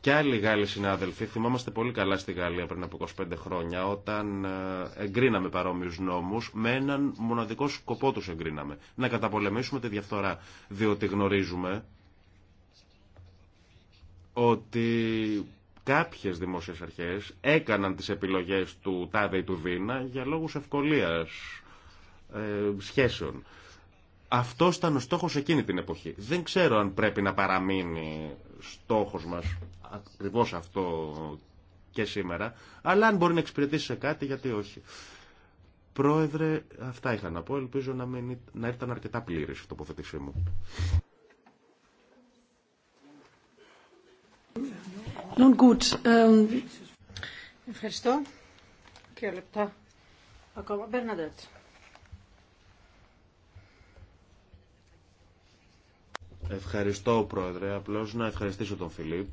Και άλλοι Γάλλοι συνάδελφοι, θυμόμαστε πολύ καλά στη Γαλλία πριν από 25 χρόνια, όταν ε, εγκρίναμε παρόμοιου νόμου, με έναν μοναδικό σκοπό του εγκρίναμε. Να καταπολεμήσουμε τη διαφθορά. Διότι γνωρίζουμε ότι κάποιες δημόσιες αρχές έκαναν τις επιλογές του τάδε ή του Βίνα για λόγους ευκολίας ε, σχέσεων. Αυτό ήταν ο στόχος εκείνη την εποχή. Δεν ξέρω αν πρέπει να παραμείνει στόχος μας ακριβώς αυτό και σήμερα, αλλά αν μπορεί να εξυπηρετήσει σε κάτι, γιατί όχι. Πρόεδρε, αυτά είχα να πω. Ελπίζω να, μην, να ήταν αρκετά πλήρης η τοποθετήσή μου. Ähm, Ευχαριστώ. Και λεπτά. Ακόμα Ευχαριστώ, Πρόεδρε. Απλώς να ευχαριστήσω τον Φιλίπ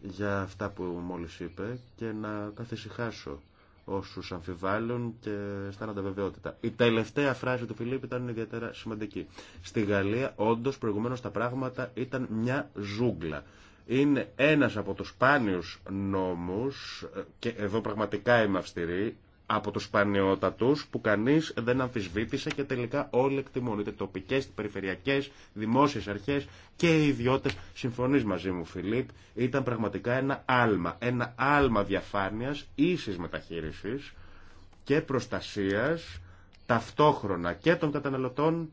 για αυτά που μόλις είπε και να καθησυχάσω όσους αμφιβάλλουν και αισθάνονται βεβαιότητα. Η τελευταία φράση του Φιλίπ ήταν ιδιαίτερα σημαντική. Στη Γαλλία, όντως, προηγουμένως τα πράγματα ήταν μια ζούγκλα είναι ένας από τους σπάνιους νόμους, ε, και εδώ πραγματικά είμαι αυστηρή, από τους σπανιότατους που κανείς δεν αμφισβήτησε και τελικά όλοι εκτιμούν, είτε τοπικές, περιφερειακές, δημόσιες αρχές και οι ιδιώτες. Συμφωνείς μαζί μου Φιλίπ, ήταν πραγματικά ένα άλμα, ένα άλμα διαφάνειας, ίσης μεταχείρισης και προστασίας ταυτόχρονα και των καταναλωτών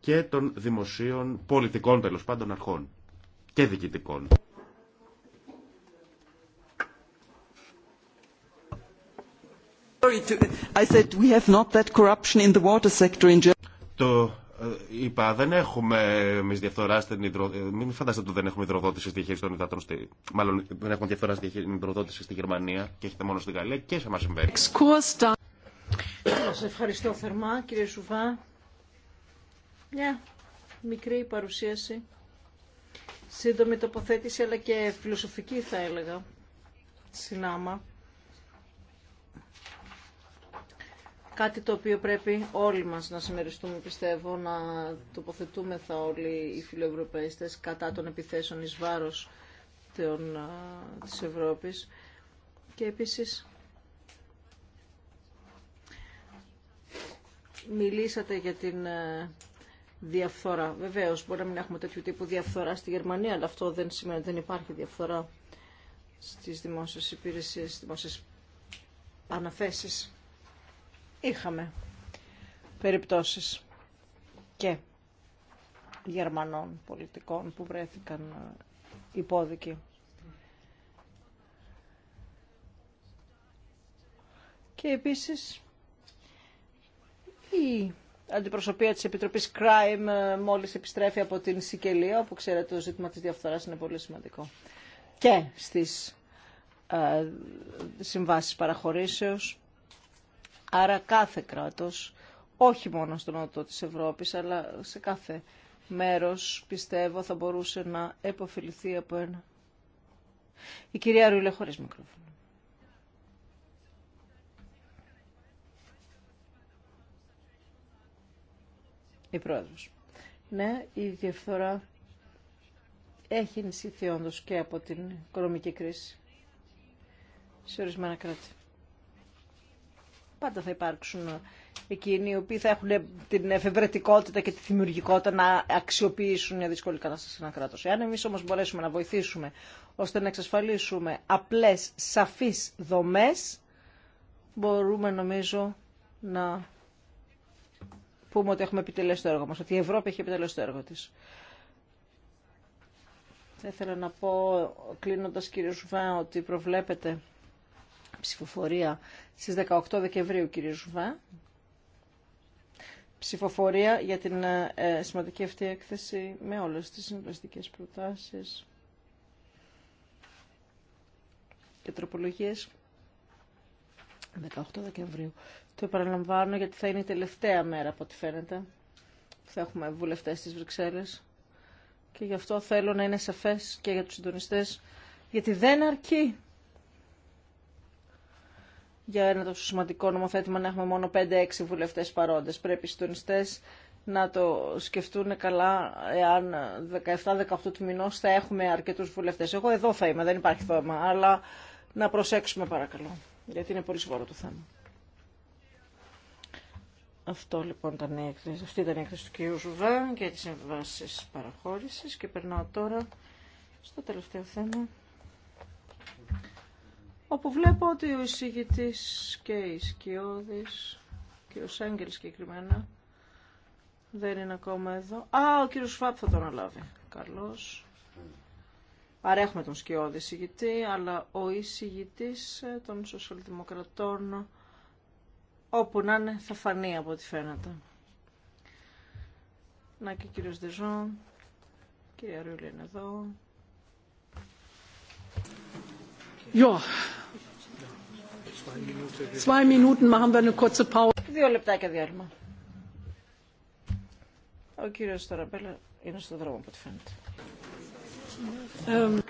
και των δημοσίων πολιτικών τέλο πάντων αρχών και διοικητικών. Το είπα, δεν έχουμε εμεί διαφθορά στην υδροδότηση. Ε, μην φανταστείτε ότι δεν έχουμε υδροδότηση στη διαχείριση των υδάτων. Μάλλον δεν έχουμε διαφθορά στην υδροδότηση στη Γερμανία και έχετε μόνο στην Γαλλία και σε εμά συμβαίνει. Σα ευχαριστώ θερμά, κύριε Σουβά. Μια μικρή παρουσίαση. Σύντομη τοποθέτηση, αλλά και φιλοσοφική θα έλεγα. Συνάμα Κάτι το οποίο πρέπει όλοι μας να συμμεριστούμε, πιστεύω, να τοποθετούμε θα όλοι οι φιλοευρωπαϊστές κατά των επιθέσεων εις βάρος των, της Ευρώπης. Και επίσης μιλήσατε για την διαφθορά. Βεβαίως, μπορεί να μην έχουμε τέτοιου τύπου διαφθορά στη Γερμανία, αλλά αυτό δεν σημαίνει ότι δεν υπάρχει διαφθορά στις δημόσιες υπηρεσίες, στις δημόσιες αναθέσεις είχαμε περιπτώσεις και Γερμανών πολιτικών που βρέθηκαν ε, υπόδικοι. Και επίσης η αντιπροσωπεία της Επιτροπής Crime ε, μόλις επιστρέφει από την Σικελία, όπου ξέρετε το ζήτημα της διαφθοράς είναι πολύ σημαντικό. Και στις ε, συμβάσεις παραχωρήσεως Άρα κάθε κράτος, όχι μόνο στον νότο της Ευρώπης, αλλά σε κάθε μέρος, πιστεύω, θα μπορούσε να επωφεληθεί από ένα. Η κυρία Ρούλε, χωρίς μικρόφωνο. Η πρόεδρος. Ναι, η διαφθορά έχει ενισχυθεί όντως και από την οικονομική κρίση σε ορισμένα κράτη. Πάντα θα υπάρξουν εκείνοι οι οποίοι θα έχουν την εφευρετικότητα και τη δημιουργικότητα να αξιοποιήσουν μια δύσκολη κατάσταση σε ένα κράτο. Εάν εμεί όμω μπορέσουμε να βοηθήσουμε ώστε να εξασφαλίσουμε απλέ, σαφεί δομέ, μπορούμε νομίζω να πούμε ότι έχουμε επιτελέσει το έργο μας, ότι η Ευρώπη έχει επιτελέσει το έργο της. Θα ήθελα να πω, κλείνοντας κύριο Σουβά, ότι προβλέπετε ψηφοφορία στις 18 Δεκεμβρίου, κύριε Ζουβά. Ψηφοφορία για την ε, σημαντική αυτή έκθεση με όλες τις συμβαστικές προτάσεις και τροπολογίες 18 Δεκεμβρίου. Το επαναλαμβάνω γιατί θα είναι η τελευταία μέρα από ό,τι φαίνεται που θα έχουμε βουλευτές στις Βρυξέλλες και γι' αυτό θέλω να είναι σαφές και για τους συντονιστές γιατί δεν αρκεί για ένα τόσο σημαντικό νομοθέτημα να έχουμε μόνο 5-6 βουλευτές παρόντες. Πρέπει οι συντονιστές να το σκεφτούν καλά εάν 17-18 του μηνός θα έχουμε αρκετούς βουλευτές. Εγώ εδώ θα είμαι, δεν υπάρχει θέμα, αλλά να προσέξουμε παρακαλώ, γιατί είναι πολύ σοβαρό το θέμα. Αυτό λοιπόν ήταν η έκθεση. Αυτή ήταν η έκθεση του κ. Ζουβέ για τι συμβάσει παραχώρηση και περνάω τώρα στο τελευταίο θέμα όπου βλέπω ότι ο εισηγητής και η Σκιώδης και ο Σέγγελ συγκεκριμένα δεν είναι ακόμα εδώ. Α, ο κύριος Φάπ θα τον αλάβει. Καλώς. Παρέχουμε τον Σκιώδη εισηγητή, αλλά ο εισηγητής ε, των σοσιαλδημοκρατών όπου να είναι θα φανεί από ό,τι φαίνεται. Να και ο κύριος Δεζόν, κύριε Ρούλη είναι εδώ. Δύο λεπτάκια διάλειμμα. Ο κύριο Τωραπέλα είναι στον δρόμο από ό,τι φαίνεται. Ε,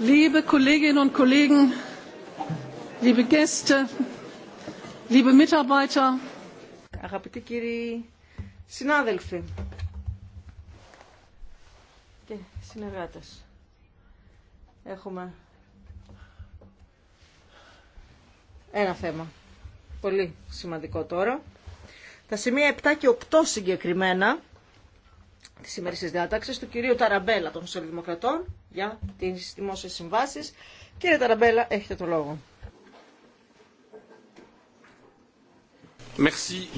liebe kolleginnen und kollegen liebe gäste liebe mitarbeiter αγαπητοί κύριοι συνάδελφοι και συνεργάτες έχουμε ένα θέμα πολύ σημαντικό τώρα τα σημεία 7 και 8 συγκεκριμένα της σημερινής διάταξης του κυρίου Ταραμπέλα των Σοσιαλδημοκρατών για τις δημόσιες συμβάσεις. Κύριε Ταραμπέλα, έχετε το λόγο. Merci.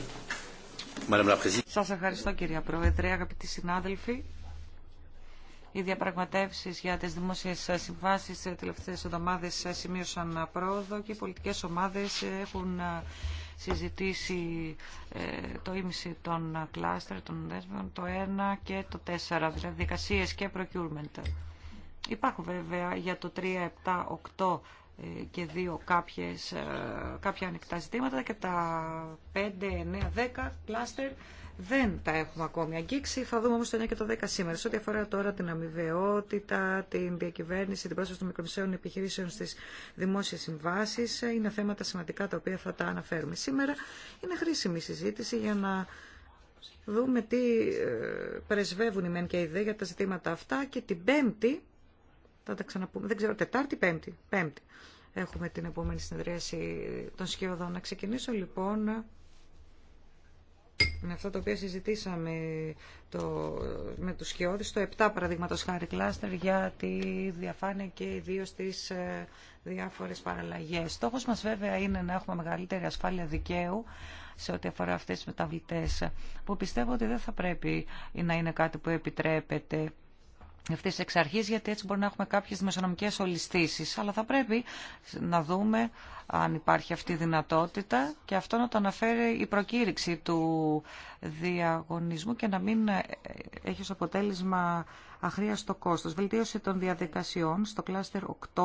Σας ευχαριστώ κυρία Πρόεδρε, αγαπητοί συνάδελφοι. Οι διαπραγματεύσει για τι δημόσιε συμβάσει τι τελευταίε εβδομάδε σημείωσαν πρόοδο και οι πολιτικέ ομάδε έχουν συζητήσει ε, το ίμιση των κλάστερ, των δέσμεων, το 1 και το 4, δηλαδή δικασίε και procurement. Υπάρχουν βέβαια για το 3, 7, 8 και 2 κάποιες, ε, κάποια ανοιχτά ζητήματα και τα 5, 9, 10 κλάστερ δεν τα έχουμε ακόμη αγγίξει. Θα δούμε όμως το 9 και το 10 σήμερα. Σε ό,τι αφορά τώρα την αμοιβαιότητα, την διακυβέρνηση, την πρόσβαση των μικρομεσαίων επιχειρήσεων στις δημόσιες συμβάσεις, ε, είναι θέματα σημαντικά τα οποία θα τα αναφέρουμε σήμερα. Είναι χρήσιμη συζήτηση για να δούμε τι ε, πρεσβεύουν οι μεν και οι δε για τα ζητήματα αυτά και την πέμπτη θα τα ξαναπούμε. Δεν ξέρω, Τετάρτη, Πέμπτη. Πέμπτη. Έχουμε την επόμενη συνεδρίαση των σκιωδών. Να ξεκινήσω λοιπόν με αυτό το οποίο συζητήσαμε το, με τους σκιώδεις, το 7 παραδείγματος χάρη κλάστερ για τη διαφάνεια και ιδίω τις ε, διάφορες παραλλαγές. Στόχος μας βέβαια είναι να έχουμε μεγαλύτερη ασφάλεια δικαίου σε ό,τι αφορά αυτές τις μεταβλητές, που πιστεύω ότι δεν θα πρέπει να είναι κάτι που επιτρέπεται αυτή εξ αρχή, γιατί έτσι μπορεί να έχουμε κάποιε δημοσιονομικέ ολιστήσει. Αλλά θα πρέπει να δούμε αν υπάρχει αυτή η δυνατότητα και αυτό να το αναφέρει η προκήρυξη του διαγωνισμού και να μην έχει ως αποτέλεσμα αχρίαστο κόστος. Βελτίωση των διαδικασιών στο κλάστερ 8.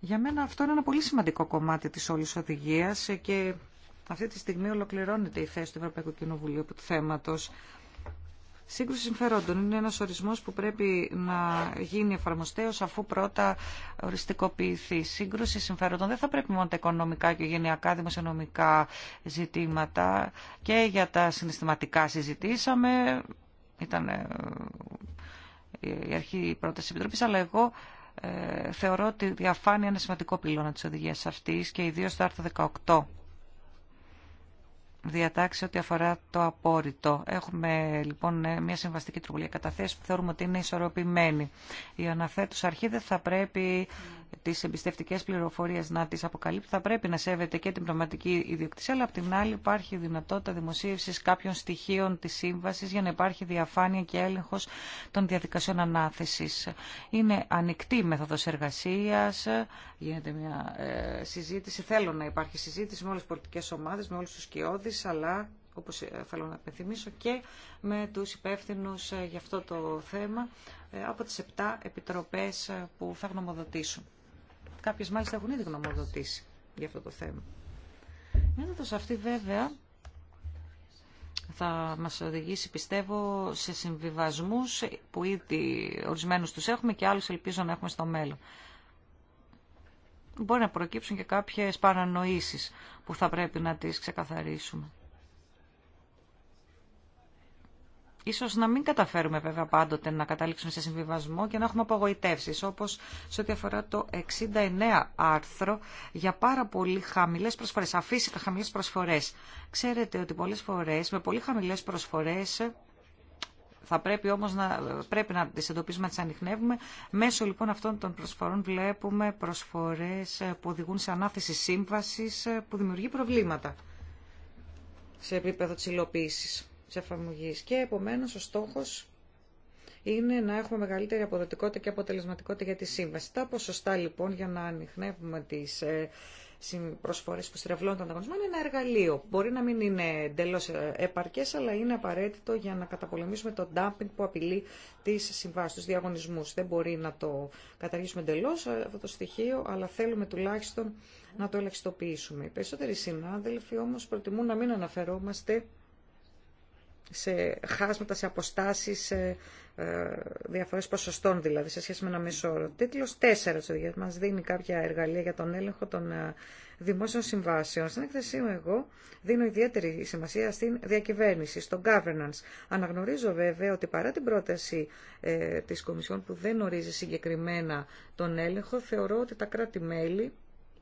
Για μένα αυτό είναι ένα πολύ σημαντικό κομμάτι της όλης οδηγίας και αυτή τη στιγμή ολοκληρώνεται η θέση του Ευρωπαϊκού Κοινοβουλίου του θέματος. Σύγκρουση συμφερόντων είναι ένας ορισμός που πρέπει να γίνει εφαρμοστέως αφού πρώτα οριστικοποιηθεί. Σύγκρουση συμφερόντων δεν θα πρέπει μόνο τα οικονομικά και γενιακά δημοσιονομικά ζητήματα και για τα συναισθηματικά συζητήσαμε. Ήταν ε, η αρχή πρόταση επιτροπής, αλλά εγώ ε, θεωρώ ότι διαφάνεια είναι σημαντικό πυλώνα της οδηγίας αυτής και ιδίως το άρθρο 18 διατάξει ό,τι αφορά το απόρριτο. Έχουμε λοιπόν μια συμβαστική τροπολία καταθέσεις που θεωρούμε ότι είναι ισορροπημένη. Η αναθέτουσα αρχή δεν θα πρέπει τις εμπιστευτικές πληροφορίες να τις αποκαλύπτει, θα πρέπει να σέβεται και την πραγματική ιδιοκτησία, αλλά απ' την άλλη υπάρχει δυνατότητα δημοσίευσης κάποιων στοιχείων της σύμβασης για να υπάρχει διαφάνεια και έλεγχος των διαδικασιών ανάθεσης. Είναι ανοιχτή η μέθοδος εργασίας, γίνεται μια ε, συζήτηση, θέλω να υπάρχει συζήτηση με όλες τις πολιτικές ομάδες, με όλους τους κοιόδης, αλλά όπως ε, θέλω να επιθυμίσω και με τους υπεύθυνου ε, για αυτό το θέμα από τις 7 επιτροπές που θα γνωμοδοτήσουν. Κάποιες μάλιστα έχουν ήδη γνωμοδοτήσει για αυτό το θέμα. Μέθοδος αυτή βέβαια θα μας οδηγήσει πιστεύω σε συμβιβασμούς που ήδη ορισμένους τους έχουμε και άλλους ελπίζω να έχουμε στο μέλλον. Μπορεί να προκύψουν και κάποιες παρανοήσεις που θα πρέπει να τις ξεκαθαρίσουμε. Ίσως να μην καταφέρουμε βέβαια πάντοτε να καταλήξουμε σε συμβιβασμό και να έχουμε απογοητεύσεις, όπως σε ό,τι αφορά το 69 άρθρο για πάρα πολύ χαμηλές προσφορές, τα χαμηλές προσφορές. Ξέρετε ότι πολλές φορές, με πολύ χαμηλές προσφορές, θα πρέπει όμως να, πρέπει να τις εντοπίσουμε, να τις ανοιχνεύουμε. Μέσω λοιπόν αυτών των προσφορών βλέπουμε προσφορές που οδηγούν σε ανάθεση σύμβασης που δημιουργεί προβλήματα σε επίπεδο της υλοποίησης της Και επομένως ο στόχος είναι να έχουμε μεγαλύτερη αποδοτικότητα και αποτελεσματικότητα για τη σύμβαση. Τα ποσοστά λοιπόν για να ανοιχνεύουμε τις ε, προσφορές που στρεβλώνουν τον ανταγωνισμό είναι ένα εργαλείο. Μπορεί να μην είναι εντελώ ε, επαρκές, αλλά είναι απαραίτητο για να καταπολεμήσουμε το dumping που απειλεί τις συμβάσεις, τους διαγωνισμούς. Δεν μπορεί να το καταργήσουμε εντελώ ε, αυτό το στοιχείο, αλλά θέλουμε τουλάχιστον να το ελαχιστοποιήσουμε. Οι περισσότεροι συνάδελφοι όμως προτιμούν να μην αναφερόμαστε σε χάσματα, σε αποστάσεις, σε ε, διαφορές ποσοστών δηλαδή, σε σχέση με ένα μέσο όρο. Τίτλος 4 μας δίνει κάποια εργαλεία για τον έλεγχο των ε, δημόσιων συμβάσεων. Στην έκθεσή μου εγώ δίνω ιδιαίτερη σημασία στην διακυβέρνηση, στο governance. Αναγνωρίζω βέβαια ότι παρά την πρόταση ε, της Κομισιόν που δεν ορίζει συγκεκριμένα τον έλεγχο, θεωρώ ότι τα κράτη-μέλη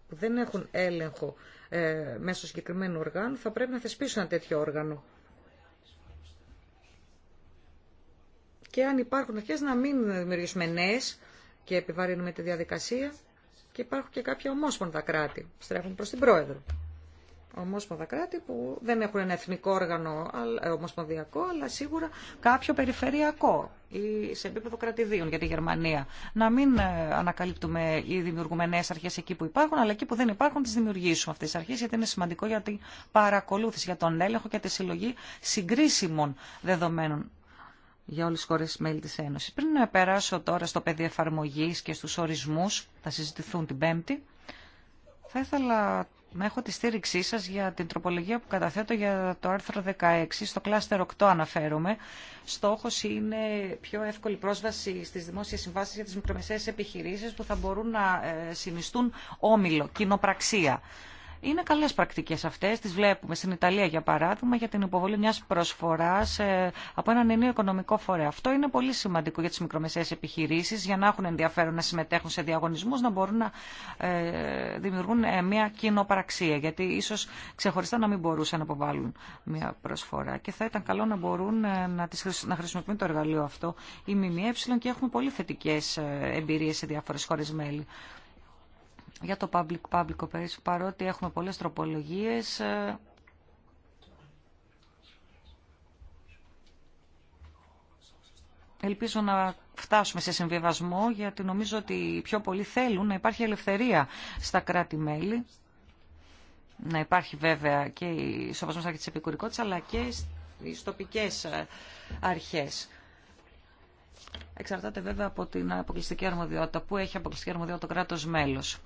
που δεν έχουν έλεγχο ε, μέσω συγκεκριμένου οργάνου θα πρέπει να θεσπίσουν ένα τέτοιο όργανο. και αν υπάρχουν αρχέ να μην δημιουργήσουμε νέε και επιβαρύνουμε τη διαδικασία και υπάρχουν και κάποια ομόσπονδα κράτη που στρέφουν προ την Πρόεδρο. Ομόσπονδα κράτη που δεν έχουν ένα εθνικό όργανο ε, ομοσπονδιακό, αλλά σίγουρα κάποιο περιφερειακό ή σε επίπεδο κρατηδίων για τη Γερμανία. Να μην ε, ανακαλύπτουμε ή δημιουργούμε νέε αρχέ εκεί που υπάρχουν, αλλά εκεί που δεν υπάρχουν, τι δημιουργήσουμε αυτέ τι αρχέ, γιατί είναι σημαντικό για την παρακολούθηση, για τον έλεγχο και τη συλλογή συγκρίσιμων δεδομένων για όλες τις χώρες μέλη της Ένωσης. Πριν να περάσω τώρα στο πεδίο εφαρμογή και στους ορισμούς, θα συζητηθούν την Πέμπτη, θα ήθελα να έχω τη στήριξή σας για την τροπολογία που καταθέτω για το άρθρο 16. Στο κλάστερ 8 αναφέρομαι. Στόχος είναι πιο εύκολη πρόσβαση στις δημόσιες συμβάσεις για τις μικρομεσαίες επιχειρήσεις που θα μπορούν να ε, συνιστούν όμιλο, κοινοπραξία. Είναι καλέ πρακτικέ αυτέ, τι βλέπουμε στην Ιταλία για παράδειγμα για την υποβολή μιας προσφοράς ε, από έναν ενίο οικονομικό φορέα. Αυτό είναι πολύ σημαντικό για τι μικρομεσαίες επιχειρήσει για να έχουν ενδιαφέρον να συμμετέχουν σε διαγωνισμού να μπορούν να ε, δημιουργούν ε, μια κοινοπαραξία γιατί ίσω ξεχωριστά να μην μπορούσαν να αποβάλουν μια προσφορά και θα ήταν καλό να μπορούν να, τις, να χρησιμοποιούν το εργαλείο αυτό η ΜΜΕ και έχουμε πολύ θετικέ εμπειρίε σε διάφορε χώρε μέλη για το public public operation, παρότι έχουμε πολλές τροπολογίες, ε, ελπίζω να φτάσουμε σε συμβιβασμό, γιατί νομίζω ότι πιο πολλοί θέλουν να υπάρχει ελευθερία στα κράτη-μέλη, να υπάρχει βέβαια και η σοβασμός αρχή της επικουρικότητας, αλλά και στις τοπικές ε, αρχές. Εξαρτάται βέβαια από την αποκλειστική αρμοδιότητα. Πού έχει αποκλειστική αρμοδιότητα το κράτος μέλος.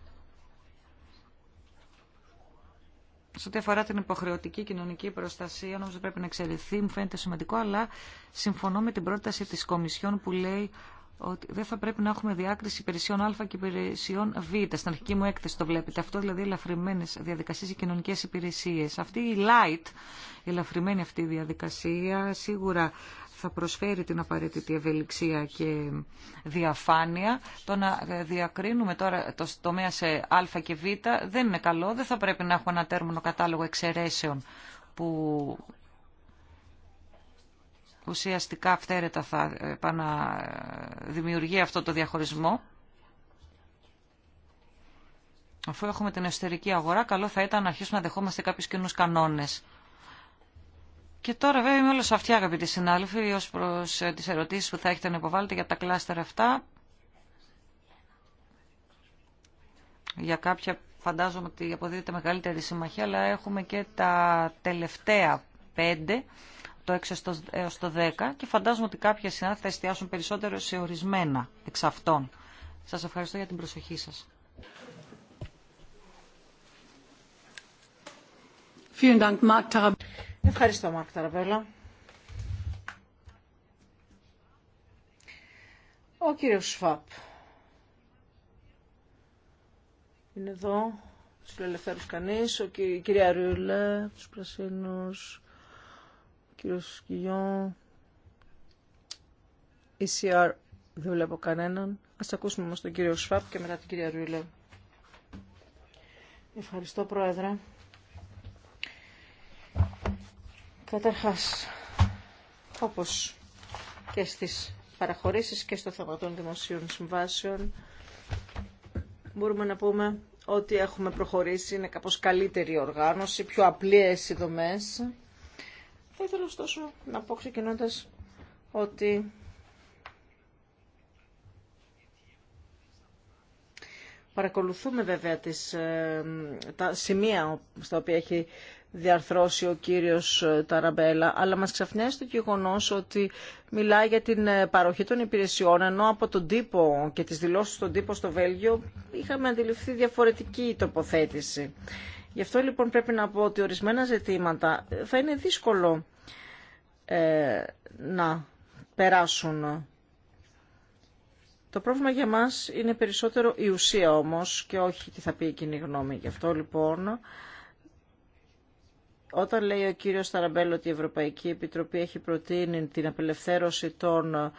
σε ό,τι αφορά την υποχρεωτική κοινωνική προστασία, νομίζω πρέπει να εξαιρεθεί, μου φαίνεται σημαντικό, αλλά συμφωνώ με την πρόταση της Κομισιόν που λέει ότι δεν θα πρέπει να έχουμε διάκριση υπηρεσιών Α και υπηρεσιών Β. Στην αρχική μου έκθεση το βλέπετε. Αυτό δηλαδή ελαφρυμένε διαδικασίε και κοινωνικέ υπηρεσίε. Αυτή η light, η ελαφρυμένη αυτή διαδικασία, σίγουρα θα προσφέρει την απαραίτητη ευελιξία και διαφάνεια. Το να διακρίνουμε τώρα το τομέα σε α και β δεν είναι καλό. Δεν θα πρέπει να έχουμε ένα τέρμονο κατάλογο εξαιρέσεων που ουσιαστικά αυθαίρετα θα δημιουργεί αυτό το διαχωρισμό. Αφού έχουμε την εσωτερική αγορά, καλό θα ήταν να αρχίσουμε να δεχόμαστε κάποιους κοινούς κανόνες. Και τώρα βέβαια είμαι όλος αυτιά αγαπητοί συνάδελφοι ω προς ε, τις ερωτήσεις που θα έχετε να υποβάλλετε για τα κλάστερα αυτά. Για κάποια φαντάζομαι ότι αποδίδεται μεγαλύτερη συμμαχία, αλλά έχουμε και τα τελευταία πέντε, το 6 έως το 10 και φαντάζομαι ότι κάποια συνάδελφοι θα εστιάσουν περισσότερο σε ορισμένα εξ αυτών. Σας ευχαριστώ για την προσοχή σας. Vielen Dank, Ευχαριστώ Μάρκ Ταραβέλα. Ο κύριος Σφαπ. Είναι εδώ. Τους ελεύθερου κανείς. Ο η κυρία Ριουλέ, τους πρασίνους. Ο κύριος Κιγιόν. ECR δεν βλέπω κανέναν. Ας ακούσουμε όμως τον κύριο Σφαπ και μετά την κυρία Ριουλέ. Ευχαριστώ Πρόεδρε. Καταρχάς, όπως και στις παραχωρήσεις και στο θέμα των δημοσίων συμβάσεων, μπορούμε να πούμε ότι έχουμε προχωρήσει, είναι κάπως καλύτερη οργάνωση, πιο απλές οι δομές. Θα ήθελα ωστόσο να πω ξεκινώντα ότι παρακολουθούμε βέβαια τις, ε, τα σημεία στα οποία έχει διαρθρώσει ο κύριος ε, Ταραμπέλα, αλλά μας ξαφνιάζει το γεγονός ότι μιλάει για την ε, παροχή των υπηρεσιών, ενώ από τον τύπο και τις δηλώσεις στον τύπο στο Βέλγιο είχαμε αντιληφθεί διαφορετική τοποθέτηση. Γι' αυτό λοιπόν πρέπει να πω ότι ορισμένα ζητήματα ε, θα είναι δύσκολο ε, να περάσουν. Το πρόβλημα για μας είναι περισσότερο η ουσία όμως και όχι τι θα πει η κοινή γνώμη. Γι' αυτό λοιπόν όταν λέει ο κύριος Ταραμπέλο ότι η Ευρωπαϊκή Επιτροπή έχει προτείνει την απελευθέρωση των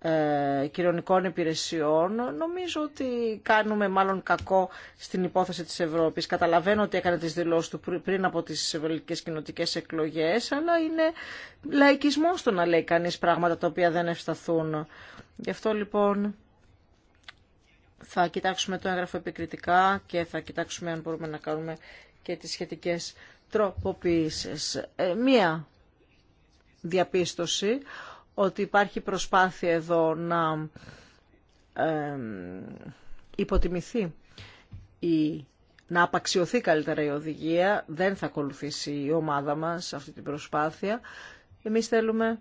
ε, κοινωνικών υπηρεσιών, νομίζω ότι κάνουμε μάλλον κακό στην υπόθεση της Ευρώπης. Καταλαβαίνω ότι έκανε τις δηλώσεις του πριν από τις ευρωπαϊκές κοινοτικές εκλογές, αλλά είναι λαϊκισμός το να λέει κανείς πράγματα τα οποία δεν ευσταθούν. Γι' αυτό λοιπόν θα κοιτάξουμε το έγγραφο επικριτικά και θα κοιτάξουμε αν μπορούμε να κάνουμε και τις σχετικές τροποποιήσεις. Ε, μία διαπίστωση ότι υπάρχει προσπάθεια εδώ να υποτιμηθεί η να απαξιωθεί καλύτερα η οδηγία, δεν θα ακολουθήσει η ομάδα μας αυτή την προσπάθεια. Εμείς θέλουμε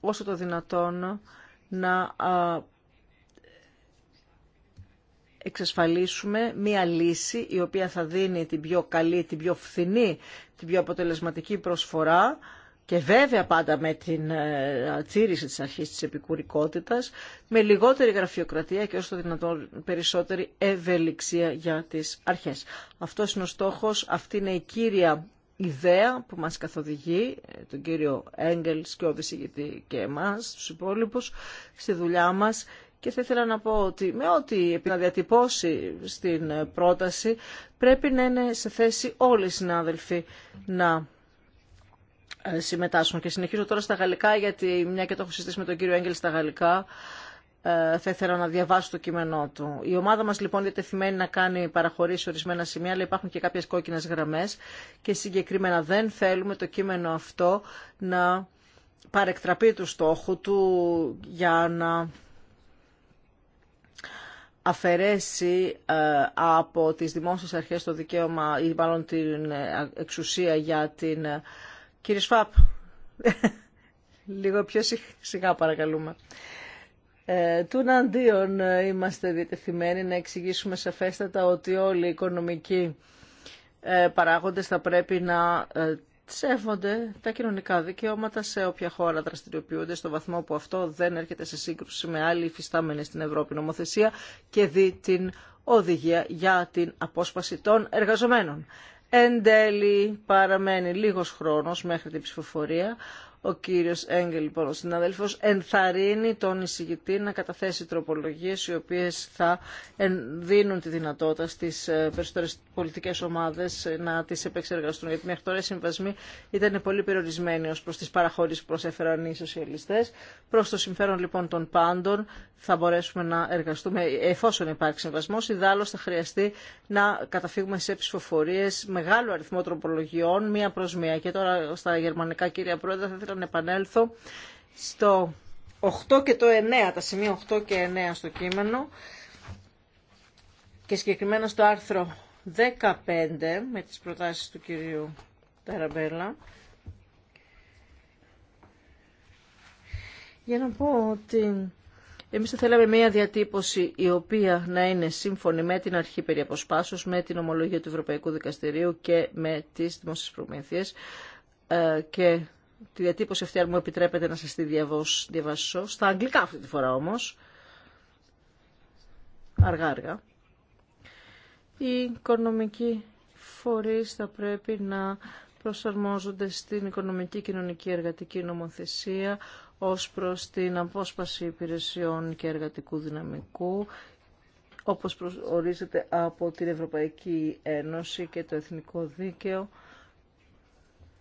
όσο το δυνατόν να εξασφαλίσουμε μία λύση η οποία θα δίνει την πιο καλή, την πιο φθηνή, την πιο αποτελεσματική προσφορά και βέβαια πάντα με την ε, τήρηση της αρχής της επικουρικότητας, με λιγότερη γραφειοκρατία και όσο το δυνατόν περισσότερη ευελιξία για τις αρχές. Αυτός είναι ο στόχος, αυτή είναι η κύρια ιδέα που μας καθοδηγεί, ε, τον κύριο Έγγελ και ο και εμάς, τους υπόλοιπους, στη δουλειά μας και θα ήθελα να πω ότι με ό,τι διατυπώσει στην πρόταση πρέπει να είναι σε θέση όλοι οι συνάδελφοι να ε, συμμετάσχουν. Και συνεχίζω τώρα στα γαλλικά, γιατί μια και το έχω συζητήσει με τον κύριο Έγγελ στα γαλλικά, ε, θα ήθελα να διαβάσω το κείμενό του. Η ομάδα μας λοιπόν διατεθειμένη να κάνει παραχωρήσει ορισμένα σημεία, αλλά υπάρχουν και κάποιες κόκκινες γραμμές και συγκεκριμένα δεν θέλουμε το κείμενο αυτό να παρεκτραπεί του στόχου του για να αφαιρέσει ε, από τις δημόσιες αρχές το δικαίωμα ή μάλλον την ε, εξουσία για την... Ε, Κύριε Σφάπ, λίγο πιο σιγά παρακαλούμε. Ε, του αντίον είμαστε διατεθειμένοι να εξηγήσουμε σαφέστατα ότι όλοι οι οικονομικοί παράγοντες θα πρέπει να σέβονται τα κοινωνικά δικαιώματα σε όποια χώρα δραστηριοποιούνται στο βαθμό που αυτό δεν έρχεται σε σύγκρουση με άλλη υφιστάμενη στην Ευρώπη νομοθεσία και δει την οδηγία για την απόσπαση των εργαζομένων. Εν τέλει παραμένει λίγος χρόνος μέχρι την ψηφοφορία. Ο κύριος Έγγελ, λοιπόν, ο συνάδελφος, ενθαρρύνει τον εισηγητή να καταθέσει τροπολογίες οι οποίες θα δίνουν τη δυνατότητα στις ε, περισσότερες πολιτικές ομάδες ε, να τις επεξεργαστούν. Γιατί μέχρι τώρα οι συμβασμοί ήταν πολύ περιορισμένοι ως προς τις παραχώρησεις που προσέφεραν οι σοσιαλιστές. Προς το συμφέρον λοιπόν των πάντων θα μπορέσουμε να εργαστούμε εφόσον υπάρχει συμβασμό. Ιδάλλως θα χρειαστεί να καταφύγουμε σε ψηφοφορίε μεγάλου αριθμού τροπολογιών, μία προς μία. Και τώρα στα γερμανικά, κύριε Πρόεδρε, θα ήθελα να επανέλθω στο 8 και το 9, τα σημεία 8 και 9 στο κείμενο και συγκεκριμένα στο άρθρο 15 με τις προτάσεις του κυρίου Ταραμπέλα. Για να πω ότι εμείς θα θέλαμε μια διατύπωση η οποία να είναι σύμφωνη με την αρχή περί αποσπάσεως, με την ομολογία του Ευρωπαϊκού Δικαστηρίου και με τις δημόσιες προμήθειες ε, και τη διατύπωση αυτή αν μου επιτρέπετε να σας τη διαβάσω, στα αγγλικά αυτή τη φορά όμως, αργά-αργά. Οι οικονομικοί φορεί θα πρέπει να προσαρμόζονται στην οικονομική, κοινωνική, εργατική νομοθεσία ως προς την απόσπαση υπηρεσιών και εργατικού δυναμικού όπως ορίζεται από την Ευρωπαϊκή Ένωση και το Εθνικό Δίκαιο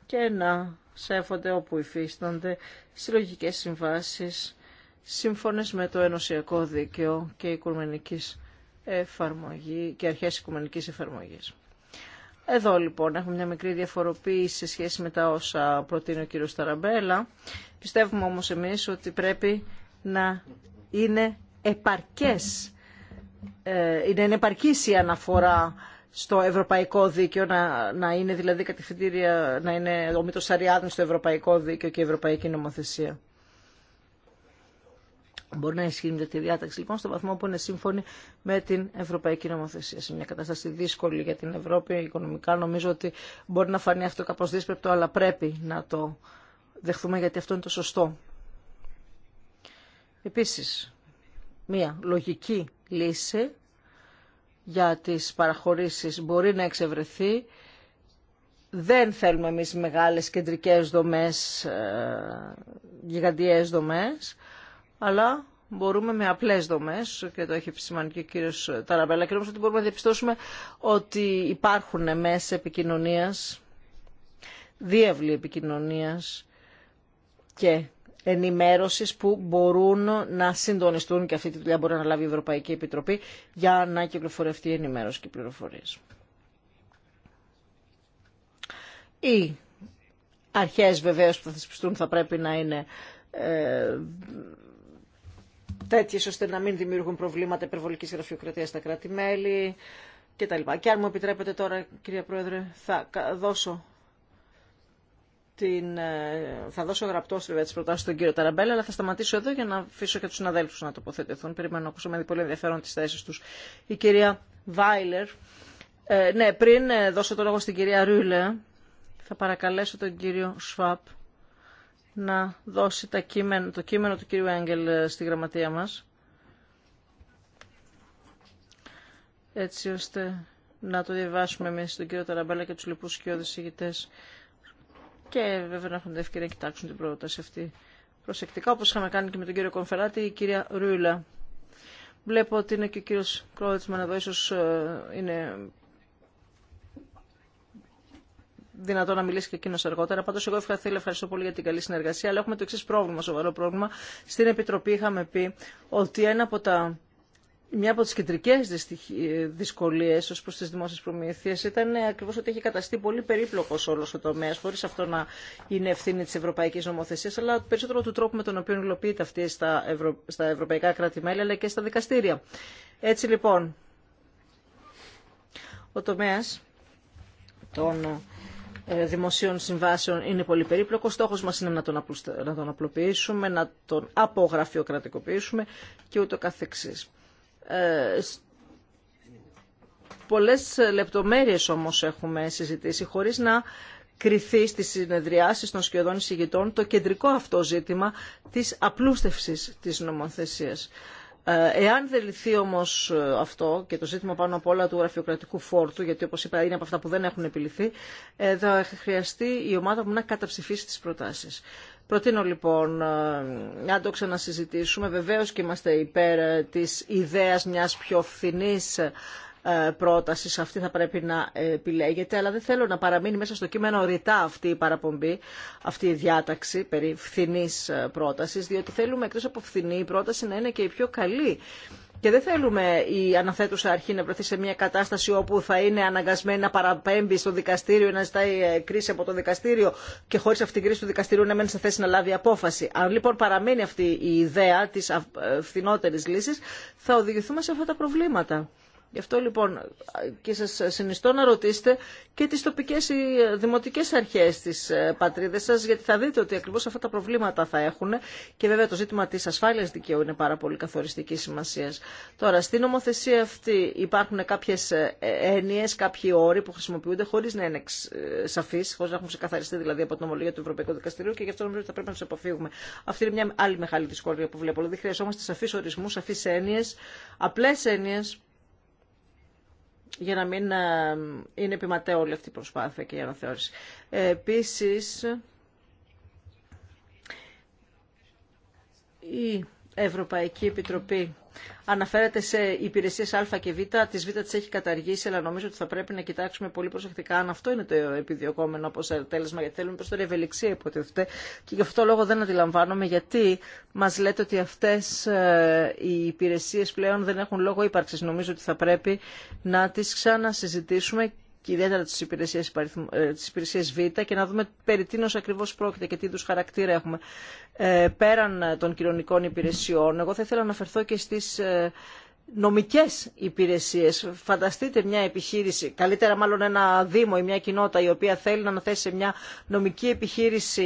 και να σέφονται όπου υφίστανται συλλογικές συμβάσεις, σύμφωνες με το ενωσιακό δίκαιο και οικουμενικής εφαρμογή και αρχές οικουμενικής εφαρμογής. Εδώ λοιπόν έχουμε μια μικρή διαφοροποίηση σε σχέση με τα όσα προτείνει ο κύριος Ταραμπέλα. Πιστεύουμε όμως εμείς ότι πρέπει να είναι επαρκές, ε, είναι επαρκής η αναφορά στο ευρωπαϊκό δίκαιο, να, να είναι δηλαδή κατηφυντήρια... να είναι ο μήτρος Αριάδνη στο ευρωπαϊκό δίκαιο και η ευρωπαϊκή νομοθεσία. Μπορεί να ισχύει μια τη διάταξη λοιπόν στο βαθμό που είναι σύμφωνη με την ευρωπαϊκή νομοθεσία. Σε μια κατάσταση δύσκολη για την Ευρώπη οικονομικά νομίζω ότι μπορεί να φανεί αυτό κάπως δύσπεπτο αλλά πρέπει να το δεχθούμε γιατί αυτό είναι το σωστό. Επίσης, μια λογική λύση για τις παραχωρήσεις μπορεί να εξευρεθεί. Δεν θέλουμε εμείς μεγάλες κεντρικές δομές, ε, γιγαντιές δομές, αλλά μπορούμε με απλές δομές, και το έχει επισημάνει και ο κύριος Ταραμπέλα, και νομίζω ότι μπορούμε να διαπιστώσουμε ότι υπάρχουν μέσα επικοινωνία, δίευλοι επικοινωνίας και ενημέρωσης που μπορούν να συντονιστούν και αυτή τη δουλειά μπορεί να λάβει η Ευρωπαϊκή Επιτροπή για να κυκλοφορευτεί η ενημέρωση και οι πληροφορίες. Οι αρχές βεβαίως που θα θεσπιστούν θα πρέπει να είναι ε, τέτοιες ώστε να μην δημιουργούν προβλήματα υπερβολικής γραφειοκρατίας στα κράτη-μέλη κτλ. Και αν μου επιτρέπετε τώρα, κυρία Πρόεδρε, θα δώσω την, ε, θα δώσω γραπτό βέβαια τι προτάσει στον κύριο Ταραμπέλα, αλλά θα σταματήσω εδώ για να αφήσω και του συναδέλφου να τοποθετηθούν. Περιμένω να ακούσω με πολύ ενδιαφέρον τι θέσει του. Η κυρία Βάιλερ. Ε, ναι, πριν ε, δώσω το λόγο στην κυρία Ρούλε, θα παρακαλέσω τον κύριο Σφαπ να δώσει τα κείμενα, το κείμενο του κύριου Έγγελ ε, στη γραμματεία μας έτσι ώστε να το διαβάσουμε εμείς τον κύριο Ταραμπέλα και τους λοιπούς σκιώδες ηγητές και βέβαια να έχουν την ευκαιρία να κοιτάξουν την πρόταση αυτή προσεκτικά, όπως είχαμε κάνει και με τον κύριο Κομφεράτη, η κυρία Ρούλα. Βλέπω ότι είναι και ο κύριος Κρόετσμαν εδώ, ίσως ε, είναι δυνατό να μιλήσει και εκείνο αργότερα. Πάντω, εγώ ευχαριστώ πολύ για την καλή συνεργασία. Αλλά έχουμε το εξή πρόβλημα, σοβαρό πρόβλημα. Στην Επιτροπή είχαμε πει ότι ένα από τα μια από τις κεντρικές δυσκολίες ω προς τις δημόσιες προμήθειες ήταν ακριβώς ότι έχει καταστεί πολύ περίπλοκος όλος ο τομέας, χωρίς αυτό να είναι ευθύνη της ευρωπαϊκής νομοθεσίας, αλλά περισσότερο του τρόπου με τον οποίο υλοποιείται αυτή στα, στα ευρωπαϊκά κράτη-μέλη, αλλά και στα δικαστήρια. Έτσι λοιπόν, ο τομέας των ε, δημοσίων συμβάσεων είναι πολύ περίπλοκο. Στόχος μας είναι να τον, να τον απλοποιήσουμε, να τον απογραφειοκρατικοποιήσουμε και ούτω καθεξής. Ε, πολλές λεπτομέρειες όμως έχουμε συζητήσει χωρίς να κριθεί στις συνεδριάσεις των σχεδόν εισηγητών το κεντρικό αυτό ζήτημα της απλούστευσης της νομοθεσίας. Ε, εάν δεν λυθεί όμως ε, αυτό και το ζήτημα πάνω απ' όλα του γραφειοκρατικού φόρτου, γιατί όπως είπα είναι από αυτά που δεν έχουν επιληθεί, θα χρειαστεί η ομάδα μου να καταψηφίσει τι προτάσει. Προτείνω λοιπόν ε, να το ξανασυζητήσουμε. Βεβαίως και είμαστε υπέρ ε, της ιδέας μιας πιο φθηνής ε, πρότασης. Αυτή θα πρέπει να επιλέγεται, αλλά δεν θέλω να παραμείνει μέσα στο κείμενο ρητά αυτή η παραπομπή, αυτή η διάταξη περί φθηνής πρότασης, διότι θέλουμε εκτός από φθηνή η πρόταση να είναι και η πιο καλή και δεν θέλουμε η αναθέτουσα αρχή να βρεθεί σε μια κατάσταση όπου θα είναι αναγκασμένη να παραπέμπει στο δικαστήριο, να ζητάει ε, κρίση από το δικαστήριο και χωρί αυτή την κρίση του δικαστηρίου να μένει σε θέση να λάβει απόφαση. Αν λοιπόν παραμείνει αυτή η ιδέα τη ε, φθηνότερη λύση, θα οδηγηθούμε σε αυτά τα προβλήματα. Γι' αυτό λοιπόν και σας συνιστώ να ρωτήσετε και τις τοπικές ή δημοτικές αρχές της ε, πατρίδας σας, γιατί θα δείτε ότι ακριβώς αυτά τα προβλήματα θα έχουν και βέβαια το ζήτημα της ασφάλειας δικαίου είναι πάρα πολύ καθοριστική σημασία. Τώρα, στην νομοθεσία αυτή υπάρχουν κάποιες ε, έννοιες, κάποιοι όροι που χρησιμοποιούνται χωρίς να είναι ε, σαφείς, χωρίς να έχουν ξεκαθαριστεί δηλαδή από την ομολογία του Ευρωπαϊκού Δικαστηρίου και γι' αυτό νομίζω ότι θα πρέπει να του αποφύγουμε. Αυτή είναι μια άλλη μεγάλη δυσκολία που βλέπω. Δηλαδή χρειαζόμαστε σαφείς ορισμού, σαφείς έννοιες, απλές έννοιες για να μην ε, είναι επιματέωλη αυτή η προσπάθεια και η αναθεώρηση. Ε, επίσης, η Ευρωπαϊκή Επιτροπή αναφέρεται σε υπηρεσίες Α και Β, τις Β τις έχει καταργήσει, αλλά νομίζω ότι θα πρέπει να κοιτάξουμε πολύ προσεκτικά αν αυτό είναι το επιδιωκόμενο αποτέλεσμα, γιατί θέλουμε τώρα ευελιξία υποτίθεται. Και γι' αυτό λόγο δεν αντιλαμβάνομαι γιατί μας λέτε ότι αυτές ε, οι υπηρεσίες πλέον δεν έχουν λόγο ύπαρξης. Νομίζω ότι θα πρέπει να τις ξανασυζητήσουμε και ιδιαίτερα τις υπηρεσίες, ε, τις υπηρεσίες Β και να δούμε περί τίνος ακριβώς πρόκειται και τι είδους χαρακτήρα έχουμε. Ε, πέραν ε, των κοινωνικών υπηρεσιών, εγώ θα ήθελα να αναφερθώ και στις νομικές υπηρεσίες. Φανταστείτε μια επιχείρηση, καλύτερα μάλλον ένα δήμο ή μια κοινότητα η οποία θέλει να αναθέσει σε μια νομική επιχείρηση,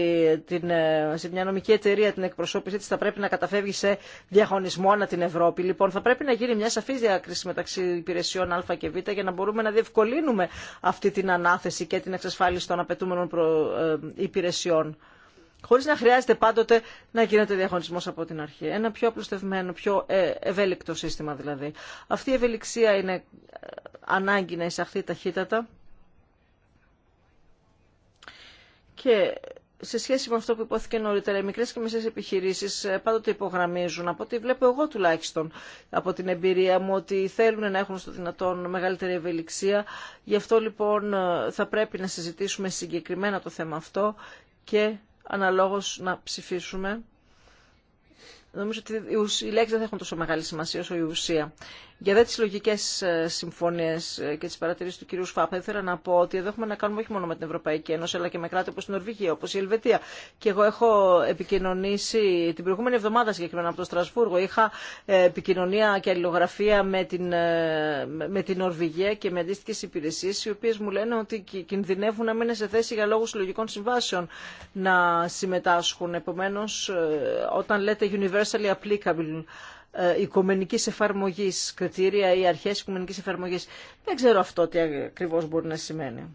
ε, σε μια νομική εταιρεία την εκπροσώπησή της θα πρέπει να καταφεύγει σε διαγωνισμό ανά την Ευρώπη. Λοιπόν, θα πρέπει να γίνει μια σαφής διακρίση μεταξύ υπηρεσιών Α και Β για να μπορούμε να διευκολύνουμε αυτή την ανάθεση και την εξασφάλιση των απαιτούμενων ε, υπηρεσιών χωρίς να χρειάζεται πάντοτε να γίνεται διαχωρισμός από την αρχή. Ένα πιο απλουστευμένο, πιο ε, ευέλικτο σύστημα δηλαδή. Αυτή η ευελιξία είναι ε, ανάγκη να εισαχθεί ταχύτατα και σε σχέση με αυτό που υπόθηκε νωρίτερα, οι μικρέ και μισέ επιχειρήσει ε, πάντοτε υπογραμμίζουν, από ό,τι βλέπω εγώ τουλάχιστον από την εμπειρία μου, ότι θέλουν να έχουν στο δυνατόν μεγαλύτερη ευελιξία. Γι' αυτό λοιπόν θα πρέπει να συζητήσουμε συγκεκριμένα το θέμα αυτό και αναλόγως να ψηφίσουμε. Νομίζω ότι οι λέξεις δεν έχουν τόσο μεγάλη σημασία όσο η ουσία. Για δε τι λογικέ ε, συμφωνίε ε, και τι παρατηρήσει του κυρίου Σφάπ, ήθελα να πω ότι εδώ έχουμε να κάνουμε όχι μόνο με την Ευρωπαϊκή Ένωση, αλλά και με κράτη όπω την Νορβηγία, όπω η Ελβετία. Και εγώ έχω επικοινωνήσει την προηγούμενη εβδομάδα συγκεκριμένα από το Στρασβούργο. Είχα ε, επικοινωνία και αλληλογραφία με την, με την Νορβηγία και με αντίστοιχε υπηρεσίε, οι οποίε μου λένε ότι κινδυνεύουν να μην σε θέση για λόγου συλλογικών συμβάσεων να συμμετάσχουν. Επομένω, όταν λέτε universally applicable ε, οικουμενικής εφαρμογής, κριτήρια ή αρχές οικουμενικής εφαρμογής. Δεν ξέρω αυτό τι ακριβώς μπορεί να σημαίνει.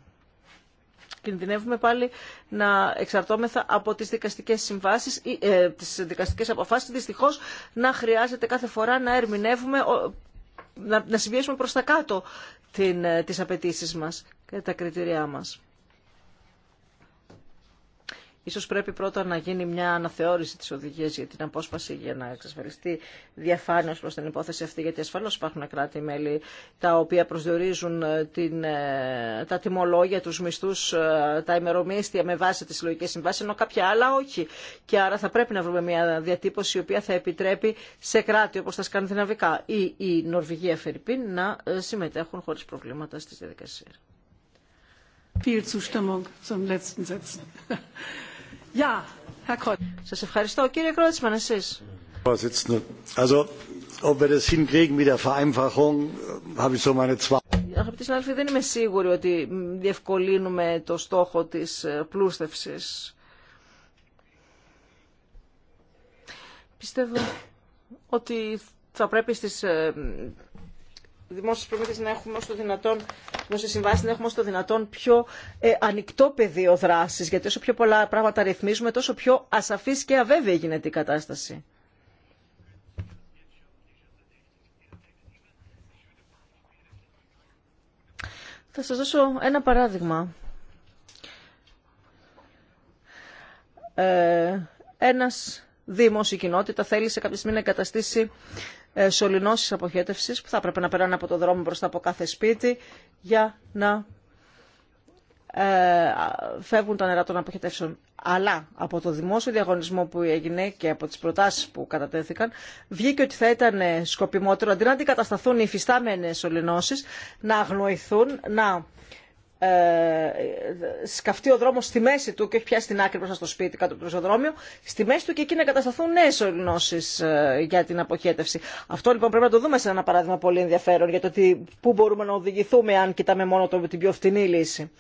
Κινδυνεύουμε πάλι να εξαρτώμεθα από τις δικαστικές συμβάσεις ή ε, τις δικαστικές αποφάσεις. Δυστυχώς να χρειάζεται κάθε φορά να ερμηνεύουμε, να, να προς τα κάτω την, ε, τις απαιτήσει μας και τα κριτήριά μας. Ίσως πρέπει πρώτα να γίνει μια αναθεώρηση της οδηγίας για την απόσπαση για να εξασφαλιστεί διαφάνεια προς την υπόθεση αυτή, γιατί ασφαλώς υπάρχουν κράτη-μέλη τα οποία προσδιορίζουν ε, την, ε, τα τιμολόγια, τους μισθούς, ε, τα ημερομίσθια με βάση τις συλλογικές συμβάσεις, ενώ κάποια άλλα όχι. Και άρα θα πρέπει να βρούμε μια διατύπωση η οποία θα επιτρέπει σε κράτη όπως τα σκανδιναβικά ή η Νορβηγία Φερρυπίν να συμμετέχουν χωρίς προβλήματα στις διαδικασίες. Yeah, Σας ευχαριστώ. Κύριε Κρότσμαν, εσείς. Also, ob wir das hinkriegen mit der Vereinfachung, äh, habe ich so meine Zweifel. Αγαπητοί συνάδελφοι, δεν είμαι σίγουρη ότι διευκολύνουμε το στόχο της ε, πλούστευσης. Πιστεύω ότι θα πρέπει στις ε, δημόσιες προμήθειες να έχουμε όσο το δυνατόν, δημόσιες συμβάσεις να έχουμε όσο το δυνατόν πιο ε, ανοιχτό πεδίο δράσης, γιατί όσο πιο πολλά πράγματα ρυθμίζουμε, τόσο πιο ασαφής και αβέβαιη γίνεται η κατάσταση. Θα σας δώσω ένα παράδειγμα. Ε, ένας δήμος ή κοινότητα θέλησε κάποια στιγμή να εγκαταστήσει ε, σωληνώσεις αποχέτευση που θα έπρεπε να περάνε από το δρόμο μπροστά από κάθε σπίτι για να ε, φεύγουν τα νερά των αποχετεύσεων. Αλλά από το δημόσιο διαγωνισμό που έγινε και από τις προτάσεις που κατατέθηκαν, βγήκε ότι θα ήταν σκοπιμότερο αντί να αντικατασταθούν οι υφιστάμενε σωληνώσει, να αγνοηθούν, να ε, σκαφτεί ο δρόμο στη μέση του και έχει πια στην άκρη προ το σπίτι κάτω από το πεζοδρόμιο, στη μέση του και εκεί να κατασταθούν νέες ε, για την αποχέτευση. Αυτό λοιπόν πρέπει να το δούμε σε ένα παράδειγμα πολύ ενδιαφέρον για το τι, πού μπορούμε να οδηγηθούμε αν κοιτάμε μόνο το, την πιο φτηνή λύση.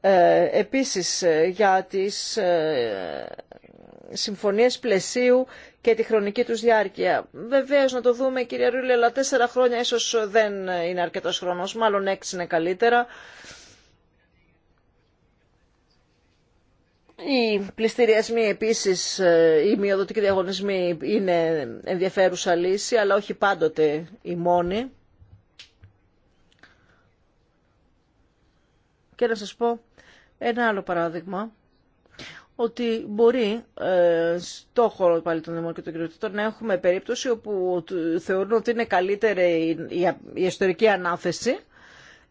Ε, επίσης ε, για τις ε, συμφωνίες πλαισίου και τη χρονική τους διάρκεια. Βεβαίως να το δούμε κυρία Ρούλη, αλλά τέσσερα χρόνια ίσως δεν είναι αρκετός χρόνος, μάλλον έξι είναι καλύτερα. Οι πληστηριασμοί επίσης, ε, οι μειοδοτικοί διαγωνισμοί είναι ενδιαφέρουσα λύση, αλλά όχι πάντοτε η μόνη. Και να σας πω ένα άλλο παράδειγμα, ότι μπορεί ε, στο χώρο πάλι των δημών και των να έχουμε περίπτωση όπου θεωρούν ότι είναι καλύτερη η ιστορική ανάθεση,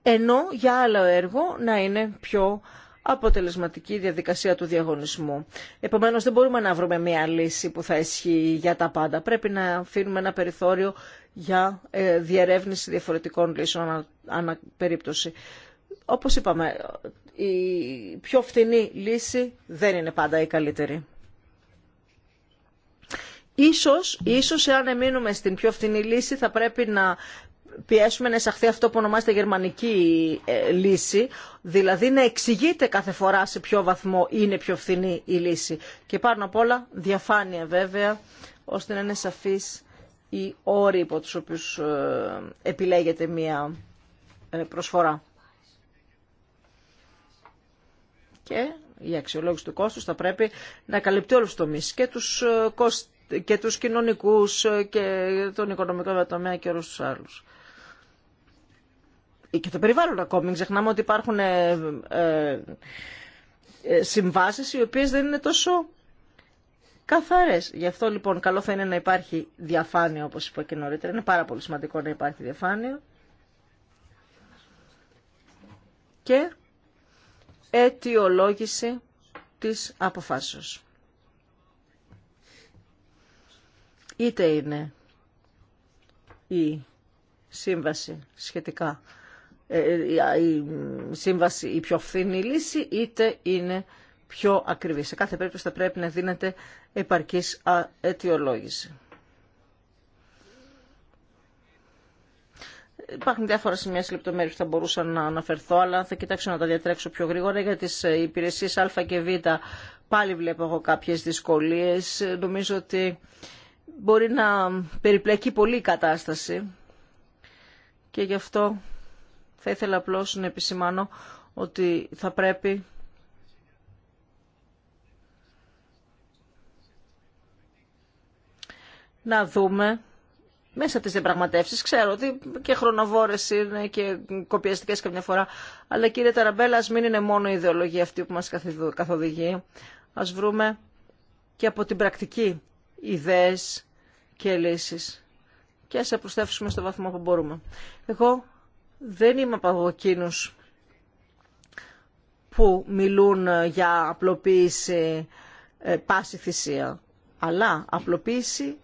ενώ για άλλο έργο να είναι πιο αποτελεσματική διαδικασία του διαγωνισμού. Επομένω, δεν μπορούμε να βρούμε μια λύση που θα ισχύει για τα πάντα. Πρέπει να αφήνουμε ένα περιθώριο για ε, διερεύνηση διαφορετικών λύσεων ανα, περίπτωση. Όπως είπαμε, η πιο φθηνή λύση δεν είναι πάντα η καλύτερη. Ίσως, ίσως εάν εμείνουμε στην πιο φθηνή λύση θα πρέπει να πιέσουμε να εισαχθεί αυτό που ονομάζεται γερμανική ε, λύση, δηλαδή να εξηγείται κάθε φορά σε ποιο βαθμό είναι πιο φθηνή η λύση. Και πάνω απ' όλα διαφάνεια βέβαια, ώστε να είναι σαφή η όροι υπό τους οποίους ε, επιλέγεται μία ε, προσφορά. Και η αξιολόγηση του κόστου θα πρέπει να καλυπτεί όλους τους τομείς και τους, κοσ... και τους κοινωνικούς και τον οικονομικό τομέα και όλους τους άλλους και το περιβάλλον ακόμη. Μην ξεχνάμε ότι υπάρχουν ε, ε, ε, συμβάσεις οι οποίες δεν είναι τόσο καθαρές. Γι' αυτό λοιπόν καλό θα είναι να υπάρχει διαφάνεια όπως είπα και νωρίτερα. Είναι πάρα πολύ σημαντικό να υπάρχει διαφάνεια. Και αιτιολόγηση της αποφάσεως. Είτε είναι η σύμβαση σχετικά ε, ε, η σύμβαση η πιο φθηνή λύση, είτε είναι πιο ακριβή. Σε κάθε περίπτωση θα πρέπει να δίνεται επαρκής αιτιολόγηση. Υπάρχουν διάφορα σημεία σε λεπτομέρειε που θα μπορούσα να αναφερθώ, αλλά θα κοιτάξω να τα διατρέξω πιο γρήγορα. Για τι ε, υπηρεσίε Α και Β πάλι βλέπω εγώ κάποιε δυσκολίε. Νομίζω ότι μπορεί να περιπλέκει πολύ η κατάσταση και γι' αυτό θα ήθελα απλώς να επισημάνω ότι θα πρέπει να δούμε μέσα από τις διαπραγματεύσεις. Ξέρω ότι και χρονοβόρες είναι και κοπιαστικές καμιά φορά. Αλλά κύριε Ταραμπέλα, ας μην είναι μόνο η ιδεολογία αυτή που μας καθοδηγεί. Ας βρούμε και από την πρακτική ιδέες και λύσεις. Και ας επουστεύσουμε στο βαθμό που μπορούμε. Εγώ δεν είμαι από εκείνους που μιλούν για απλοποίηση ε, πάση θυσία. Αλλά απλοποίηση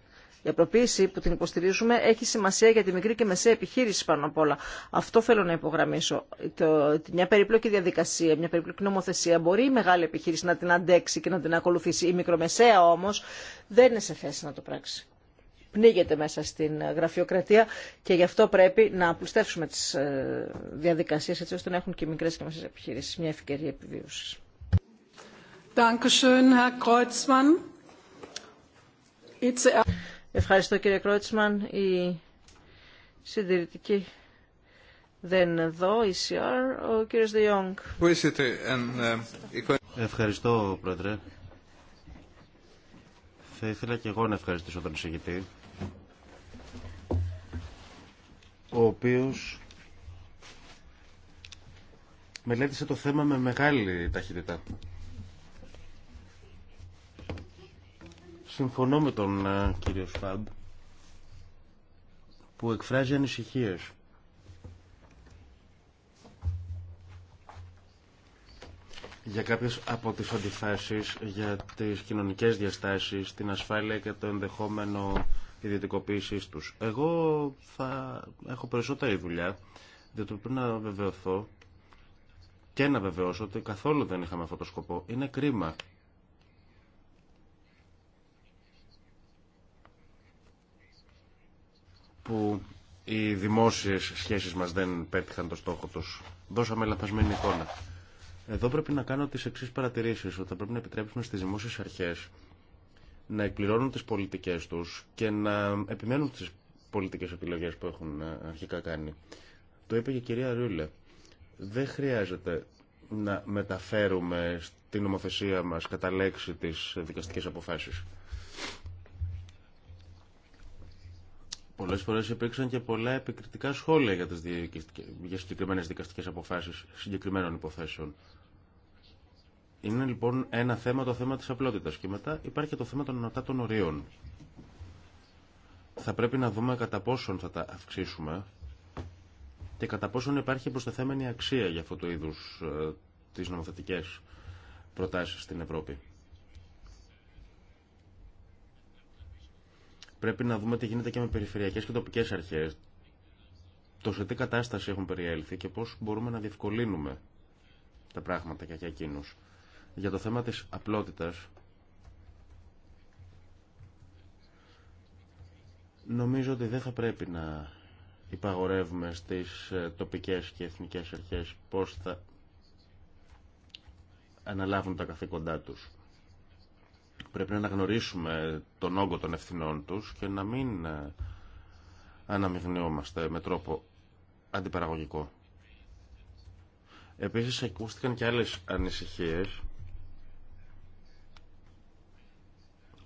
η απλοποίηση που την υποστηρίζουμε έχει σημασία για τη μικρή και μεσαία επιχείρηση πάνω απ' όλα. Αυτό θέλω να υπογραμμίσω. Το, μια περίπλοκη διαδικασία, μια περίπλοκη νομοθεσία μπορεί η μεγάλη επιχείρηση να την αντέξει και να την ακολουθήσει. Η μικρομεσαία όμως δεν είναι σε θέση να το πράξει πνίγεται μέσα στην ε, γραφειοκρατία και γι' αυτό πρέπει να απλουστεύσουμε τι ε, διαδικασίε έτσι ώστε να έχουν και μικρέ και μεσαίε επιχειρήσεις μια ευκαιρία επιβίωση. Ευχαριστώ κύριε Κρότσμαν. Η συντηρητική δεν εδώ, η CR, ο κύριος Διόγκ. Uh, Ευχαριστώ πρόεδρε. Θα ήθελα και εγώ να ευχαριστήσω τον εισηγητή ο οποίος μελέτησε το θέμα με μεγάλη ταχύτητα. Συμφωνώ με τον ε, κύριο Σφάμπ που εκφράζει ανησυχίες. για κάποιες από τις αντιφάσεις, για τις κοινωνικές διαστάσεις, την ασφάλεια και το ενδεχόμενο ιδιωτικοποίηση τους. Εγώ θα έχω περισσότερη δουλειά, διότι πρέπει να βεβαιωθώ και να βεβαιώσω ότι καθόλου δεν είχαμε αυτό το σκοπό. Είναι κρίμα. που οι δημόσιες σχέσεις μας δεν πέτυχαν το στόχο τους. Δώσαμε λαθασμένη εικόνα. Εδώ πρέπει να κάνω τις εξής παρατηρήσεις, ότι θα πρέπει να επιτρέψουμε στις δημόσιες αρχές να εκπληρώνουν τις πολιτικές τους και να επιμένουν τις πολιτικές επιλογές που έχουν ε, αρχικά κάνει. Το είπε και η κυρία Ρούλε. Δεν χρειάζεται να μεταφέρουμε στην νομοθεσία μας κατά λέξη τις δικαστικές αποφάσεις. Πολλές φορές υπήρξαν και πολλά επικριτικά σχόλια για, τις για συγκεκριμένες δικαστικές αποφάσεις συγκεκριμένων υποθέσεων. Είναι λοιπόν ένα θέμα το θέμα της απλότητας και μετά υπάρχει και το θέμα των ανωτάτων ορίων. Θα πρέπει να δούμε κατά πόσον θα τα αυξήσουμε και κατά πόσον υπάρχει προστεθέμενη αξία για αυτό το είδους ε, τις νομοθετικές προτάσεις στην Ευρώπη. Πρέπει να δούμε τι γίνεται και με περιφερειακές και τοπικές αρχές. Το σε τι κατάσταση έχουν περιέλθει και πώς μπορούμε να διευκολύνουμε τα πράγματα και για εκείνους για το θέμα της απλότητας νομίζω ότι δεν θα πρέπει να υπαγορεύουμε στις ε, τοπικές και εθνικές αρχές πώς θα αναλάβουν τα καθήκοντά τους. Πρέπει να αναγνωρίσουμε τον όγκο των ευθυνών τους και να μην ε, αναμειγνιόμαστε με τρόπο αντιπαραγωγικό. Επίσης ακούστηκαν και άλλες ανησυχίες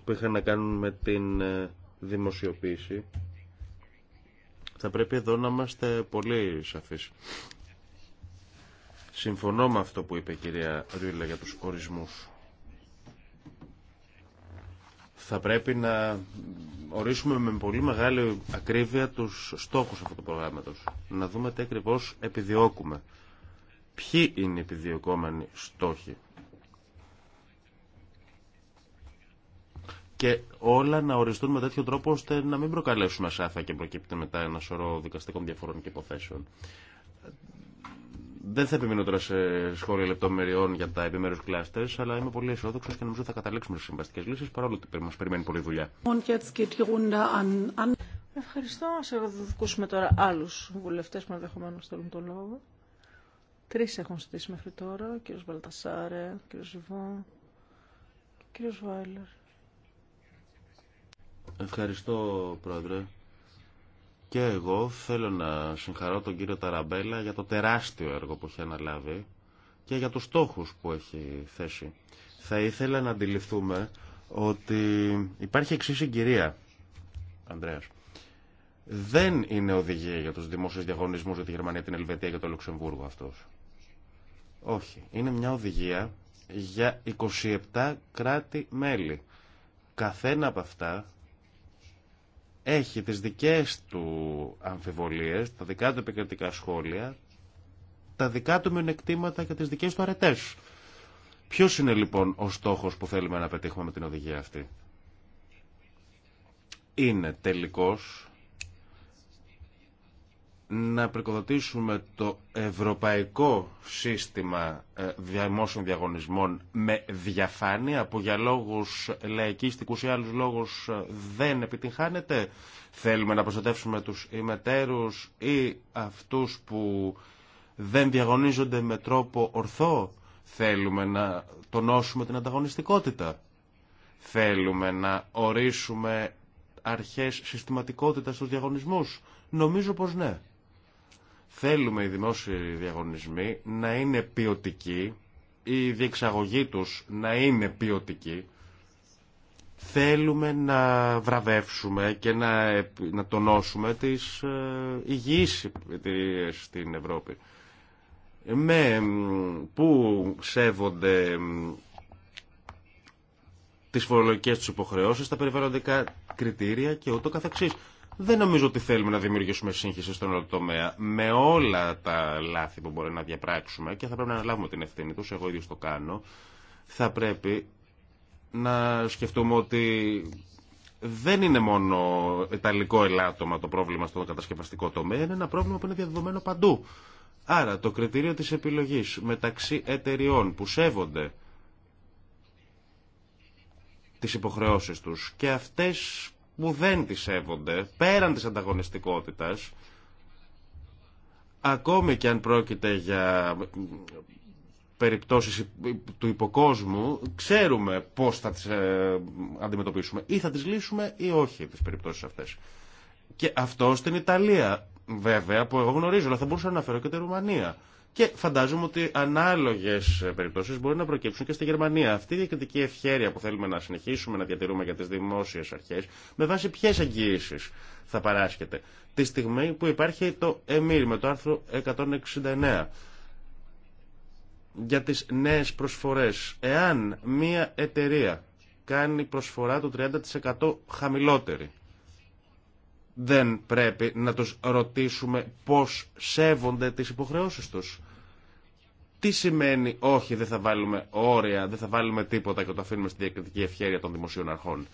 που είχαν να κάνουν με την ε, δημοσιοποίηση. Θα πρέπει εδώ να είμαστε πολύ σαφείς. Συμφωνώ με αυτό που είπε η κυρία Ρίλα για τους ορισμούς. Θα πρέπει να ορίσουμε με πολύ μεγάλη ακρίβεια τους στόχους αυτού του προγράμματος. Να δούμε τι ακριβώς επιδιώκουμε. Ποιοι είναι οι επιδιωκόμενοι στόχοι και όλα να οριστούν με τέτοιο τρόπο ώστε να μην προκαλέσουν σάθα και προκύπτει μετά ένα σωρό δικαστικών διαφορών και υποθέσεων. Δεν θα επιμείνω τώρα σε σχόλια λεπτομεριών για τα επιμέρου κλάστερ, αλλά είμαι πολύ αισιόδοξο και νομίζω θα καταλήξουμε σε συμβαστικέ λύσει παρόλο ότι μα περιμένει πολλή δουλειά. Ευχαριστώ. Α ακούσουμε τώρα άλλου βουλευτέ που ενδεχομένω θέλουν το λόγο. Τρει έχουν στήσει μέχρι τώρα, ο κ. Βαλτασάρε, ο κ. Ζιβό και ο κ. Βάιλερ. Ευχαριστώ, Πρόεδρε. Και εγώ θέλω να συγχαρώ τον κύριο Ταραμπέλα για το τεράστιο έργο που έχει αναλάβει και για τους στόχους που έχει θέσει. Θα ήθελα να αντιληφθούμε ότι υπάρχει εξή συγκυρία, Ανδρέας. Δεν είναι οδηγία για τους δημόσιους διαγωνισμούς για τη Γερμανία, την Ελβετία και το Λουξεμβούργο αυτός. Όχι. Είναι μια οδηγία για 27 κράτη-μέλη. Καθένα από αυτά έχει τις δικές του αμφιβολίες, τα δικά του επικριτικά σχόλια, τα δικά του μειονεκτήματα και τις δικές του αρετές. Ποιος είναι λοιπόν ο στόχος που θέλουμε να πετύχουμε με την οδηγία αυτή. Είναι τελικός να προκοδοτήσουμε το ευρωπαϊκό σύστημα ε, δημόσιων διαγωνισμών με διαφάνεια που για λόγους λαϊκίστικους ή άλλους λόγους ε, δεν επιτυγχάνεται. Θέλουμε να προστατεύσουμε τους ημετέρους ή αυτούς που δεν διαγωνίζονται με τρόπο ορθό. Θέλουμε να τονώσουμε την ανταγωνιστικότητα. Θέλουμε να ορίσουμε αρχές συστηματικότητας στους διαγωνισμούς. Νομίζω πως ναι. Θέλουμε οι δημόσιοι διαγωνισμοί να είναι ποιοτικοί, η διεξαγωγή τους να είναι ποιοτική. Θέλουμε να βραβεύσουμε και να, να τονώσουμε τις ε, υγιείς εταιρείε στην Ευρώπη. Με, που σέβονται τις φορολογικές τους υποχρεώσεις, τα περιβαλλοντικά κριτήρια και ούτω καθεξής. Δεν νομίζω ότι θέλουμε να δημιουργήσουμε σύγχυση στον όλο τομέα με όλα τα λάθη που μπορεί να διαπράξουμε και θα πρέπει να αναλάβουμε την ευθύνη του εγώ ίδιος το κάνω. Θα πρέπει να σκεφτούμε ότι δεν είναι μόνο ιταλικό ελάττωμα το πρόβλημα στο κατασκευαστικό τομέα, είναι ένα πρόβλημα που είναι διαδεδομένο παντού. Άρα το κριτήριο της επιλογής μεταξύ εταιριών που σέβονται τις υποχρεώσεις τους και αυτές που δεν τη σέβονται, πέραν της ανταγωνιστικότητας, ακόμη και αν πρόκειται για περιπτώσεις του υποκόσμου, ξέρουμε πώς θα τις ε, αντιμετωπίσουμε. Ή θα τις λύσουμε ή όχι τις περιπτώσεις αυτές. Και αυτό στην Ιταλία, βέβαια, που εγώ γνωρίζω, αλλά θα μπορούσα να αναφέρω και τη Ρουμανία. Και φαντάζομαι ότι ανάλογε περιπτώσει μπορεί να προκύψουν και στη Γερμανία. Αυτή η διακριτική ευχέρεια που θέλουμε να συνεχίσουμε να διατηρούμε για τι δημόσιε αρχέ, με βάση ποιε εγγυήσει θα παράσχεται. Τη στιγμή που υπάρχει το ΕΜΗΡ με το άρθρο 169 για τις νέες προσφορές. Εάν μία εταιρεία κάνει προσφορά του 30% χαμηλότερη δεν πρέπει να τους ρωτήσουμε πώς σέβονται τις υποχρεώσεις τους. Τι σημαίνει όχι δεν θα βάλουμε όρια, δεν θα βάλουμε τίποτα και το αφήνουμε στη διακριτική ευχέρεια των δημοσίων αρχών.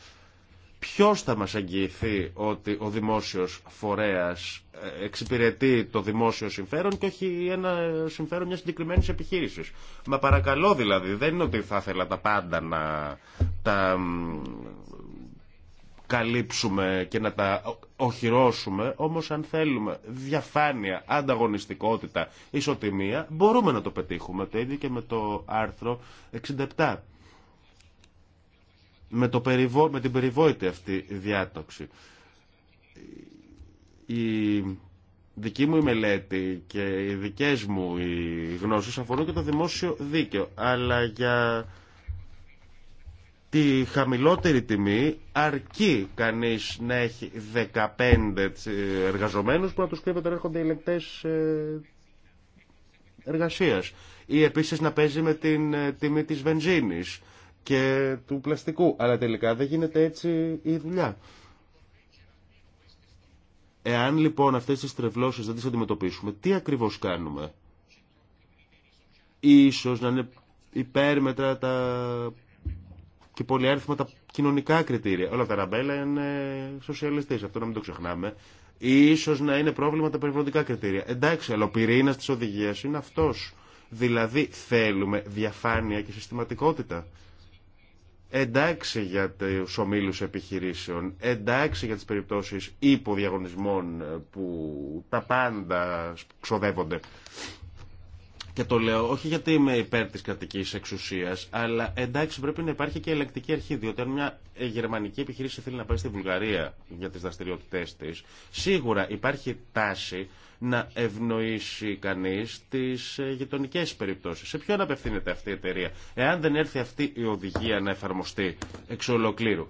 Ποιος θα μας αγγιηθεί ότι ο δημόσιος φορέας ε, εξυπηρετεί το δημόσιο συμφέρον και όχι ένα συμφέρον μιας συγκεκριμένη επιχείρησης. Μα παρακαλώ δηλαδή, δεν είναι ότι θα ήθελα τα πάντα να τα καλύψουμε και να τα οχυρώσουμε, όμως αν θέλουμε διαφάνεια, ανταγωνιστικότητα, ισοτιμία, μπορούμε να το πετύχουμε. Το ίδιο και με το άρθρο 67. Με, το περιβό, με την περιβόητη αυτή διάτοξη. Η δική μου η μελέτη και οι δικές μου οι γνώσεις αφορούν και το δημόσιο δίκαιο, αλλά για τη χαμηλότερη τιμή αρκεί κανείς να έχει 15 ε, εργαζομένους που να τους κρύβεται να έρχονται ελεγκτές ε, εργασίας ή επίσης να παίζει με την ε, τιμή της βενζίνης και του πλαστικού αλλά τελικά δεν γίνεται έτσι η δουλειά Εάν λοιπόν αυτές τις τρευλώσεις δεν τις αντιμετωπίσουμε τι ακριβώς κάνουμε Ίσως να είναι υπέρμετρα τα και πολυάριθμα τα κοινωνικά κριτήρια. Όλα τα ραμπέλα είναι σοσιαλιστέ, αυτό να μην το ξεχνάμε. σω να είναι πρόβλημα τα περιβαλλοντικά κριτήρια. Εντάξει, αλλά ο πυρήνα τη οδηγία είναι αυτό. Δηλαδή θέλουμε διαφάνεια και συστηματικότητα. Εντάξει για του ομίλου επιχειρήσεων, εντάξει για τι περιπτώσει υποδιαγωνισμών που τα πάντα ξοδεύονται. Και το λέω όχι γιατί είμαι υπέρ τη κρατική εξουσία, αλλά εντάξει πρέπει να υπάρχει και ελεκτική αρχή. Διότι αν μια γερμανική επιχείρηση θέλει να πάει στη Βουλγαρία για τι δραστηριότητέ τη, σίγουρα υπάρχει τάση να ευνοήσει κανεί τι ε, γειτονικέ περιπτώσει. Σε ποιον απευθύνεται αυτή η εταιρεία, εάν δεν έρθει αυτή η οδηγία να εφαρμοστεί εξ ολοκλήρου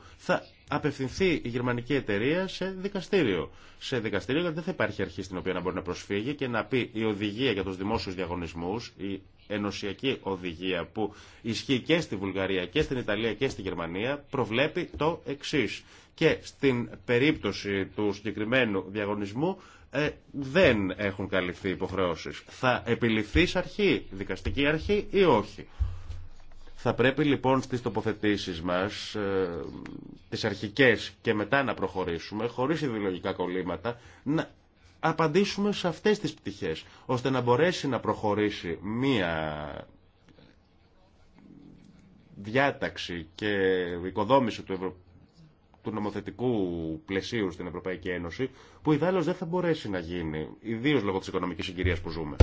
απευθυνθεί η γερμανική εταιρεία σε δικαστήριο. Σε δικαστήριο γιατί δεν θα υπάρχει αρχή στην οποία να μπορεί να προσφύγει και να πει η οδηγία για τους δημόσιους διαγωνισμούς, η ενωσιακή οδηγία που ισχύει και στη Βουλγαρία και στην Ιταλία και στη Γερμανία προβλέπει το εξή. Και στην περίπτωση του συγκεκριμένου διαγωνισμού ε, δεν έχουν καλυφθεί υποχρεώσεις. Θα επιληφθεί αρχή, δικαστική αρχή ή όχι. Θα πρέπει λοιπόν στις τοποθετήσεις μας, ε, τις αρχικές και μετά να προχωρήσουμε, χωρίς ιδεολογικά κολλήματα, να απαντήσουμε σε αυτές τις πτυχές, ώστε να μπορέσει να προχωρήσει μία διάταξη και οικοδόμηση του, του νομοθετικού πλαισίου στην Ευρωπαϊκή Ένωση, που ιδάλλως δεν θα μπορέσει να γίνει, ιδίως λόγω της οικονομικής συγκυρίας που ζούμε.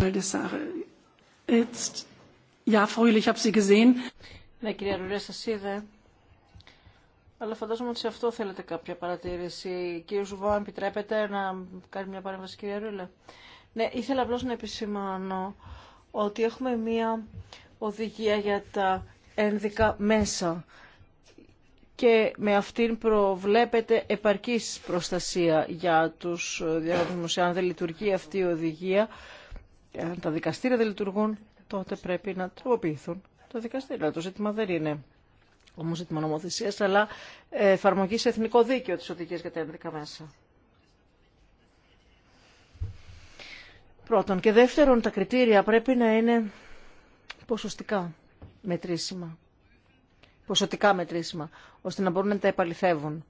Ναι, κυρία Ρούλε, σας είδε. Αλλά φαντάζομαι ότι σε αυτό θέλετε κάποια παρατήρηση. Κύριε Ζουβά, αν επιτρέπετε να κάνει μια παρέμβαση, κυρία Ρούλε. Ναι, ήθελα απλώς να επισημάνω ότι έχουμε μια οδηγία για τα ένδικα μέσα και με αυτήν προβλέπεται επαρκής προστασία για τους διαδρομούς. Αν δεν λειτουργεί αυτή η οδηγία, αν τα δικαστήρια δεν λειτουργούν, τότε πρέπει να τροποποιηθούν τα δικαστήρια. Το ζήτημα δεν είναι όμω ζήτημα νομοθεσία, αλλά εφαρμογή σε εθνικό δίκαιο τη οδηγία για τα ένδικα μέσα. Πρώτον. Και δεύτερον, τα κριτήρια πρέπει να είναι ποσοστικά μετρήσιμα. Ποσοτικά μετρήσιμα, ώστε να μπορούν να τα επαληθεύουν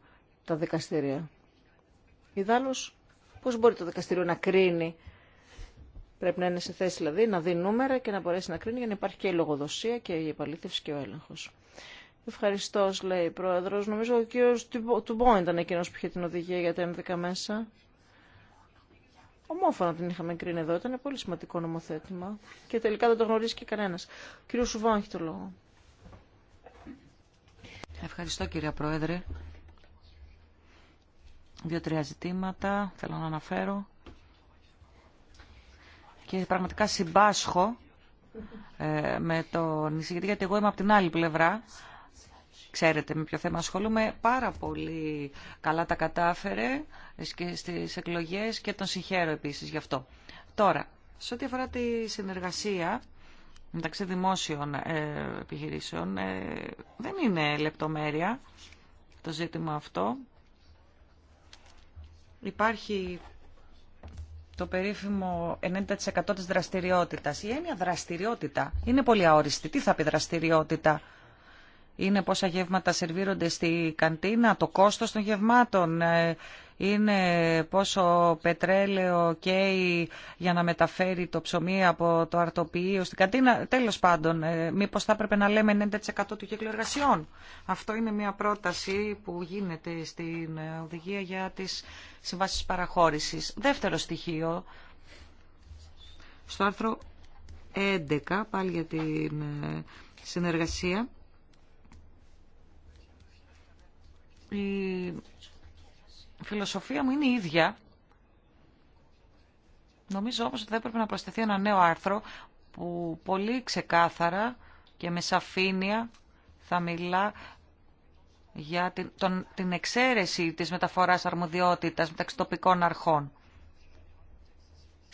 τα δικαστήρια. Ιδάλω, πώ μπορεί το δικαστήριο να κρίνει Πρέπει να είναι σε θέση δηλαδή να δει νούμερα και να μπορέσει να κρίνει για να υπάρχει και η λογοδοσία και η επαλήθευση και ο έλεγχο. Ευχαριστώ, λέει η πρόεδρο. Νομίζω ο κύριο Τουμπό ήταν εκείνο που είχε την οδηγία για τα ένδικα μέσα. Ομόφωνα την είχαμε κρίνει εδώ. Ήταν πολύ σημαντικό νομοθέτημα. Και τελικά δεν το γνωρίζει και κανένα. κύριο Σουβά έχει το λόγο. κύριε κυρία Πρόεδρε. Δύο-τρία ζητήματα θέλω να αναφέρω και πραγματικά συμπάσχω ε, με τον εισηγητή, γιατί εγώ είμαι από την άλλη πλευρά. Ξέρετε με ποιο θέμα ασχολούμαι. Πάρα πολύ καλά τα κατάφερε και στις εκλογές και τον συγχαίρω επίσης γι' αυτό. Τώρα, σε ό,τι αφορά τη συνεργασία μεταξύ δημόσιων ε, επιχειρήσεων, ε, δεν είναι λεπτομέρεια το ζήτημα αυτό. Υπάρχει το περίφημο 90% της δραστηριότητας. Η έννοια δραστηριότητα είναι πολύ αόριστη. Τι θα πει δραστηριότητα. Είναι πόσα γεύματα σερβίρονται στη καντίνα, το κόστος των γευμάτων, ε, είναι πόσο πετρέλαιο καίει για να μεταφέρει το ψωμί από το αρτοποιείο στην κατίνα. Τέλος πάντων, ε, μήπως θα έπρεπε να λέμε 90% του κύκλου Αυτό είναι μια πρόταση που γίνεται στην οδηγία για τις συμβάσεις παραχώρησης. Δεύτερο στοιχείο, στο άρθρο 11, πάλι για την ε, συνεργασία, φιλοσοφία μου είναι η ίδια. Νομίζω όμως ότι θα έπρεπε να προσθεθεί ένα νέο άρθρο που πολύ ξεκάθαρα και με σαφήνεια θα μιλά για την, τον, την εξαίρεση της μεταφοράς αρμοδιότητας μεταξύ τοπικών αρχών.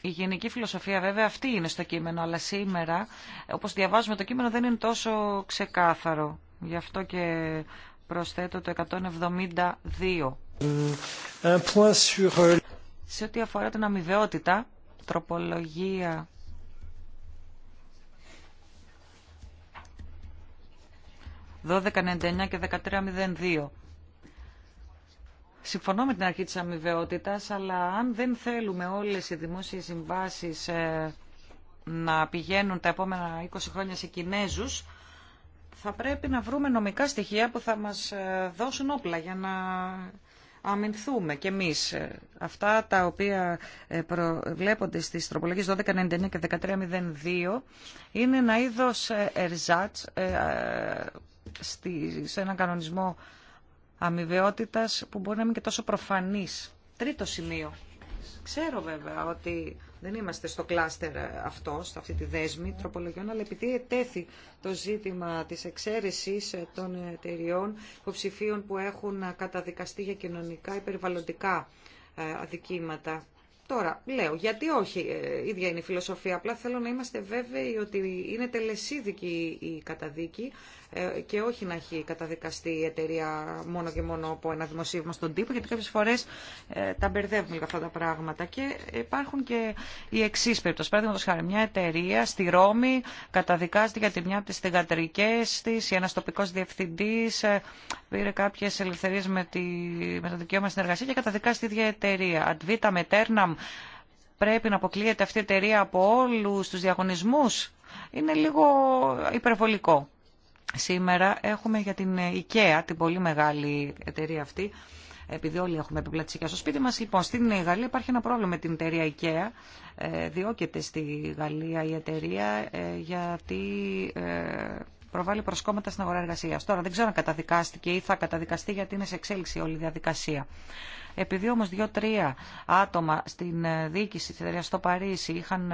Η γενική φιλοσοφία βέβαια αυτή είναι στο κείμενο, αλλά σήμερα όπως διαβάζουμε το κείμενο δεν είναι τόσο ξεκάθαρο. Γι' αυτό και προσθέτω το 172 Euh, σε ό,τι αφορά την αμοιβαιότητα, τροπολογία ...1299 και 1302. Συμφωνώ με την αρχή της αμοιβαιότητας, αλλά αν δεν θέλουμε όλες οι δημόσιες συμβάσεις ε, να πηγαίνουν τα επόμενα 20 χρόνια σε Κινέζους, θα πρέπει να βρούμε νομικά στοιχεία που θα μας ε, δώσουν όπλα για να αμυνθούμε κι εμείς ε, αυτά τα οποία ε, βλέπονται στις τροπολογίες 1299 και 1302 είναι ένα είδος ε, ερζάτ σε έναν κανονισμό αμοιβαιότητας που μπορεί να μην και τόσο προφανής. Τρίτο σημείο. Ξέρω βέβαια ότι δεν είμαστε στο κλάστερ αυτό, σε αυτή τη δέσμη τροπολογιών, αλλά επειδή ετέθη το ζήτημα της εξαίρεσης των εταιριών υποψηφίων που έχουν καταδικαστεί για κοινωνικά ή περιβαλλοντικά ε, αδικήματα. Τώρα, λέω, γιατί όχι, η ε, ίδια είναι η φιλοσοφία, απλά θέλω να είμαστε βέβαιοι ότι είναι τελεσίδικη η καταδίκη, ε, και όχι να έχει καταδικαστεί η εταιρεία μόνο και μόνο από ένα δημοσίευμα στον τύπο, γιατί κάποιε φορέ ε, τα μπερδεύουμε για αυτά τα πράγματα. Και υπάρχουν και οι εξή περιπτώσει. Παραδείγματο χάρη, μια εταιρεία στη Ρώμη καταδικάζεται για μια από τι θηγατρικέ τη, ή ένα τοπικό διευθυντή ε, πήρε κάποιε ελευθερίε με, τη... με το δικαίωμα συνεργασία και καταδικάστηκε η ίδια εταιρεία. Αντβίτα με τέρναμ πρέπει να αποκλείεται αυτή η εταιρεία από όλου του διαγωνισμού. είναι λίγο υπερβολικό σήμερα έχουμε για την IKEA, την πολύ μεγάλη εταιρεία αυτή, επειδή όλοι έχουμε επιπλατήσει στο σπίτι μας. Λοιπόν, στην Γαλλία υπάρχει ένα πρόβλημα με την εταιρεία IKEA. Ε, διώκεται στη Γαλλία η εταιρεία ε, γιατί ε, προβάλλει προσκόμματα στην αγορά εργασία. Τώρα δεν ξέρω αν καταδικάστηκε ή θα καταδικαστεί γιατί είναι σε εξέλιξη όλη η διαδικασία. Επειδή όμω δύο-τρία άτομα στην διοίκηση τη εταιρείας στο Παρίσι είχαν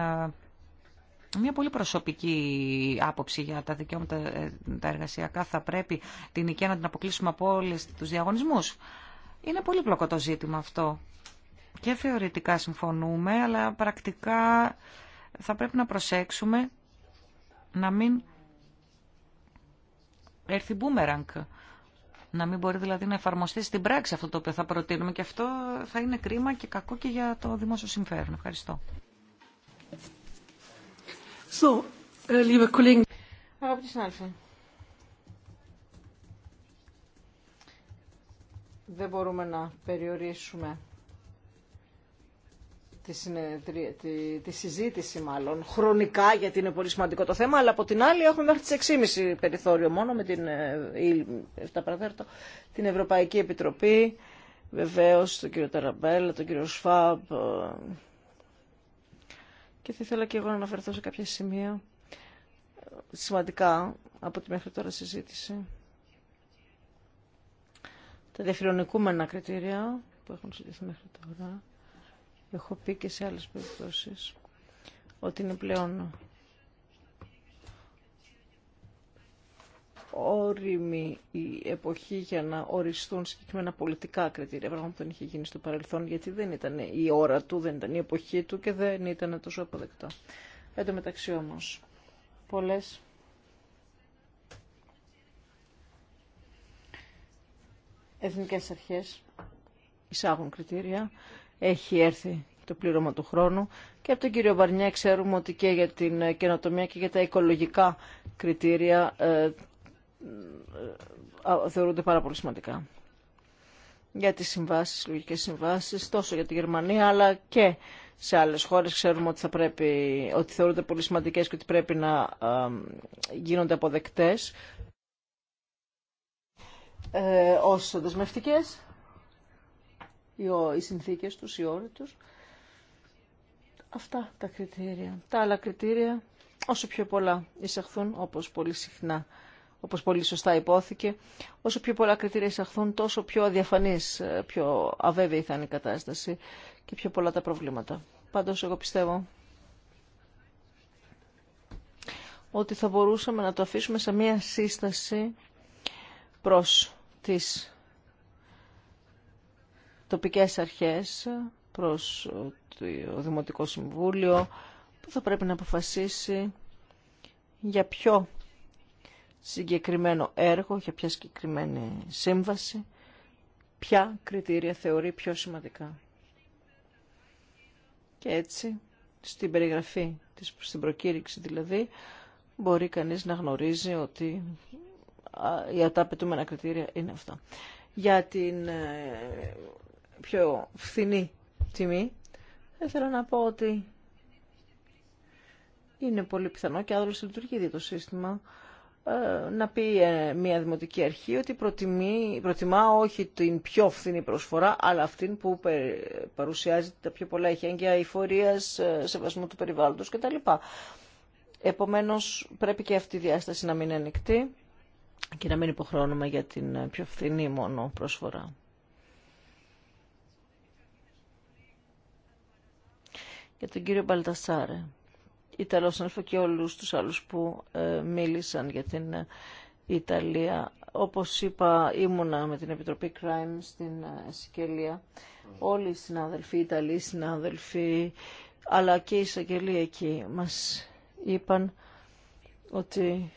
μια πολύ προσωπική άποψη για τα δικαιώματα ε, τα εργασιακά θα πρέπει την οικία να την αποκλείσουμε από όλες τους διαγωνισμούς. Είναι πολύ πλοκό το ζήτημα αυτό. Και θεωρητικά συμφωνούμε, αλλά πρακτικά θα πρέπει να προσέξουμε να μην έρθει μπούμεραγκ. Να μην μπορεί δηλαδή να εφαρμοστεί στην πράξη αυτό το οποίο θα προτείνουμε και αυτό θα είναι κρίμα και κακό και για το δημόσιο συμφέρον. Ευχαριστώ. So, äh, Αγαπητοί συνάδελφοι, δεν μπορούμε να περιορίσουμε τη, τη, συζήτηση μάλλον χρονικά γιατί είναι πολύ σημαντικό το θέμα αλλά από την άλλη έχουμε μέχρι τις 6.30 περιθώριο μόνο με την, ε, την Ευρωπαϊκή Επιτροπή βεβαίως τον κύριο Ταραμπέλα, τον κύριο Σφάμπ ε, και θα ήθελα και εγώ να αναφερθώ σε κάποια σημεία σημαντικά από τη μέχρι τώρα συζήτηση. Τα διαφιλονικούμενα κριτήρια που έχουν συζητηθεί μέχρι τώρα, έχω πει και σε άλλες περιπτώσεις, ότι είναι πλέον όριμη η εποχή για να οριστούν συγκεκριμένα πολιτικά κριτήρια, πράγμα που δεν είχε γίνει στο παρελθόν, γιατί δεν ήταν η ώρα του, δεν ήταν η εποχή του και δεν ήταν τόσο αποδεκτό. Εν τω μεταξύ όμω. πολλές εθνικές αρχές εισάγουν κριτήρια, έχει έρθει το πλήρωμα του χρόνου και από τον κύριο Μπαρνιέ ξέρουμε ότι και για την καινοτομία και για τα οικολογικά κριτήρια ε, θεωρούνται πάρα πολύ σημαντικά για τις συμβάσεις, λογικές συμβάσεις, τόσο για τη Γερμανία αλλά και σε άλλες χώρες ξέρουμε ότι, θα πρέπει, ότι θεωρούνται πολύ σημαντικές και ότι πρέπει να γίνονται αποδεκτές ε, ως δεσμευτικές οι, οι συνθήκες τους, οι όροι τους. Αυτά τα κριτήρια. Τα άλλα κριτήρια, όσο πιο πολλά εισαχθούν, όπως πολύ συχνά όπως πολύ σωστά υπόθηκε, όσο πιο πολλά κριτήρια εισαχθούν, τόσο πιο αδιαφανής, ε, πιο αβέβαιη θα είναι η κατάσταση και πιο πολλά τα προβλήματα. Πάντως, εγώ πιστεύω ότι θα μπορούσαμε να το αφήσουμε σε μία σύσταση προς τις τοπικές αρχές, προς το Δημοτικό Συμβούλιο, που θα πρέπει να αποφασίσει για ποιο συγκεκριμένο έργο, για ποια συγκεκριμένη σύμβαση, ποια κριτήρια θεωρεί πιο σημαντικά. Και έτσι, στην περιγραφή, στην προκήρυξη δηλαδή, μπορεί κανείς να γνωρίζει ότι οι ατάπετούμενα κριτήρια είναι αυτά. Για την ε, πιο φθηνή τιμή, θα ήθελα να πω ότι είναι πολύ πιθανό και άλλο λειτουργεί το σύστημα ε, να πει ε, μια δημοτική αρχή ότι προτιμεί, προτιμά όχι την πιο φθηνή προσφορά, αλλά αυτήν που παρουσιάζει τα πιο πολλά ειχέγγυα σε σεβασμού του περιβάλλοντος κτλ. Επομένως, πρέπει και αυτή η διάσταση να μην είναι ανοιχτή και να μην υποχρόνουμε για την ε, πιο φθηνή μόνο προσφορά. Για τον κύριο Μπαλτασάρε. Ιταλό συνάδελφο και όλους τους άλλους που ε, μίλησαν για την ε, Ιταλία. Όπως είπα, ήμουνα με την Επιτροπή Crime στην ε, Σικελία. Όλοι οι συνάδελφοι, οι Ιταλοί συνάδελφοι, αλλά και η Σικελία εκεί μας είπαν ότι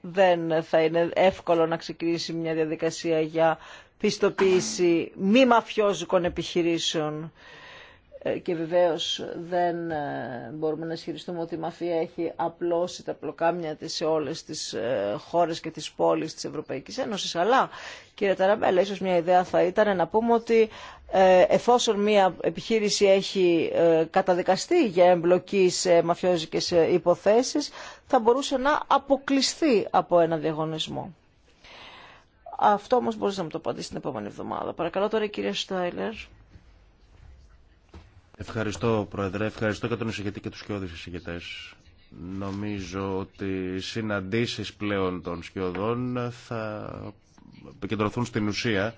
δεν θα είναι εύκολο να ξεκινήσει μια διαδικασία για πιστοποίηση μη μαφιόζικων επιχειρήσεων ε, και βεβαίως δεν ε, μπορούμε να ισχυριστούμε ότι η μαφία έχει απλώσει τα πλοκάμια της σε όλες τις ε, χώρες και τις πόλεις της Ευρωπαϊκής Ένωσης. Αλλά, κύριε Ταραμπέλα, ίσως μια ιδέα θα ήταν να πούμε ότι εφόσον μια επιχείρηση έχει καταδικαστεί για εμπλοκή σε μαφιόζικες υποθέσεις, θα μπορούσε να αποκλειστεί από ένα διαγωνισμό. Αυτό όμως μπορεί να μου το απαντήσει την επόμενη εβδομάδα. Παρακαλώ τώρα η κυρία Στάιλερ. Ευχαριστώ Πρόεδρε, ευχαριστώ και τον εισηγητή και τους σκιώδης εισηγητές. Νομίζω ότι οι συναντήσεις πλέον των σκιωδών θα επικεντρωθούν στην ουσία.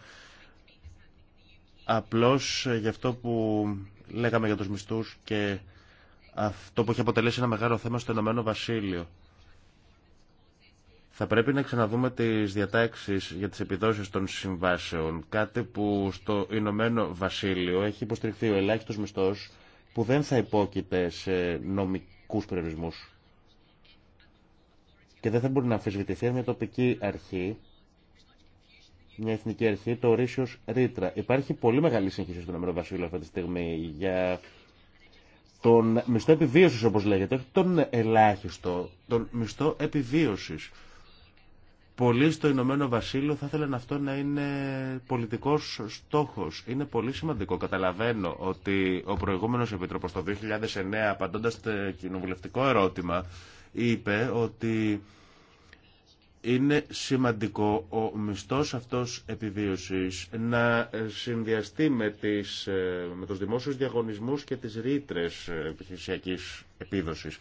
Απλώς γι' αυτό που λέγαμε για τους μισθούς και αυτό που έχει αποτελέσει ένα μεγάλο θέμα στο Ηνωμένο Βασίλειο. Θα πρέπει να ξαναδούμε τις διατάξεις για τις επιδόσεις των συμβάσεων, κάτι που στο Ηνωμένο Βασίλειο έχει υποστηριχθεί ο ελάχιστος μισθός που δεν θα υπόκειται σε νομικούς περιορισμούς. Και δεν θα μπορεί να αμφισβητηθεί μια τοπική αρχή, μια εθνική αρχή, το ορίσιο ρήτρα. Υπάρχει πολύ μεγάλη σύγχυση στον Ηνωμένο Βασίλειο αυτή τη στιγμή για τον μισθό επιβίωσης όπως λέγεται, όχι τον ελάχιστο, τον μισθό επιβίωσης πολύ στο Ηνωμένο Βασίλειο θα ήθελαν αυτό να είναι πολιτικός στόχος. Είναι πολύ σημαντικό. Καταλαβαίνω ότι ο προηγούμενος Επίτροπος το 2009, απαντώντας στο κοινοβουλευτικό ερώτημα, είπε ότι είναι σημαντικό ο μισθός αυτός επιβίωσης να συνδυαστεί με, τις, ε, με τους δημόσιους διαγωνισμούς και τις ρήτρε επιχειρησιακής επίδοσης.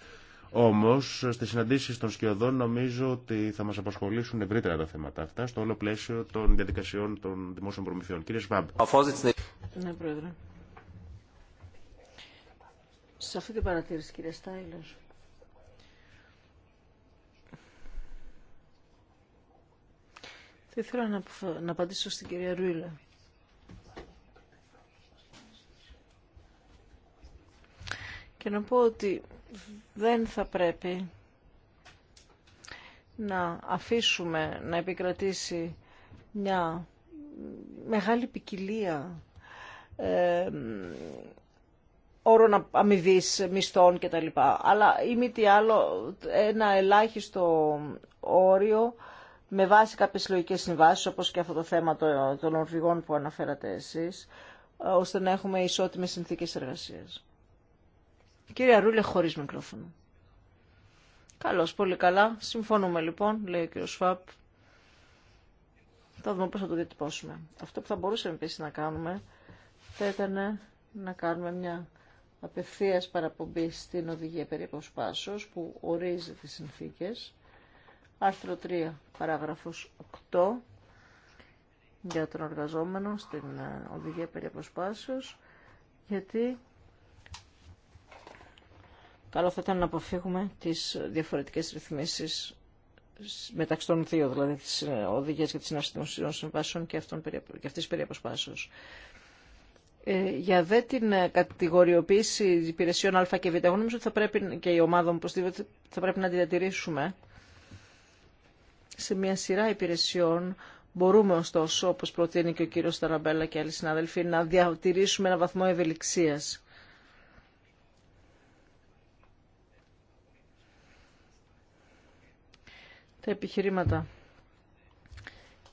Όμως, στις συναντήσεις των σκιωδών νομίζω ότι θα μας απασχολήσουν ευρύτερα τα θέματα αυτά στο όλο πλαίσιο των διαδικασιών των δημόσιων προμηθειών. Κύριε Σβάμπ. Ναι, Πρόεδρε. Σε αυτή την παρατήρηση, κύριε Στάιλος. Θα ήθελα να, να απαντήσω στην κυρία Ρούιλα. Και να πω ότι δεν θα πρέπει να αφήσουμε να επικρατήσει μια μεγάλη ποικιλία ε, όρων αμοιβή μισθών κτλ. Αλλά ή μη τι άλλο, ένα ελάχιστο όριο με βάση κάποιες λογικές συμβάσεις, όπως και αυτό το θέμα των ορφηγών που αναφέρατε εσείς, ε, ώστε να έχουμε ισότιμες συνθήκες εργασίας. Κύριε Αρούλε χωρίς μικρόφωνο. Καλώς, πολύ καλά. Συμφωνούμε λοιπόν, λέει ο κύριο Σφάπ. Θα δούμε πώς θα το διατυπώσουμε. Αυτό που θα μπορούσαμε επίση να κάνουμε θα ήταν να κάνουμε μια απευθείας παραπομπή στην οδηγία περί που ορίζει τις συνθήκες. Άρθρο 3, παράγραφος 8 για τον εργαζόμενο στην ε, οδηγία περί γιατί καλό θα ήταν να αποφύγουμε τις διαφορετικές ρυθμίσεις μεταξύ των δύο, δηλαδή τις ε, οδηγίες για τις συνάψεις των συμβάσεων και, αυτών, και αυτής περί αποσπάσεως. Ε, για δε την ε, κατηγοριοποίηση υπηρεσιών Α και Β, εγώ νομίζω ότι θα πρέπει και η ομάδα μου προστίβεται θα πρέπει να τη διατηρήσουμε σε μια σειρά υπηρεσιών Μπορούμε ωστόσο, όπως προτείνει και ο κύριος Σταραμπέλα και άλλοι συνάδελφοι, να διατηρήσουμε ένα βαθμό ευελιξίας τα επιχειρήματα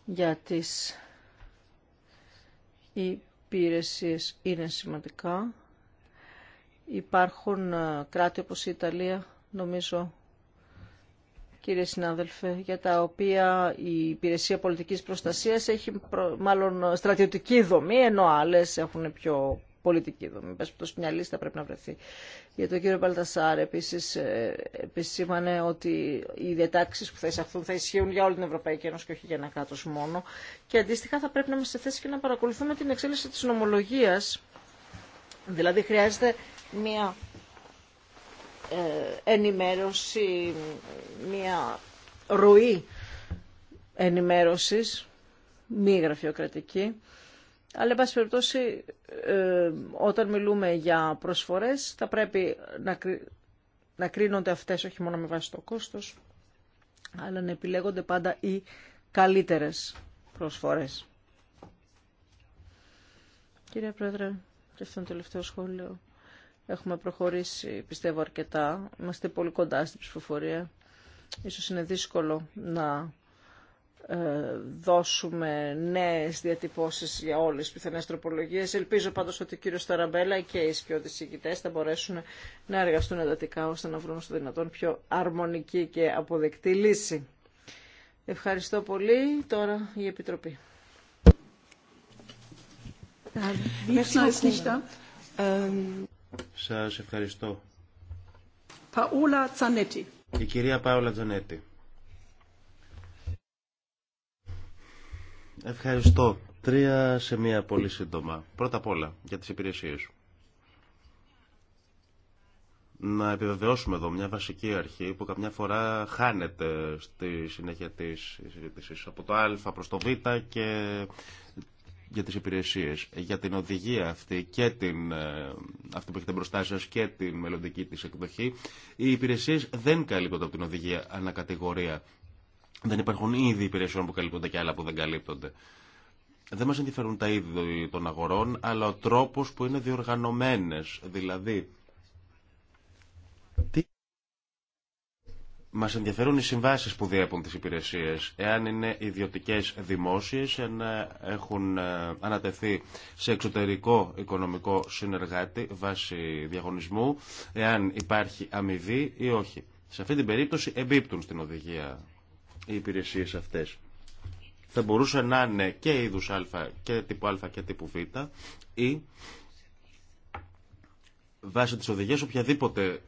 για τις υπηρεσίες είναι σημαντικά. Υπάρχουν ε, κράτη όπως η Ιταλία, νομίζω, κύριε συνάδελφε, για τα οποία η υπηρεσία πολιτικής προστασίας έχει μάλλον ε, στρατιωτική δομή, ενώ άλλες έχουν πιο πολιτική δομή. Πες μια λίστα πρέπει να βρεθεί. Για τον κύριο Παλτασάρ επίσης ε, επισήμανε ότι οι διατάξεις που θα εισαχθούν θα ισχύουν για όλη την Ευρωπαϊκή Ένωση και όχι για ένα κράτος μόνο. Και αντίστοιχα θα πρέπει να είμαστε σε θέση και να παρακολουθούμε την εξέλιξη της νομολογίας. Δηλαδή χρειάζεται μια ε, ενημέρωση, μια ροή ενημέρωσης, μη γραφειοκρατική, αλλά, εν πάση περιπτώσει, ε, όταν μιλούμε για προσφορές, θα πρέπει να, να κρίνονται αυτές όχι μόνο με βάση το κόστος, αλλά να επιλέγονται πάντα οι καλύτερες προσφορές. Κύριε Πρόεδρε, και αυτό είναι το τελευταίο σχόλιο. Έχουμε προχωρήσει, πιστεύω, αρκετά. Είμαστε πολύ κοντά στην ψηφοφορία. Ίσως είναι δύσκολο να ε, δώσουμε νέες διατυπώσεις για όλες τις πιθανές τροπολογίες. Ελπίζω πάντως ότι ο κύριος Ταραμπέλα και οι σκιώδεις συγκητές θα μπορέσουν να εργαστούν εντατικά ώστε να βρούμε στο δυνατόν πιο αρμονική και αποδεκτή λύση. Ευχαριστώ πολύ. Τώρα η Επιτροπή. Σας ευχαριστώ. Η κυρία Πάολα Τζανέτη. Ευχαριστώ. Τρία σε μία πολύ σύντομα. Πρώτα απ' όλα για τις υπηρεσίες. Να επιβεβαιώσουμε εδώ μια βασική αρχή που καμιά φορά χάνεται στη συνέχεια της συζήτηση από το α προς το β και για τις υπηρεσίες, για την οδηγία αυτή και την, ε, αυτή που έχετε μπροστά σας και την μελλοντική της εκδοχή. Οι υπηρεσίες δεν καλύπτονται από την οδηγία ανακατηγορία δεν υπάρχουν ήδη υπηρεσιών που καλύπτονται και άλλα που δεν καλύπτονται. Δεν μας ενδιαφέρουν τα είδη των αγορών, αλλά ο τρόπος που είναι διοργανωμένε. Δηλαδή, τι... μας ενδιαφέρουν οι συμβάσει που διέπουν τι υπηρεσίες. Εάν είναι ιδιωτικέ δημόσιες, εάν ε, έχουν ε, ανατεθεί σε εξωτερικό οικονομικό συνεργάτη βάσει διαγωνισμού, εάν υπάρχει αμοιβή ή όχι. Σε αυτή την περίπτωση εμπίπτουν στην οδηγία οι υπηρεσίες αυτές. Θα μπορούσε να είναι και είδους α και τύπου α και τύπου β ή βάσει της οδηγίας οποιαδήποτε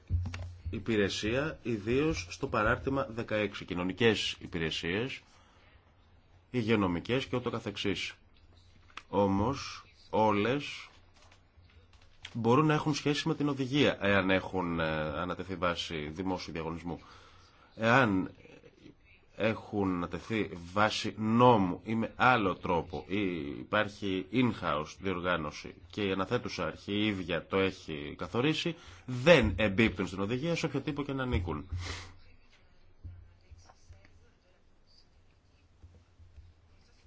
υπηρεσία, ιδίως στο παράρτημα 16, κοινωνικές υπηρεσίες, υγειονομικές και ούτω καθεξής. Όμως όλες μπορούν να έχουν σχέση με την οδηγία, εάν έχουν ε, ανατεθεί βάση δημόσιου διαγωνισμού. Εάν έχουν να τεθεί βάση νόμου ή με άλλο τρόπο ή υπάρχει in-house διοργάνωση και η αναθέτουσα αρχή η ίδια το έχει καθορίσει, δεν εμπίπτουν στην οδηγία σε όποιο τύπο και να ανήκουν.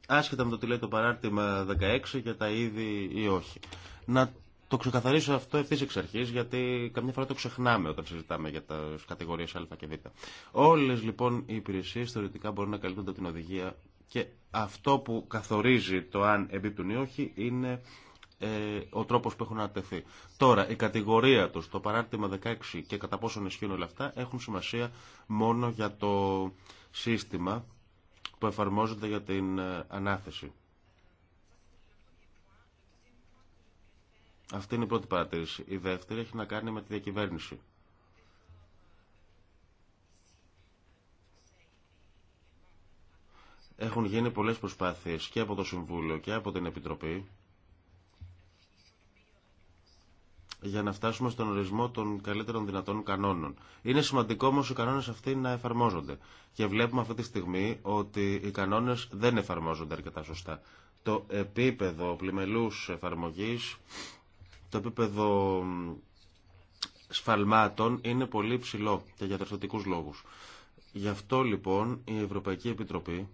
Άσχετα με το τι λέει το παράρτημα 16 για τα είδη ή όχι. Να το ξεκαθαρίσω αυτό επίση εξ αρχή, γιατί καμιά φορά το ξεχνάμε όταν συζητάμε για τι κατηγορίε Α και Β. Όλε λοιπόν οι υπηρεσίε θεωρητικά μπορούν να καλύπτονται την οδηγία και αυτό που καθορίζει το αν εμπίπτουν ή όχι είναι ε, ο τρόπο που έχουν ανατεθεί. Τώρα, η κατηγορία του, το παράρτημα 16 και κατά πόσον ισχύουν όλα αυτά έχουν σημασία μόνο για το σύστημα που εφαρμόζεται για την ε, ανάθεση. Αυτή είναι η πρώτη παρατήρηση. Η δεύτερη έχει να κάνει με τη διακυβέρνηση. Έχουν γίνει πολλές προσπάθειες και από το Συμβούλιο και από την Επιτροπή για να φτάσουμε στον ορισμό των καλύτερων δυνατών κανόνων. Είναι σημαντικό όμως οι κανόνες αυτοί να εφαρμόζονται. Και βλέπουμε αυτή τη στιγμή ότι οι κανόνες δεν εφαρμόζονται αρκετά σωστά. Το επίπεδο πλημελούς εφαρμογής το επίπεδο σφαλμάτων είναι πολύ ψηλό και για τερθωτικούς λόγους. Γι' αυτό λοιπόν η Ευρωπαϊκή Επιτροπή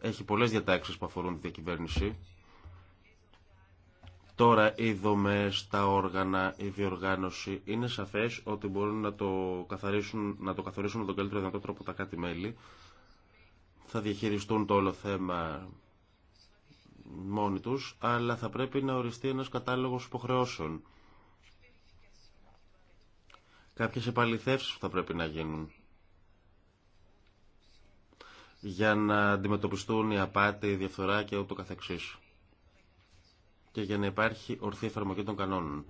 έχει πολλές διατάξεις που αφορούν τη διακυβέρνηση. Τώρα οι δομές, τα όργανα, η διοργάνωση είναι σαφές ότι μπορούν να το καθαρίσουν, να το καθορίσουν με τον καλύτερο δυνατό τρόπο τα κάτι μέλη. Θα διαχειριστούν το όλο θέμα μόνοι τους, αλλά θα πρέπει να οριστεί ένας κατάλογος υποχρεώσεων. Κάποιες επαληθεύσεις που θα πρέπει να γίνουν για να αντιμετωπιστούν η απάτη, η διαφθορά και ούτω καθεξής και για να υπάρχει ορθή εφαρμογή των κανόνων.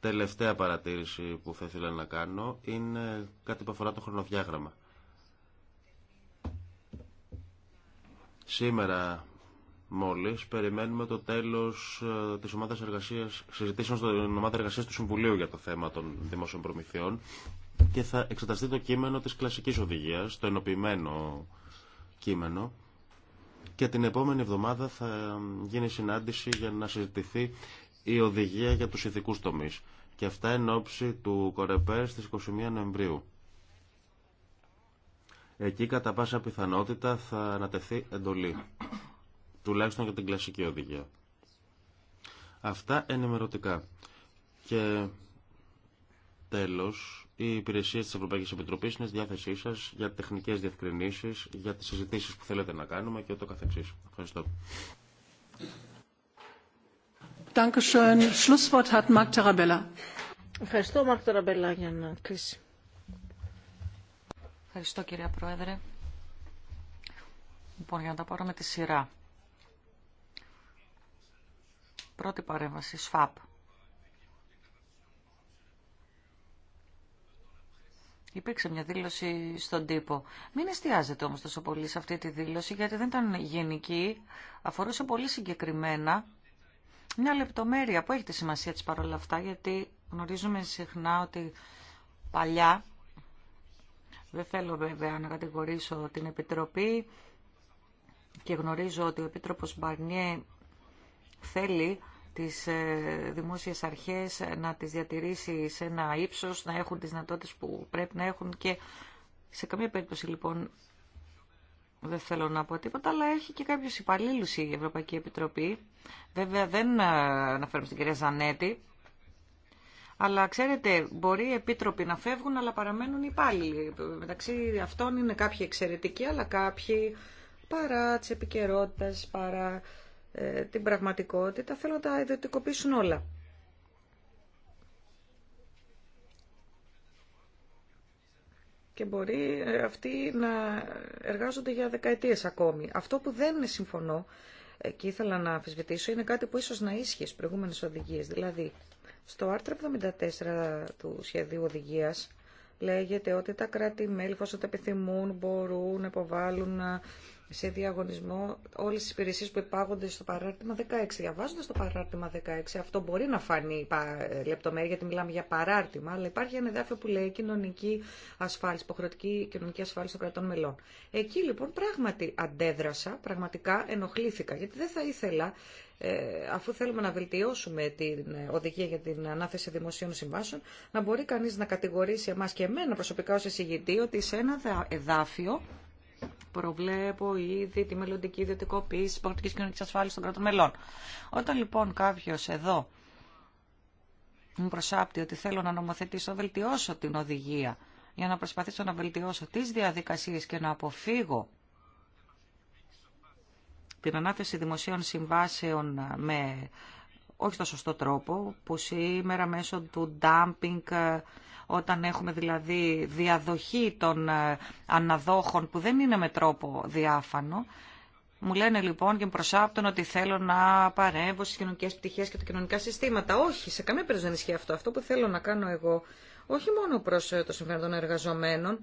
Τελευταία παρατήρηση που θα ήθελα να κάνω είναι κάτι που αφορά το χρονοδιάγραμμα. Σήμερα μόλις περιμένουμε το τέλος ε, της ομάδας εργασίας, συζητήσεων στην ομάδα εργασίας του Συμβουλίου για το θέμα των δημόσιων προμηθειών και θα εξεταστεί το κείμενο της κλασικής οδηγίας, το ενοποιημένο κείμενο και την επόμενη εβδομάδα θα γίνει συνάντηση για να συζητηθεί η οδηγία για τους ηθικούς τομείς και αυτά εν ώψη του Κορεπέρ στις 21 Νοεμβρίου. Εκεί κατά πάσα πιθανότητα θα ανατεθεί εντολή τουλάχιστον για την κλασική οδηγία. Αυτά ενημερωτικά. Και τέλος, οι υπηρεσίε της Ευρωπαϊκής Επιτροπής είναι στη διάθεσή σας για τεχνικές διευκρινήσεις, για τις συζητήσεις που θέλετε να κάνουμε και ούτω καθεξής. Ευχαριστώ. Ευχαριστώ, Μαρκ για να κλείσει. Ευχαριστώ, κυρία Πρόεδρε. Λοιπόν, για να τα πάρω με τη σειρά. Πρώτη παρέμβαση, ΣΦΑΠ. Υπήρξε μια δήλωση στον τύπο. Μην εστιάζετε όμως τόσο πολύ σε αυτή τη δήλωση, γιατί δεν ήταν γενική, αφορούσε πολύ συγκεκριμένα μια λεπτομέρεια που έχει τη σημασία της παρόλα αυτά, γιατί γνωρίζουμε συχνά ότι παλιά, δεν θέλω βέβαια να κατηγορήσω την Επιτροπή και γνωρίζω ότι ο Επίτροπος Μπαρνιέ θέλει τις ε, δημόσιες αρχές να τις διατηρήσει σε ένα ύψος, να έχουν τις δυνατότητες που πρέπει να έχουν και σε καμία περίπτωση λοιπόν δεν θέλω να πω τίποτα, αλλά έχει και κάποιου υπαλλήλου η Ευρωπαϊκή Επιτροπή. Βέβαια δεν ε, αναφέρουμε στην κυρία Ζανέτη. Αλλά ξέρετε, μπορεί οι επίτροποι να φεύγουν, αλλά παραμένουν υπάλληλοι. Μεταξύ αυτών είναι κάποιοι εξαιρετικοί, αλλά κάποιοι παρά τη επικαιρότητα, παρά ε, την πραγματικότητα, θέλω να τα ιδιωτικοποιήσουν όλα. και μπορεί ε, αυτοί να εργάζονται για δεκαετίες ακόμη. Αυτό που δεν συμφωνώ και ήθελα να αφισβητήσω είναι κάτι που ίσως να ίσχυε στις προηγούμενες οδηγίες. Δηλαδή, στο άρθρο 74 του σχεδίου οδηγίας λέγεται ότι τα κράτη-μέλη, όσο τα επιθυμούν, μπορούν να υποβάλουν σε διαγωνισμό όλες τις υπηρεσίες που υπάγονται στο παράρτημα 16. Διαβάζοντα το παράρτημα 16, αυτό μπορεί να φανεί λεπτομέρεια, γιατί μιλάμε για παράρτημα, αλλά υπάρχει ένα εδάφιο που λέει κοινωνική ασφάλιση, υποχρεωτική κοινωνική ασφάλιση των κρατών μελών. Εκεί λοιπόν πράγματι αντέδρασα, πραγματικά ενοχλήθηκα, γιατί δεν θα ήθελα ε, αφού θέλουμε να βελτιώσουμε την οδηγία για την ανάθεση δημοσίων συμβάσεων, να μπορεί κανείς να κατηγορήσει εμάς και εμένα προσωπικά ως εισηγητή ότι σε ένα εδάφιο προβλέπω ήδη τη μελλοντική ιδιωτικοποίηση τη πολιτική κοινωνική ασφάλεια των κρατών μελών. Όταν λοιπόν κάποιο εδώ μου προσάπτει ότι θέλω να νομοθετήσω, βελτιώσω την οδηγία για να προσπαθήσω να βελτιώσω τις διαδικασίες και να αποφύγω την ανάθεση δημοσίων συμβάσεων με όχι στο σωστό τρόπο, που σήμερα μέσω του dumping όταν έχουμε δηλαδή διαδοχή των ε, αναδόχων που δεν είναι με τρόπο διάφανο. Μου λένε λοιπόν και μου προσάπτουν ότι θέλω να παρέμβω στι κοινωνικέ πτυχέ και τα κοινωνικά συστήματα. Όχι, σε καμία περίπτωση δεν ισχύει αυτό. Αυτό που θέλω να κάνω εγώ, όχι μόνο προ ε, το συμφέρον των εργαζομένων,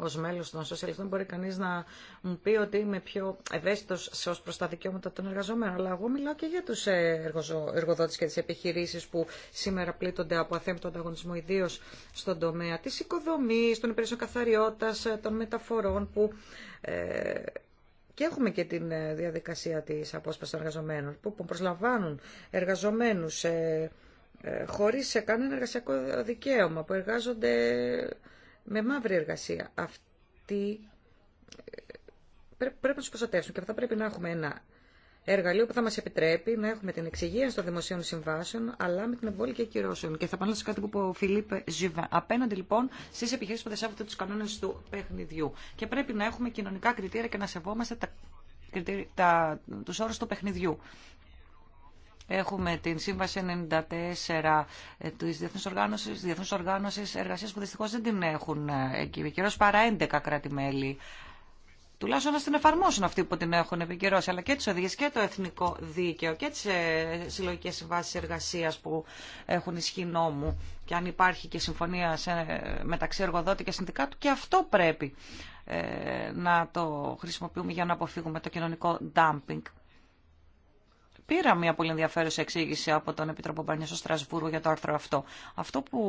ως μέλος των σοσιαλιστών μπορεί κανείς να μου πει ότι είμαι πιο ευαίσθητος σε ως προς τα δικαιώματα των εργαζομένων. Αλλά εγώ μιλάω και για τους ε, εργοδότες και τις επιχειρήσεις που σήμερα πλήττονται από αθέμπτο ανταγωνισμό, ιδίως στον τομέα της οικοδομής, των υπηρεσιών καθαριότητας, ε, των μεταφορών που... Ε, και έχουμε και την ε, διαδικασία της απόσπασης των εργαζομένων που προσλαμβάνουν εργαζομένους ε, ε, χωρίς κανένα εργασιακό δικαίωμα που εργάζονται με μαύρη εργασία. Αυτή ε, πρέπει να του προστατεύσουν και θα πρέπει να έχουμε ένα εργαλείο που θα μας επιτρέπει να έχουμε την εξυγίανση των δημοσίων συμβάσεων αλλά με την εμβόλια και κυρώσεων. Και θα πάνω σε κάτι που είπε ο Φιλίπ Ζιβά. Απέναντι λοιπόν στι επιχειρήσεις που δεσάβονται του τους κανόνες του παιχνιδιού. Και πρέπει να έχουμε κοινωνικά κριτήρια και να σεβόμαστε τα, τα, τους όρους του παιχνιδιού. Έχουμε την Σύμβαση 94 ε, της Διεθνούς Οργάνωσης, Διεθνούς Οργάνωσης Εργασίας που δυστυχώς δεν την έχουν ε, επικυρώσει παρά 11 κράτη-μέλη. Τουλάχιστον να την εφαρμόσουν αυτοί που την έχουν επικυρώσει, αλλά και τι οδηγίε και το εθνικό δίκαιο και τι ε, συλλογικέ συμβάσει εργασία που έχουν ισχύ νόμου και αν υπάρχει και συμφωνία μεταξύ εργοδότη και συνδικάτου και αυτό πρέπει να το χρησιμοποιούμε για να αποφύγουμε το κοινωνικό dumping πήρα μια πολύ ενδιαφέρουσα εξήγηση από τον Επιτρόπο στο Στρασβούργο για το άρθρο αυτό. Αυτό που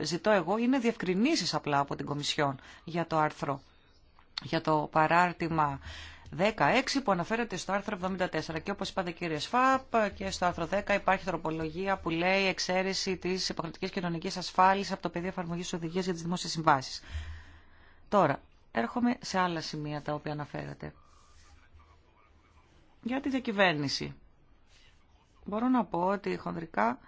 ζητώ εγώ είναι διευκρινήσεις απλά από την Κομισιόν για το άρθρο, για το παράρτημα 16 που αναφέρεται στο άρθρο 74 και όπως είπατε κύριε ΣΦΑΠ και στο άρθρο 10 υπάρχει τροπολογία που λέει εξαίρεση της υποχρεωτικής κοινωνικής ασφάλισης από το πεδίο εφαρμογή οδηγία για τις δημόσιες συμβάσεις. Τώρα, έρχομαι σε άλλα σημεία τα οποία αναφέρατε. Για τη διακυβέρνηση μπορώ να πω ότι χονδρικά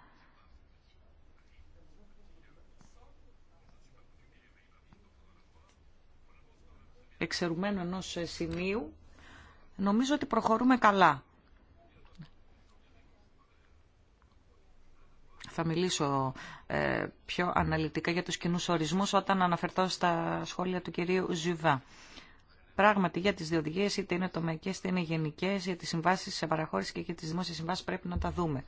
εξαιρουμένου ενός σημείου, νομίζω ότι προχωρούμε καλά. Θα μιλήσω ε, πιο αναλυτικά για τους κοινούς ορισμούς όταν αναφερθώ στα σχόλια του κυρίου Ζιβά πράγματι για τις διοδηγίε, είτε είναι τομεακέ είτε είναι γενικέ, για τις συμβάσει σε παραχώρηση και για τις δημόσιε συμβάσει πρέπει να τα δούμε.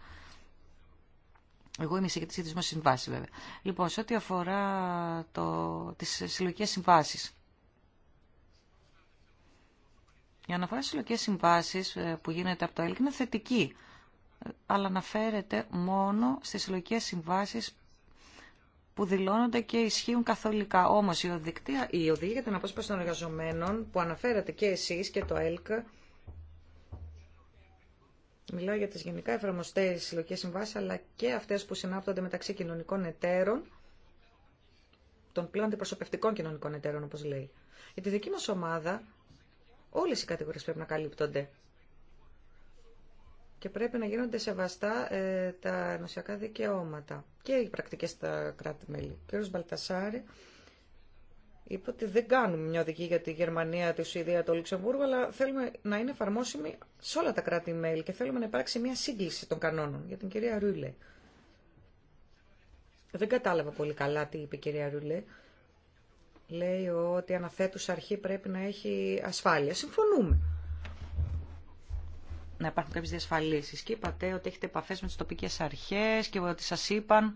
Εγώ είμαι εισηγητής για τις δημόσιε συμβάσεις βέβαια. Λοιπόν, σε ό,τι αφορά το, τις συλλογικές συμβάσεις. Η αναφορά στι συλλογικέ συμβάσει ε, που γίνεται από το ΕΛΚ είναι θετική ε, αλλά αναφέρεται μόνο στι συλλογικέ συμβάσει που δηλώνονται και ισχύουν καθολικά. Όμως η, οδηγία, η οδηγία για την απόσπαση των εργαζομένων που αναφέρατε και εσείς και το ΕΛΚ Μιλάω για τι γενικά εφαρμοστές συλλογικέ συμβάσει, αλλά και αυτές που συνάπτονται μεταξύ κοινωνικών εταίρων, των πλέον αντιπροσωπευτικών κοινωνικών εταίρων, όπως λέει. Για τη δική μας ομάδα, όλες οι κατηγορίες πρέπει να καλύπτονται και πρέπει να γίνονται σεβαστά ε, τα ενωσιακά δικαιώματα και οι πρακτικές στα κράτη-μέλη. Ο κ. Μπαλτασάρη είπε ότι δεν κάνουμε μια οδηγία για τη Γερμανία, τη Σουηδία, το Λουξεμβούργο, αλλά θέλουμε να είναι εφαρμόσιμη σε όλα τα κράτη-μέλη και θέλουμε να υπάρξει μια σύγκληση των κανόνων για την κυρία Ρούλε. Δεν κατάλαβα πολύ καλά τι είπε η κυρία Ρούλε. Λέει ότι αναθέτουσα αρχή πρέπει να έχει ασφάλεια. Συμφωνούμε να υπάρχουν κάποιε διασφαλίσεις. Και είπατε ότι έχετε επαφέ με τι τοπικές αρχές και ότι σας είπαν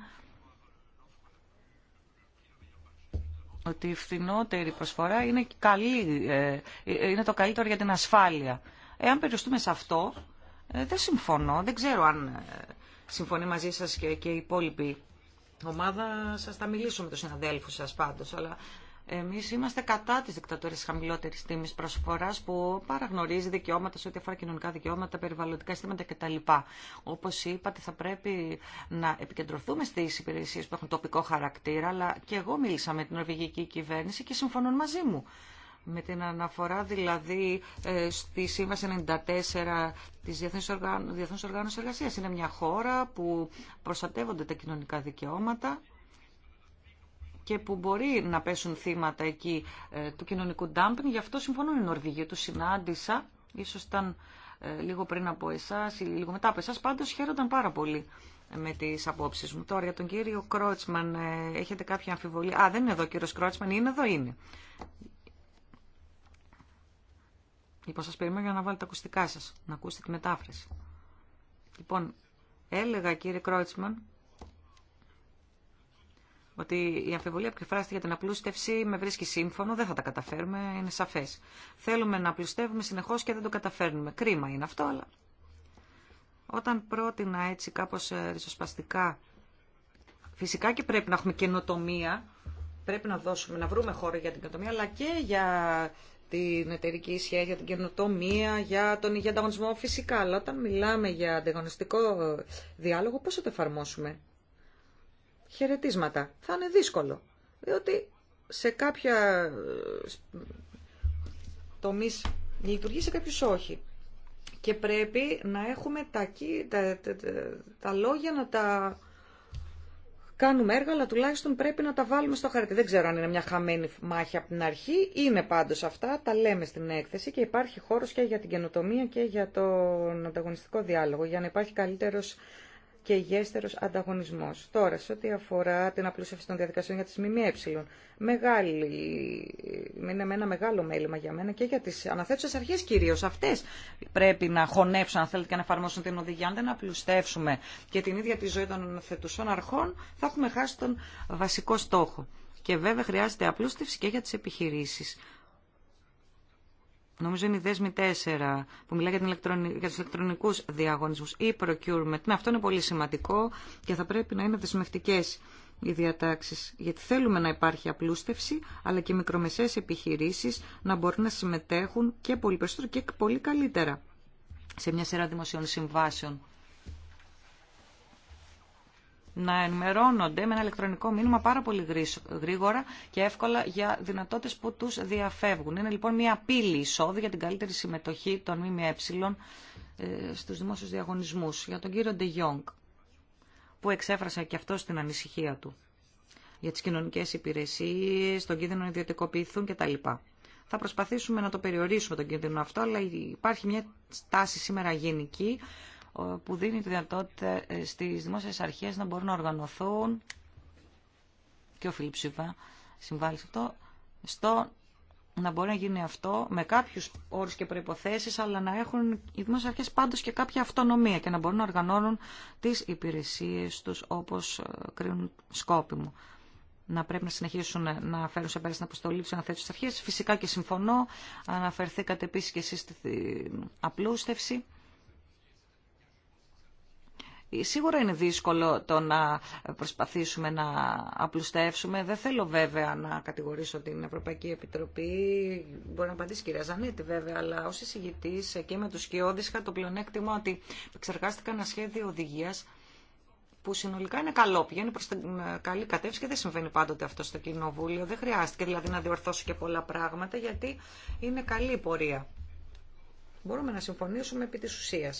ότι η φθηνότερη προσφορά είναι, καλή, ε, είναι το καλύτερο για την ασφάλεια. Εάν περιοριστούμε σε αυτό, ε, δεν συμφωνώ. Δεν ξέρω αν ε, συμφωνεί μαζί σας και, και η υπόλοιπη ομάδα σας. Θα μιλήσω με τους συναδέλφους σας πάντως, αλλά Εμεί είμαστε κατά τη δικτατορία χαμηλότερη χαμηλότερης τίμης προσφοράς που παραγνωρίζει δικαιώματα σε ό,τι αφορά κοινωνικά δικαιώματα, περιβαλλοντικά αισθήματα κτλ. Όπω είπατε θα πρέπει να επικεντρωθούμε στι υπηρεσίε που έχουν τοπικό χαρακτήρα, αλλά και εγώ μίλησα με την νορβηγική κυβέρνηση και συμφωνούν μαζί μου. Με την αναφορά δηλαδή ε, στη Σύμβαση 94 της Διεθνής Οργάνωση εργασία. Οργάνωσης Εργασίας. Είναι μια χώρα που προστατεύονται τα κοινωνικά δικαιώματα και που μπορεί να πέσουν θύματα εκεί ε, του κοινωνικού ντάμπινγκ. Γι' αυτό με οι Νορβηγία. Του συνάντησα, ίσως ήταν ε, λίγο πριν από εσά ή λίγο μετά από εσά πάντως χαίρονταν πάρα πολύ με τι απόψεις μου. Τώρα για τον κύριο Κρότσμαν ε, έχετε κάποια αμφιβολία. Α, δεν είναι εδώ ο κύριο Κρότσμαν, είναι εδώ, είναι. Λοιπόν, σα περιμένω για να βάλετε τα ακουστικά σα να ακούσετε τη μετάφραση. Λοιπόν, έλεγα κύριε Κρότσμαν, ότι η αμφιβολία που εκφράστηκε για την απλούστευση με βρίσκει σύμφωνο, δεν θα τα καταφέρουμε, είναι σαφέ. Θέλουμε να απλουστεύουμε συνεχώ και δεν το καταφέρνουμε. Κρίμα είναι αυτό, αλλά. Όταν πρότεινα έτσι κάπω ε, ριζοσπαστικά, φυσικά και πρέπει να έχουμε καινοτομία, πρέπει να, δώσουμε, να βρούμε χώρο για την καινοτομία, αλλά και για την εταιρική σχέση, για την καινοτομία, για τον για ανταγωνισμό φυσικά. Αλλά όταν μιλάμε για ανταγωνιστικό ε, διάλογο, πώ θα το εφαρμόσουμε χαιρετίσματα. Θα είναι δύσκολο, διότι σε κάποια ε, τομείς λειτουργεί, σε κάποιους όχι. Και πρέπει να έχουμε τα, τα, τα, τα λόγια να τα κάνουμε έργα, αλλά τουλάχιστον πρέπει να τα βάλουμε στο χαρτί. Δεν ξέρω αν είναι μια χαμένη μάχη από την αρχή. Είναι πάντως αυτά, τα λέμε στην έκθεση και υπάρχει χώρος και για την καινοτομία και για τον ανταγωνιστικό διάλογο, για να υπάρχει καλύτερος και γέστερος ανταγωνισμός. Τώρα, σε ό,τι αφορά την απλούσευση των διαδικασιών για τις ΜΜΕ, μεγάλη, είναι με ένα μεγάλο μέλημα για μένα και για τις αναθέτουσες αρχές κυρίως. Αυτές πρέπει να χωνέψουν, αν θέλετε, και να εφαρμόσουν την οδηγία. Αν δεν απλουστεύσουμε και την ίδια τη ζωή των αναθετουσών αρχών, θα έχουμε χάσει τον βασικό στόχο. Και βέβαια χρειάζεται απλούστευση και για τις επιχειρήσεις. Νομίζω είναι η δέσμη 4 που μιλάει για, για τους ηλεκτρονικούς διαγωνισμούς ή procurement. Ναι, αυτό είναι πολύ σημαντικό και θα πρέπει να είναι δεσμευτικέ οι διατάξει, Γιατί θέλουμε να υπάρχει απλούστευση, αλλά και μικρομεσαίε επιχειρήσει να μπορούν να συμμετέχουν και πολύ περισσότερο και πολύ καλύτερα σε μια σειρά δημοσίων συμβάσεων να ενημερώνονται με ένα ηλεκτρονικό μήνυμα πάρα πολύ γρήγορα και εύκολα για δυνατότητε που τους διαφεύγουν. Είναι λοιπόν μια πύλη εισόδου για την καλύτερη συμμετοχή των ΜΜΕ ε, στους δημόσιους διαγωνισμούς. Για τον κύριο Ντε που εξέφρασε και αυτό στην ανησυχία του για τις κοινωνικέ υπηρεσίες, τον κίνδυνο να ιδιωτικοποιηθούν κτλ. Θα προσπαθήσουμε να το περιορίσουμε τον κίνδυνο αυτό, αλλά υπάρχει μια τάση σήμερα γενική που δίνει τη δυνατότητα ε, στις δημόσιες αρχές να μπορούν να οργανωθούν και ο Φιλίπ Σιβά συμβάλλει σε αυτό, στο να μπορεί να γίνει αυτό με κάποιου όρου και προποθέσει, αλλά να έχουν οι δημόσιε αρχέ πάντω και κάποια αυτονομία και να μπορούν να οργανώνουν τι υπηρεσίε του όπω ε, κρίνουν σκόπιμο. Να πρέπει να συνεχίσουν να φέρουν σε πέρα στην αποστολή του αναθέτου τη αρχέ. Φυσικά και συμφωνώ. Αναφερθήκατε επίση και εσεί στην απλούστευση. Σίγουρα είναι δύσκολο το να προσπαθήσουμε να απλουστεύσουμε. Δεν θέλω βέβαια να κατηγορήσω την Ευρωπαϊκή Επιτροπή. Μπορεί να απαντήσει η κυρία Ζανίτη βέβαια, αλλά ω εισηγητή και με του σκιώδει είχα το πλεονέκτημα ότι εξεργάστηκα ένα σχέδιο οδηγία που συνολικά είναι καλό, πηγαίνει προ την καλή κατεύθυνση και δεν συμβαίνει πάντοτε αυτό στο Κοινοβούλιο. Δεν χρειάστηκε δηλαδή να διορθώσει και πολλά πράγματα γιατί είναι καλή πορεία. Μπορούμε να συμφωνήσουμε επί τη ουσία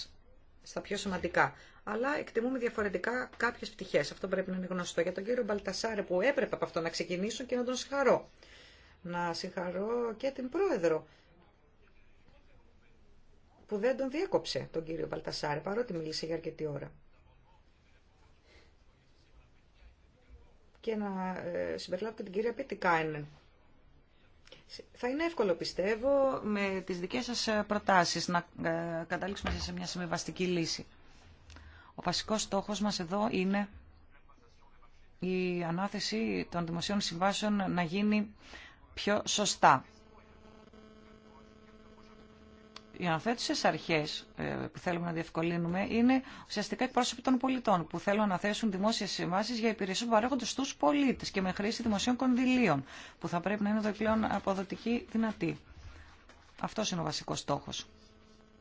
στα πιο σημαντικά αλλά εκτιμούμε διαφορετικά κάποιες πτυχέ. Αυτό πρέπει να είναι γνωστό για τον κύριο Μπαλτασάρε που έπρεπε από αυτό να ξεκινήσω και να τον συγχαρώ. Να συγχαρώ και την πρόεδρο που δεν τον διέκοψε τον κύριο Μπαλτασάρε παρότι μίλησε για αρκετή ώρα. Και να ε, συμπεριλάβω και την κυρία Πίτη Θα είναι εύκολο, πιστεύω, με τις δικές σας ε, προτάσεις να ε, καταλήξουμε σε μια συμβιβαστική λύση. Ο βασικός στόχος μας εδώ είναι η ανάθεση των δημοσίων συμβάσεων να γίνει πιο σωστά. Οι αναθέτουσες αρχές ε, που θέλουμε να διευκολύνουμε είναι ουσιαστικά εκπρόσωποι των πολιτών που θέλουν να θέσουν δημόσιες συμβάσεις για υπηρεσίες που παρέχονται στους πολίτες και με χρήση δημοσίων κονδυλίων που θα πρέπει να είναι το πλέον αποδοτική δυνατή. Αυτό είναι ο βασικό στόχο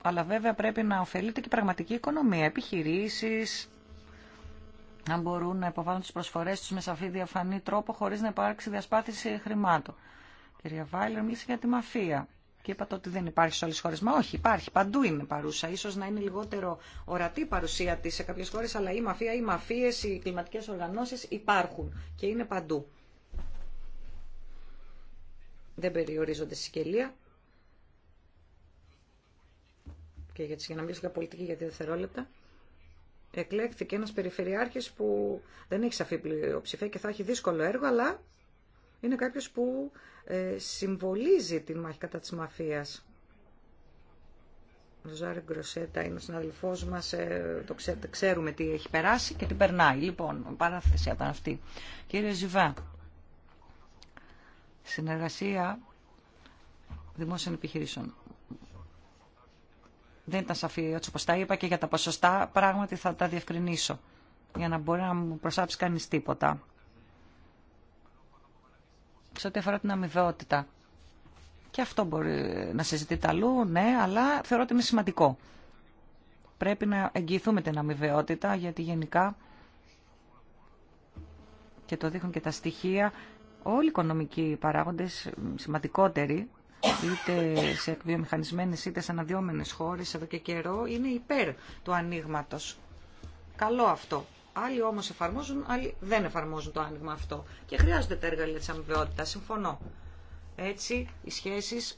αλλά βέβαια πρέπει να ωφελείται και η πραγματική οικονομία. Επιχειρήσει να μπορούν να υποβάλουν τι προσφορέ του με σαφή διαφανή τρόπο χωρί να υπάρξει διασπάθηση χρημάτων. Κυρία Βάιλερ μίλησε για τη μαφία. Και είπατε ότι δεν υπάρχει σε όλε τι χώρε. Μα όχι, υπάρχει. Παντού είναι παρούσα. σω να είναι λιγότερο ορατή η παρουσία τη σε κάποιε χώρε, αλλά η μαφία, οι μαφίε, οι κλιματικέ οργανώσει υπάρχουν και είναι παντού. Δεν περιορίζονται στη και για, για να μιλήσω για πολιτική για τη δευτερόλεπτα, εκλέχθηκε ένας περιφερειάρχης που δεν έχει σαφή πλειοψηφία και θα έχει δύσκολο έργο, αλλά είναι κάποιο που ε, συμβολίζει την μάχη κατά της μαφίας. Ο Ζάρη Γκροσέτα είναι ο συναδελφός μας, ε, το ξέρουμε τι έχει περάσει και τι περνάει. Λοιπόν, παράθεση ήταν αυτή. Κύριε Ζιβά, συνεργασία δημόσιων επιχειρήσεων. Δεν ήταν σαφή, έτσι όπως τα είπα και για τα ποσοστά, πράγματι θα τα διευκρινίσω, για να μπορεί να μου προσάψει κανείς τίποτα. Σε ό,τι αφορά την αμοιβαιότητα. Και αυτό μπορεί να συζητείται αλλού, ναι, αλλά θεωρώ ότι είναι σημαντικό. Πρέπει να εγγυηθούμε την αμοιβαιότητα, γιατί γενικά, και το δείχνουν και τα στοιχεία, όλοι οι οικονομικοί παράγοντες σημαντικότεροι είτε σε βιομηχανισμένες είτε σε αναδυόμενες χώρες εδώ και καιρό είναι υπέρ του ανοίγματο. Καλό αυτό. Άλλοι όμω εφαρμόζουν, άλλοι δεν εφαρμόζουν το άνοιγμα αυτό. Και χρειάζονται τα εργαλεία τη αμοιβαιότητα. συμφωνώ. Έτσι, οι σχέσει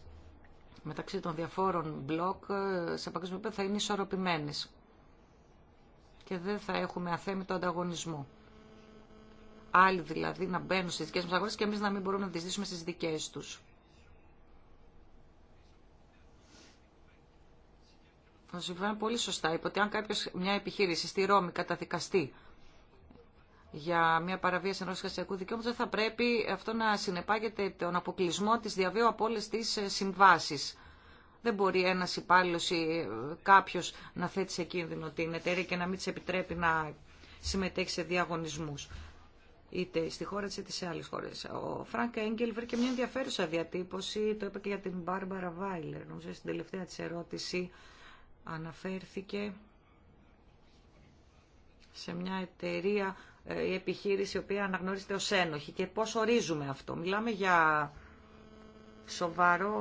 μεταξύ των διαφόρων μπλοκ ε, σε παγκόσμιο επίπεδο θα είναι ισορροπημένε. και δεν θα έχουμε αθέμητο ανταγωνισμό. Άλλοι δηλαδή να μπαίνουν στι δικέ μα αγορέ και εμεί να μην μπορούμε να τι στις δικές Θα Συμφωνώ πολύ σωστά. Είπε ότι αν κάποιος, μια επιχείρηση στη Ρώμη καταδικαστεί για μια παραβίαση ενό εργασιακού δικαιώματο, θα πρέπει αυτό να συνεπάγεται τον αποκλεισμό τη διαβίου από όλε τι ε, συμβάσει. Δεν μπορεί ένα υπάλληλο ή ε, κάποιο να θέτει σε κίνδυνο την εταιρεία και να μην τη επιτρέπει να συμμετέχει σε διαγωνισμού. Είτε στη χώρα της είτε σε άλλες χώρες. Ο Φρανκ Έγγελ βρήκε μια ενδιαφέρουσα διατύπωση, το είπε και για την Μπάρμπαρα Βάιλερ, νομίζω στην τελευταία τη ερώτηση, αναφέρθηκε σε μια εταιρεία ε, η επιχείρηση η οποία αναγνωρίζεται ως ένοχη και πώς ορίζουμε αυτό. Μιλάμε για σοβαρό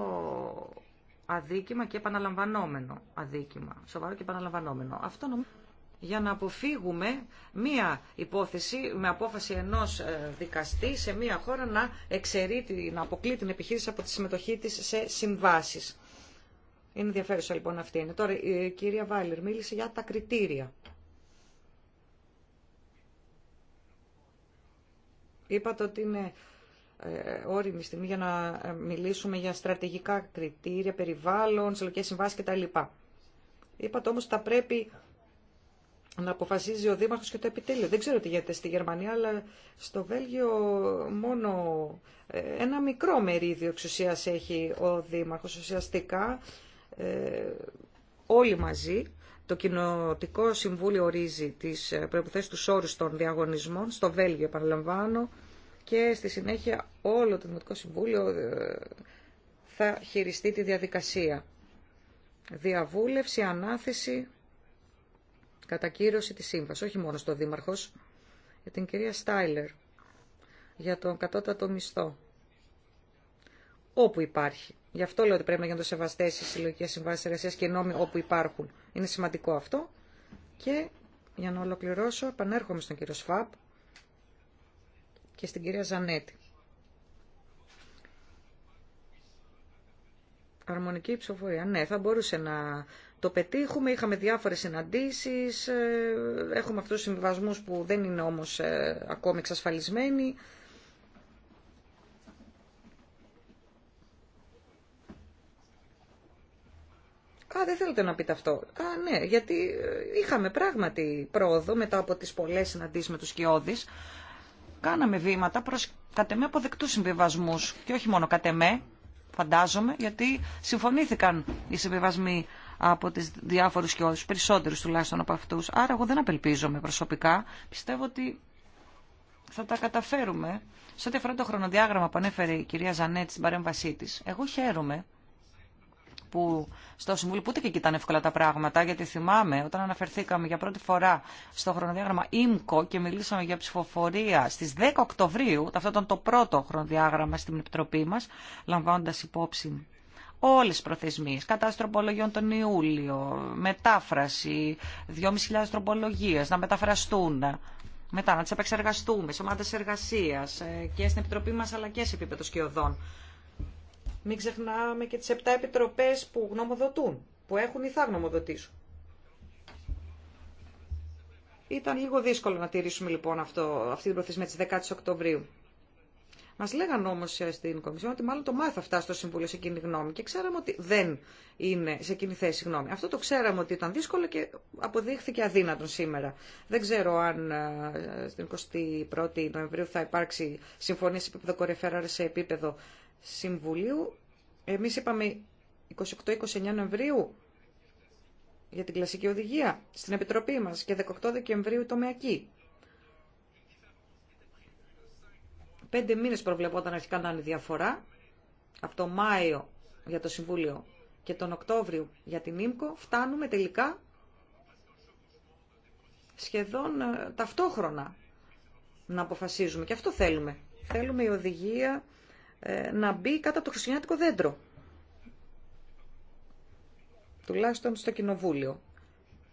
αδίκημα και επαναλαμβανόμενο αδίκημα. Σοβαρό και επαναλαμβανόμενο. Αυτό για να αποφύγουμε μία υπόθεση με απόφαση ενός ε, δικαστή σε μία χώρα να εξαιρεί, να αποκλεί την επιχείρηση από τη συμμετοχή της σε συμβάσεις. Είναι ενδιαφέρουσα λοιπόν αυτή είναι. Τώρα η κυρία Βάιλερ μίλησε για τα κριτήρια. Είπατε ότι είναι ε, όριμη στιγμή για να ε, μιλήσουμε για στρατηγικά κριτήρια, περιβάλλον, συλλογικές συμβάσεις κτλ. Είπατε όμως ότι θα πρέπει να αποφασίζει ο Δήμαρχος και το επιτέλειο. Δεν ξέρω τι γίνεται στη Γερμανία, αλλά στο Βέλγιο μόνο ε, ένα μικρό μερίδιο εξουσίας έχει ο Δήμαρχος. Ουσιαστικά ε, όλοι μαζί. Το Κοινοτικό Συμβούλιο ορίζει τις ε, προϋποθέσεις του όρους των διαγωνισμών, στο Βέλγιο παραλαμβάνω, και στη συνέχεια όλο το Δημοτικό Συμβούλιο ε, θα χειριστεί τη διαδικασία. Διαβούλευση, ανάθεση, κατακύρωση της σύμβασης, όχι μόνο στο Δήμαρχος, για την κυρία Στάιλερ, για τον κατώτατο μισθό όπου υπάρχει. Γι' αυτό λέω ότι πρέπει να γίνονται σεβαστέ οι συλλογικέ συμβάσει εργασία και οι νόμοι όπου υπάρχουν. Είναι σημαντικό αυτό. Και για να ολοκληρώσω, επανέρχομαι στον κύριο Σφαπ και στην κυρία Ζανέτη. Αρμονική ψηφοφορία. Ναι, θα μπορούσε να το πετύχουμε. Είχαμε διάφορες συναντήσεις. Ε, έχουμε αυτούς τους συμβιβασμούς που δεν είναι όμως ε, ακόμη εξασφαλισμένοι. Α, δεν θέλετε να πείτε αυτό. Α, ναι, γιατί ε, είχαμε πράγματι πρόοδο μετά από τις πολλές συναντήσεις με τους Κιώδης. Κάναμε βήματα προς κατεμέ αποδεκτούς συμβιβασμούς και όχι μόνο κατεμέ, φαντάζομαι, γιατί συμφωνήθηκαν οι συμβιβασμοί από τις διάφορους και περισσότερου περισσότερους τουλάχιστον από αυτούς. Άρα εγώ δεν απελπίζομαι προσωπικά. Πιστεύω ότι θα τα καταφέρουμε. Σε ό,τι αφορά το χρονοδιάγραμμα που ανέφερε η κυρία Ζανέτ στην παρέμβασή τη, εγώ χαίρομαι που στο Συμβούλιο που ούτε και εκεί ήταν εύκολα τα πράγματα, γιατί θυμάμαι όταν αναφερθήκαμε για πρώτη φορά στο χρονοδιάγραμμα ΙΜΚΟ και μιλήσαμε για ψηφοφορία στι 10 Οκτωβρίου, αυτό ήταν το πρώτο χρονοδιάγραμμα στην Επιτροπή μα, λαμβάνοντα υπόψη όλε τι προθεσμίε, κατάσταση τροπολογιών τον Ιούλιο, μετάφραση, 2.500 τροπολογίε να μεταφραστούν, μετά να τι επεξεργαστούμε σε ομάδε εργασία ε, και στην Επιτροπή μα αλλά και σε επίπεδο σκιωδών. Μην ξεχνάμε και τις 7 επιτροπές που γνωμοδοτούν, που έχουν ή θα γνωμοδοτήσουν. Ήταν λίγο δύσκολο να τηρήσουμε λοιπόν αυτό, αυτή την προθεσμία της 10 Οκτωβρίου. Μας λέγαν όμως ε, στην Κομισιόν ότι μάλλον το μάθα θα φτάσει στο Συμβούλιο σε εκείνη γνώμη και ξέραμε ότι δεν είναι σε εκείνη θέση γνώμη. Αυτό το ξέραμε ότι ήταν δύσκολο και αποδείχθηκε αδύνατο σήμερα. Δεν ξέρω αν ε, ε, στην 21η Νοεμβρίου θα υπάρξει συμφωνία σε επίπεδο κορυφαίρα σε επίπεδο Συμβουλίου. Εμείς είπαμε 28-29 Νοεμβρίου για την κλασική οδηγία στην Επιτροπή μας και 18 Δεκεμβρίου ΜΕΑΚΙ. Πέντε μήνες προβλεπόταν αρχικά να είναι διαφορά, από το Μάιο για το Συμβούλιο και τον Οκτώβριο για την ΙΜΚΟ, φτάνουμε τελικά σχεδόν ε, ταυτόχρονα να αποφασίζουμε. Και αυτό θέλουμε. Θέλουμε η οδηγία ε, να μπει κάτω από το χριστουγεννιάτικο δέντρο. Τουλάχιστον στο κοινοβούλιο.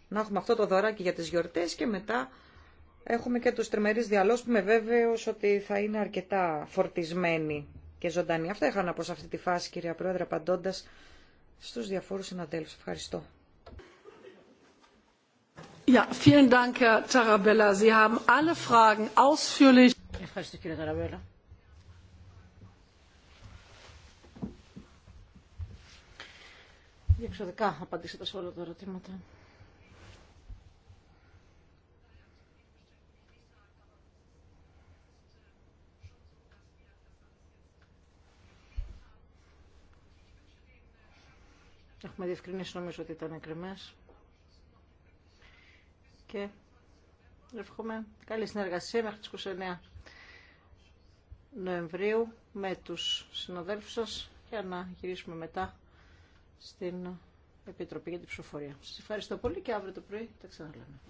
Να έχουμε αυτό το δωράκι για τις γιορτές και μετά έχουμε και τους τριμερείς διαλόγους που με βέβαιος ότι θα είναι αρκετά φορτισμένοι και ζωντανοί. Αυτά είχα να πω σε αυτή τη φάση κυρία Πρόεδρε απαντώντας στους διαφόρους συναντέλους. Ευχαριστώ. vielen Ευχαριστώ κύριε Ταραβέλα. διεξοδικά απαντήσατε σε όλα τα ερωτήματα. Έχουμε διευκρινίσει νομίζω ότι ήταν εκκρεμές. Και εύχομαι καλή συνεργασία μέχρι τις 29 Νοεμβρίου με τους συναδέλφους σας για να γυρίσουμε μετά στην Επιτροπή για την Ψηφοφορία. Σας ευχαριστώ πολύ και αύριο το πρωί τα ξαναλέμε.